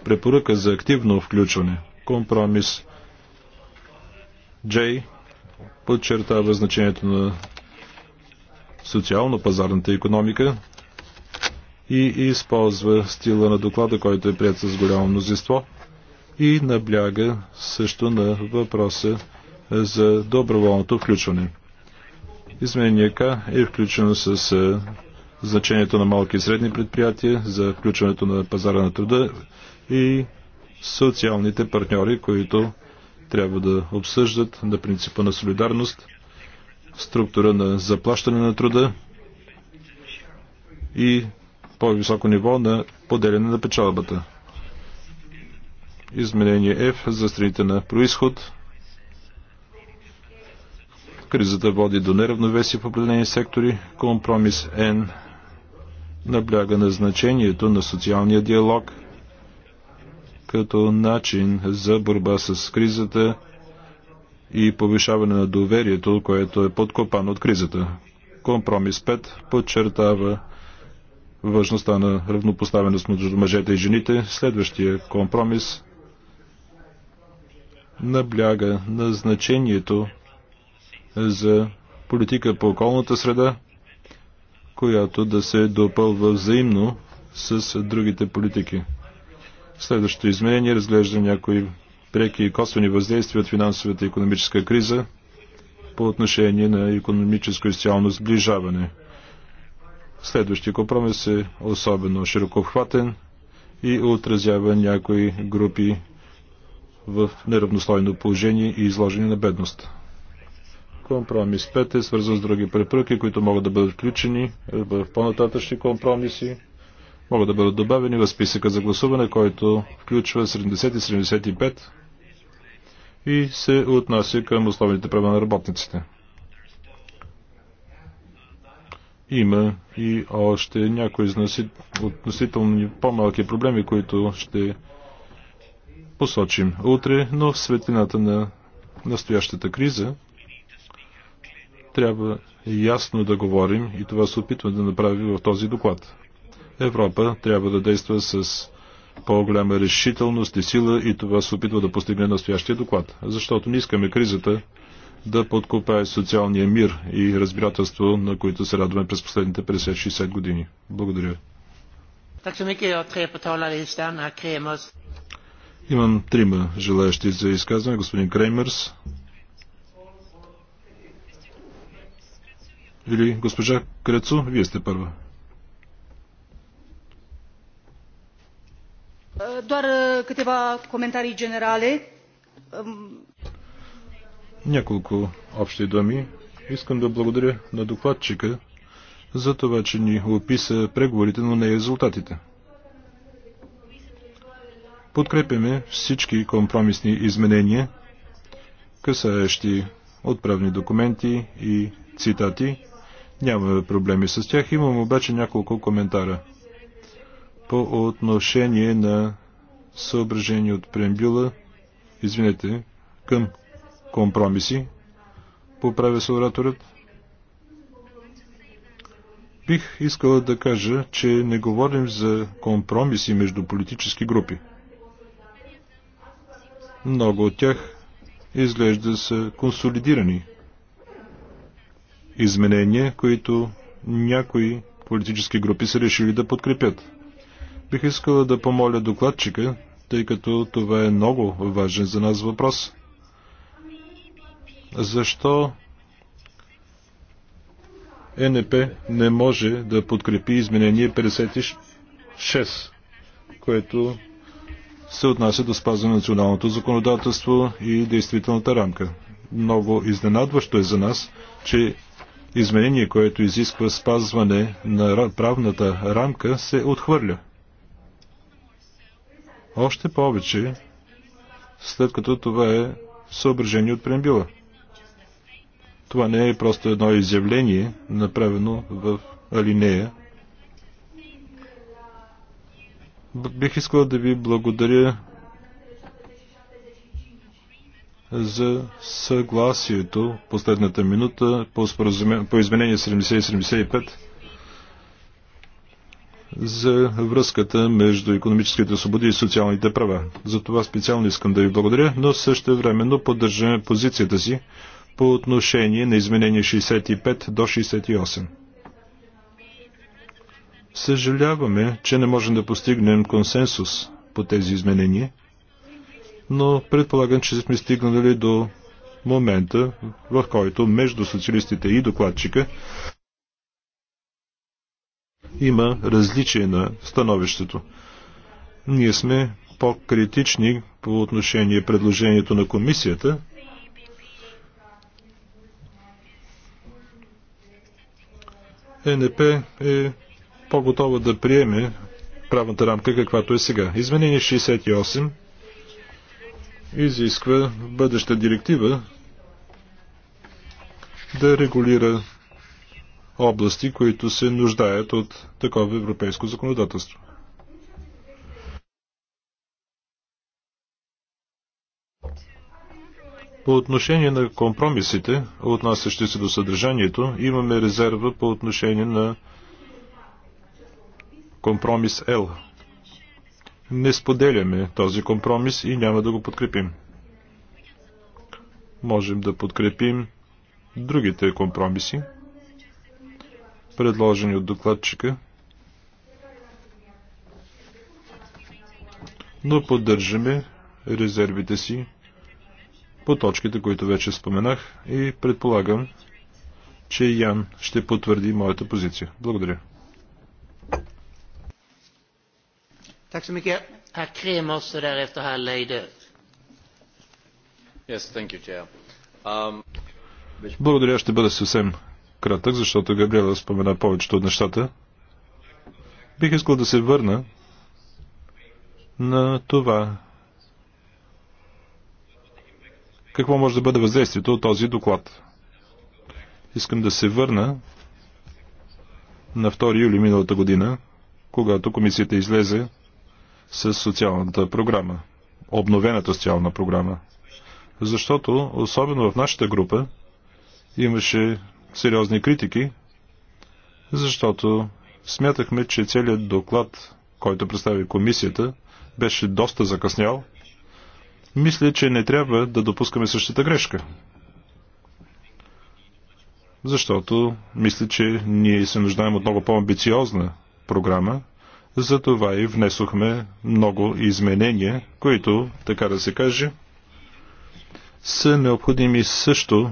Speaker 2: препоръка за активно включване. Компромис J подчертава значението на социално-пазарната економика и използва стила на доклада, който е прият с голямо мнозинство и набляга също на въпроса за доброволното включване. Изменение К е включено с е, значението на малки и средни предприятия за включването на пазара на труда и социалните партньори, които трябва да обсъждат на принципа на солидарност, структура на заплащане на труда и по-високо ниво на поделяне на печалбата. Изменение F за страните на происход. Кризата води до неравновесие в определени сектори. Компромис N набляга на значението на социалния диалог – като начин за борба с кризата и повишаване на доверието, което е подкопано от кризата. Компромис 5 подчертава важността на равнопоставеност между мъжете и жените. Следващия компромис набляга на значението за политика по околната среда, която да се допълва взаимно с другите политики. Следващото изменение разглежда някои преки и косвени въздействия от финансовата и економическа криза по отношение на економическо и социално сближаване. Следващия компромис е особено широко обхватен и отразява някои групи в неравнослойно положение и изложени на бедност. Компромис 5 е свързан с други препръки, които могат да бъдат включени в по-нататъчни компромиси могат да бъдат добавени в списъка за гласуване, който включва 70 и 75 и се отнася към основните права на работниците. Има и още някои относително по-малки проблеми, които ще посочим утре, но в светлината на настоящата криза трябва ясно да говорим и това се опитваме да направим в този доклад. Европа трябва да действа с по-голяма решителност и сила и това се опитва да постигне настоящия доклад. Защото не искаме кризата да подкопае социалния мир и разбирателство, на които се радваме през последните 50-60 години. Благодаря. Имам трима желаящи за изказване. Господин Креймерс или госпожа Крецо, вие сте първа.
Speaker 5: Doar uh, câteva comentarii generale. Um,
Speaker 2: няколко общи думи. Искам да благодаря на докладчика за това, че ни описа преговорите, но не резултатите. Подкрепяме всички компромисни изменения, касаещи отправни документи и цитати. Нямаме проблеми с тях, имам обаче няколко коментара по отношение на съображение от преамбюла, извинете, към компромиси, поправя се ораторът. Бих искала да кажа, че не говорим за компромиси между политически групи. Много от тях изглежда са консолидирани изменения, които някои политически групи са решили да подкрепят. Бих искала да помоля докладчика, тъй като това е много важен за нас въпрос. Защо НП не може да подкрепи изменение 56, което се отнася до спазване на националното законодателство и действителната рамка. Много изненадващо е за нас, че изменение, което изисква спазване на правната рамка, се отхвърля. Още повече, след като това е съображение от преамбила. Това не е просто едно изявление, направено в алинея. Бих искал да ви благодаря за съгласието последната минута по, по изменение 70 75 за връзката между економическите свободи и социалните права. За това специално искам да ви благодаря, но също времено поддържаме позицията си по отношение на изменение 65 до 68. Съжаляваме, че не можем да постигнем консенсус по тези изменения, но предполагам, че сме стигнали до момента, в който между социалистите и докладчика има различие на становището. Ние сме по-критични по отношение предложението на комисията. ЕНП е по-готова да приеме правната рамка, каквато е сега. Изменение 68 изисква бъдеща директива да регулира области, които се нуждаят от такова европейско законодателство. По отношение на компромисите, отнасящи се до съдържанието, имаме резерва по отношение на компромис L. Не споделяме този компромис и няма да го подкрепим. Можем да подкрепим другите компромиси предложени от докладчика, но поддържаме резервите си по точките, които вече споменах и предполагам, че Ян ще потвърди моята позиция. Благодаря. Um, Благодаря, ще бъда съвсем кратък, защото Габриела спомена повечето от нещата. Бих искал да се върна на това, какво може да бъде въздействието от този доклад. Искам да се върна на 2 юли миналата година, когато комисията излезе с социалната програма, обновената социална програма. Защото, особено в нашата група, имаше сериозни критики, защото смятахме, че целият доклад, който представи комисията, беше доста закъснял. Мисля, че не трябва да допускаме същата грешка. Защото мисля, че ние се нуждаем от много по-амбициозна програма. Затова и внесохме много изменения, които, така да се каже, са необходими също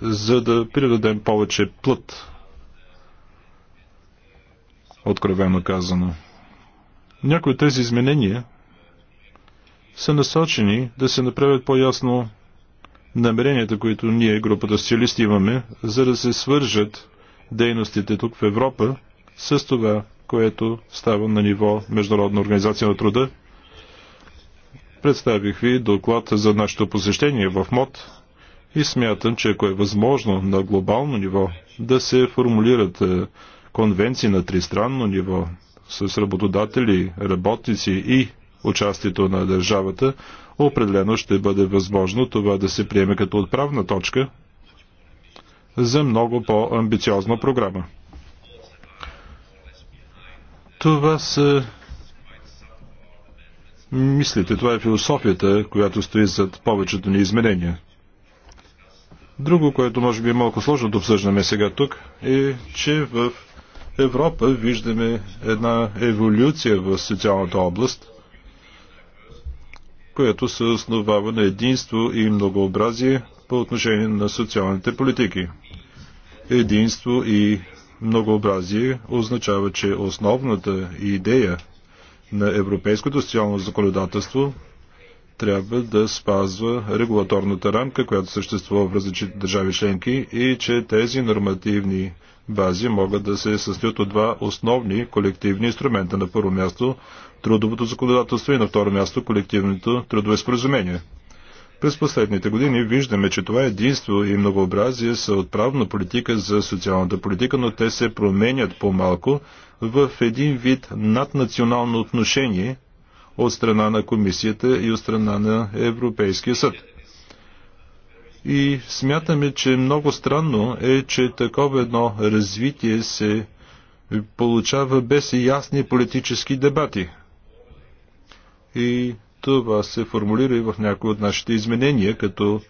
Speaker 2: за да придадем повече плът. Откровено казано. Някои от тези изменения са насочени да се направят по-ясно намеренията, които ние, групата социалисти, имаме, за да се свържат дейностите тук в Европа с това, което става на ниво Международна организация на труда. Представих ви доклад за нашето посещение в МОД и смятам, че ако е възможно на глобално ниво да се формулират е, конвенции на тристранно ниво с работодатели, работници и участието на държавата, определено ще бъде възможно това да се приеме като отправна точка за много по-амбициозна програма. Това са мислите, това е философията, която стои зад повечето ни изменения – Друго, което може би е малко сложно да обсъждаме сега тук, е, че в Европа виждаме една еволюция в социалната област, която се основава на единство и многообразие по отношение на социалните политики. Единство и многообразие означава, че основната идея на европейското социално законодателство трябва да спазва регулаторната рамка, която съществува в различните държави членки и че тези нормативни бази могат да се състоят от два основни колективни инструмента. На първо място трудовото законодателство и на второ място колективното трудове споразумение. През последните години виждаме, че това единство и многообразие са отправна политика за социалната политика, но те се променят по-малко в един вид наднационално отношение, от страна на комисията и от страна на Европейския съд. И смятаме, че много странно е, че такова едно развитие се получава без ясни политически дебати. И това се формулира и в някои от нашите изменения, като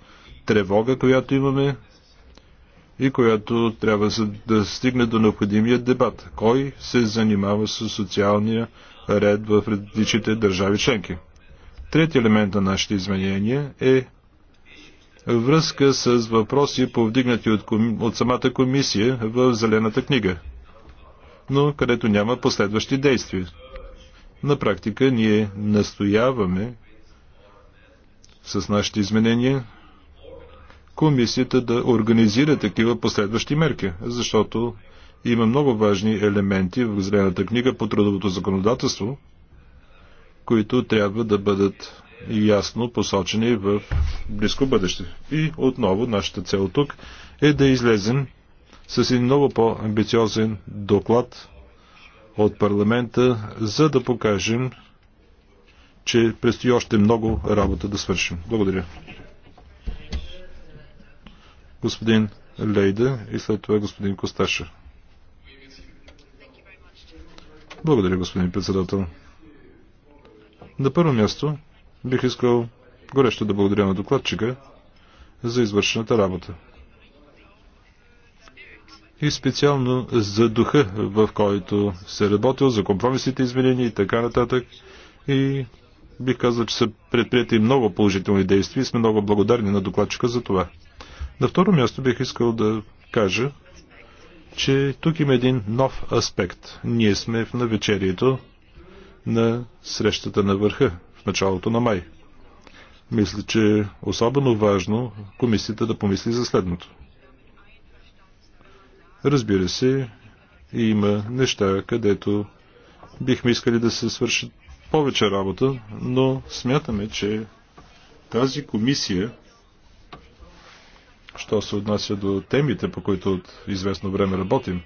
Speaker 2: тревога, която имаме и която трябва да стигне до необходимия дебат. Кой се занимава с социалния ред в различните държави членки. Трети елемент на нашите изменения е връзка с въпроси, повдигнати от, коми... от самата комисия в Зелената книга, но където няма последващи действия. На практика ние настояваме с нашите изменения комисията да организира такива последващи мерки, защото има много важни елементи в Зелената книга по трудовото законодателство, които трябва да бъдат ясно посочени в близко бъдеще. И отново нашата цел тук е да излезем с един много по-амбициозен доклад от парламента, за да покажем, че предстои още много работа да свършим. Благодаря. Господин Лейда и след това господин Косташа. Благодаря, господин председател. На първо място бих искал горещо да благодаря на докладчика за извършената работа. И специално за духа, в който се работил, за компромисните изменения и така нататък. И бих казал, че са предприяти много положителни действия и сме много благодарни на докладчика за това. На второ място бих искал да кажа, че тук има един нов аспект. Ние сме в навечерието на срещата на върха в началото на май. Мисля, че е особено важно комисията да помисли за следното. Разбира се, има неща, където бихме искали да се свършат повече работа, но смятаме, че тази комисия що се отнася до темите, по които от известно време работим,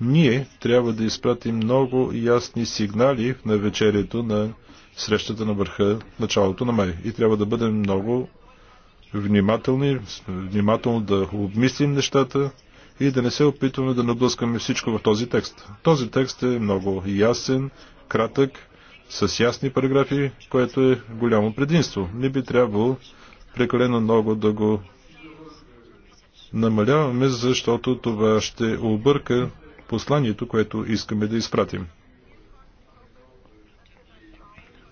Speaker 2: ние трябва да изпратим много ясни сигнали на вечерието на срещата на върха началото на май. И трябва да бъдем много внимателни, внимателно да обмислим нещата и да не се опитваме да наблъскаме всичко в този текст. Този текст е много ясен, кратък, с ясни параграфи, което е голямо предимство. Не би трябвало прекалено много да го намаляваме, защото това ще обърка посланието, което искаме да изпратим.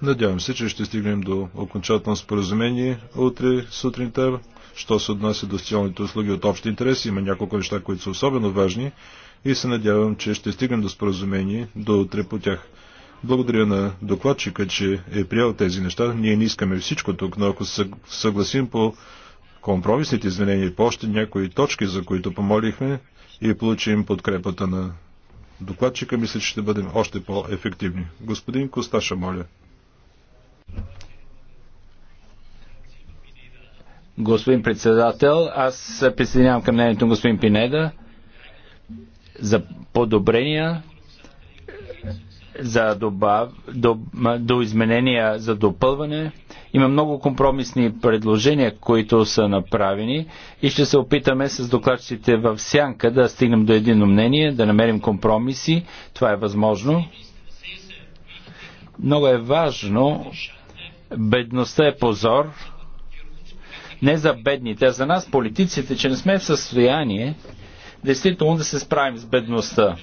Speaker 2: Надявам се, че ще стигнем до окончателно споразумение утре сутринта. Що се отнася до социалните услуги от общ интерес, има няколко неща, които са особено важни и се надявам, че ще стигнем до споразумение до утре по тях. Благодаря на докладчика, че е приял тези неща. Ние не искаме всичко тук, но ако съгласим по компромисните изменения по още някои точки, за които помолихме и получим подкрепата на докладчика, мисля, че ще бъдем още по-ефективни. Господин Косташа, моля.
Speaker 3: Господин председател, аз присъединявам към мнението господин Пинеда за подобрения за добав, до, до изменения за допълване. Има много компромисни предложения, които са направени и ще се опитаме с докладчите в сянка да стигнем до едино мнение, да намерим компромиси. Това е възможно. Много е важно. Бедността е позор. Не за бедните, а за нас политиците, че не сме в състояние действително да се справим с бедността.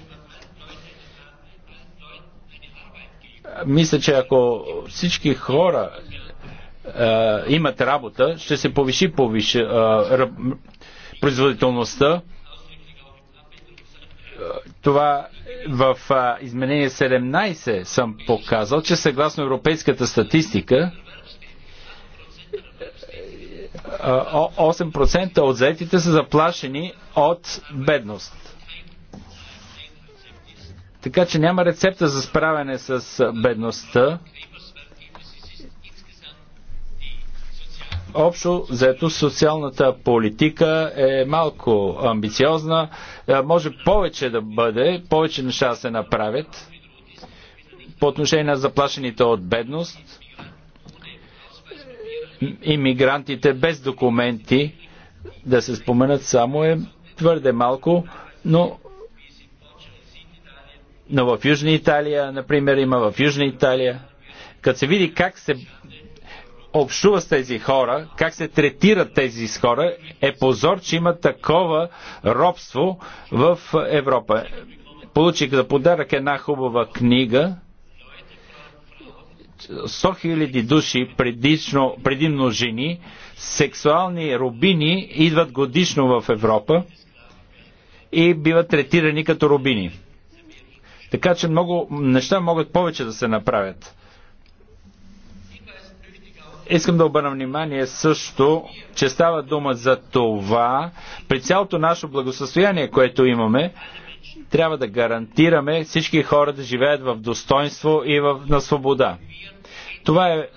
Speaker 3: Мисля, че ако всички хора а, имат работа, ще се повиши повиши а, производителността. Това в а, изменение 17 съм показал, че съгласно европейската статистика 8% от заетите са заплашени от бедност. Така че няма рецепта за справяне с бедността. Общо заето социалната политика е малко амбициозна. Може повече да бъде, повече неща да се направят по отношение на заплашените от бедност, иммигрантите без документи да се споменат само е твърде малко, но но в Южна Италия, например, има в Южна Италия. Като се види как се общува с тези хора, как се третират тези хора, е позор, че има такова робство в Европа. Получих за подарък една хубава книга. 100 000 души, предично, предимно жени, сексуални рубини идват годишно в Европа и биват третирани като рубини. Така че много неща могат повече да се направят. Искам да обърна внимание също, че става дума за това, при цялото наше благосъстояние, което имаме, трябва да гарантираме всички хора да живеят в достоинство и в, на свобода. Това е,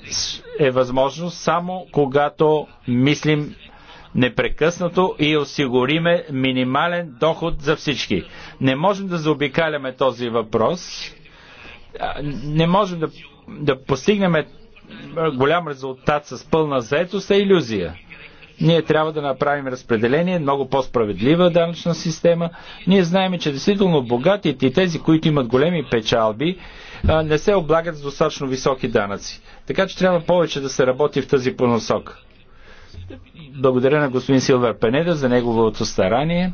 Speaker 3: е възможно само когато мислим непрекъснато и осигуриме минимален доход за всички. Не можем да заобикаляме този въпрос. Не можем да, да постигнем голям резултат с пълна заетост е иллюзия. Ние трябва да направим разпределение, много по-справедлива данъчна система. Ние знаем, че действително богатите и тези, които имат големи печалби, не се облагат с достатъчно високи данъци. Така че трябва повече да се работи в тази понасока. Благодаря на господин Силвер Пенеда за неговото старание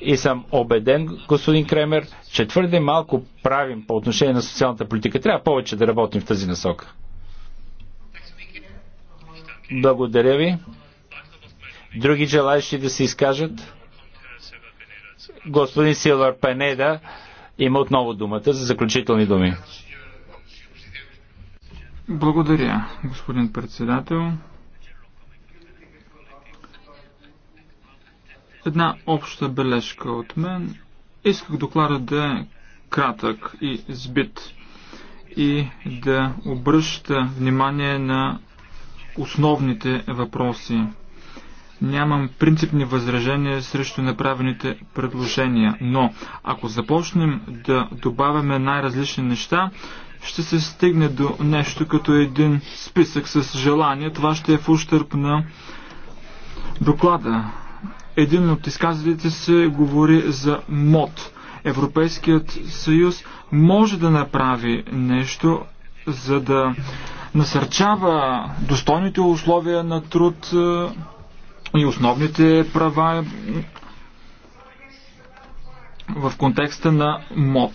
Speaker 3: и съм убеден, господин Кремер, че твърде малко правим по отношение на социалната политика. Трябва повече да работим в тази насока. Благодаря ви. Други желаящи да се изкажат? Господин Силвар Пенеда има отново думата за заключителни думи.
Speaker 4: Благодаря, господин председател. Една обща бележка от мен. Исках доклада да е кратък и сбит и да обръща внимание на основните въпроси. Нямам принципни възражения срещу направените предложения, но ако започнем да добавяме най-различни неща, ще се стигне до нещо като един списък с желания. Това ще е в ущърп на доклада. Един от изказалите се говори за МОД. Европейският съюз може да направи нещо, за да насърчава достойните условия на труд е, и основните права е, в контекста на МОД.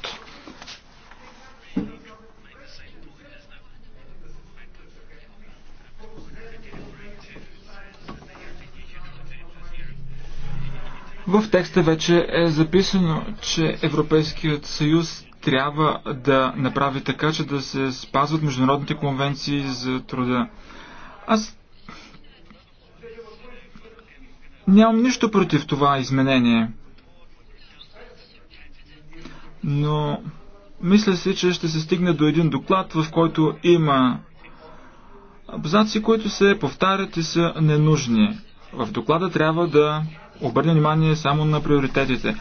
Speaker 4: В текста вече е записано, че Европейският съюз трябва да направи така, че да се спазват международните конвенции за труда. Аз нямам нищо против това изменение. Но мисля си, че ще се стигне до един доклад, в който има абзаци, които се повтарят и са ненужни. В доклада трябва да обърне внимание само на приоритетите.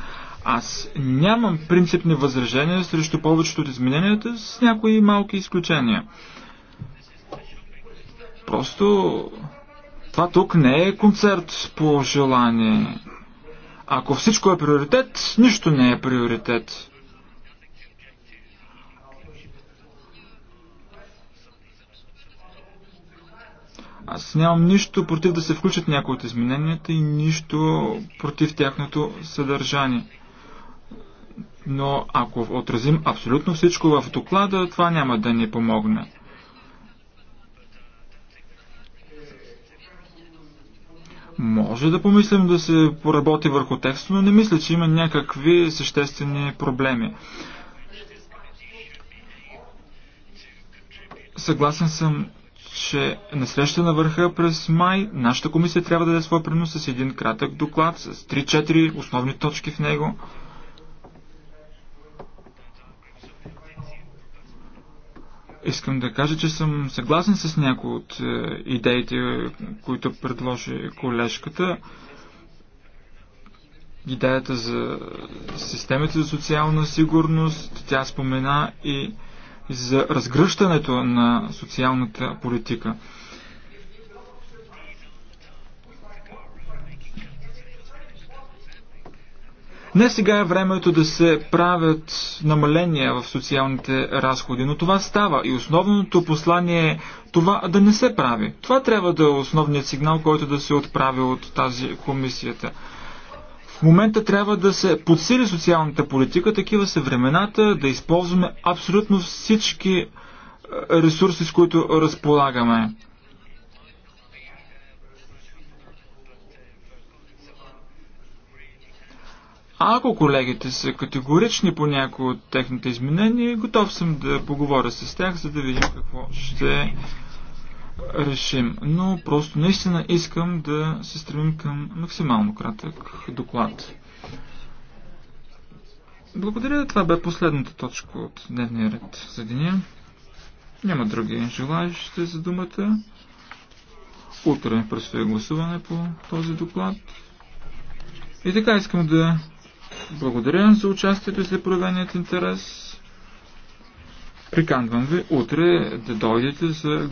Speaker 4: Аз нямам принципни възражения срещу повечето от измененията с някои малки изключения. Просто това тук не е концерт по желание. Ако всичко е приоритет, нищо не е приоритет. Аз нямам нищо против да се включат някои от измененията и нищо против тяхното съдържание. Но ако отразим абсолютно всичко в доклада, това няма да ни помогне. Може да помислим да се поработи върху текста, но не мисля, че има някакви съществени проблеми. Съгласен съм че на среща на върха през май нашата комисия трябва да даде своя принос с един кратък доклад, с 3-4 основни точки в него. Искам да кажа, че съм съгласен с някои от е, идеите, които предложи колежката. Идеята за системите за социална сигурност, тя спомена и за разгръщането на социалната политика. Не сега е времето да се правят намаления в социалните разходи, но това става и основното послание е това да не се прави. Това трябва да е основният сигнал, който да се отправи от тази комисията. В момента трябва да се подсили социалната политика, такива са времената, да използваме абсолютно всички е, ресурси, с които разполагаме. А ако колегите са категорични по някои от техните изменения, готов съм да поговоря с тях, за да видим какво ще решим. Но просто наистина искам да се стремим към максимално кратък доклад. Благодаря, това бе последната точка от дневния ред за деня. Няма други желаящи за думата. Утре предстои гласуване по този доклад. И така искам да благодаря за участието и за проявеният интерес. Приканвам ви утре да дойдете за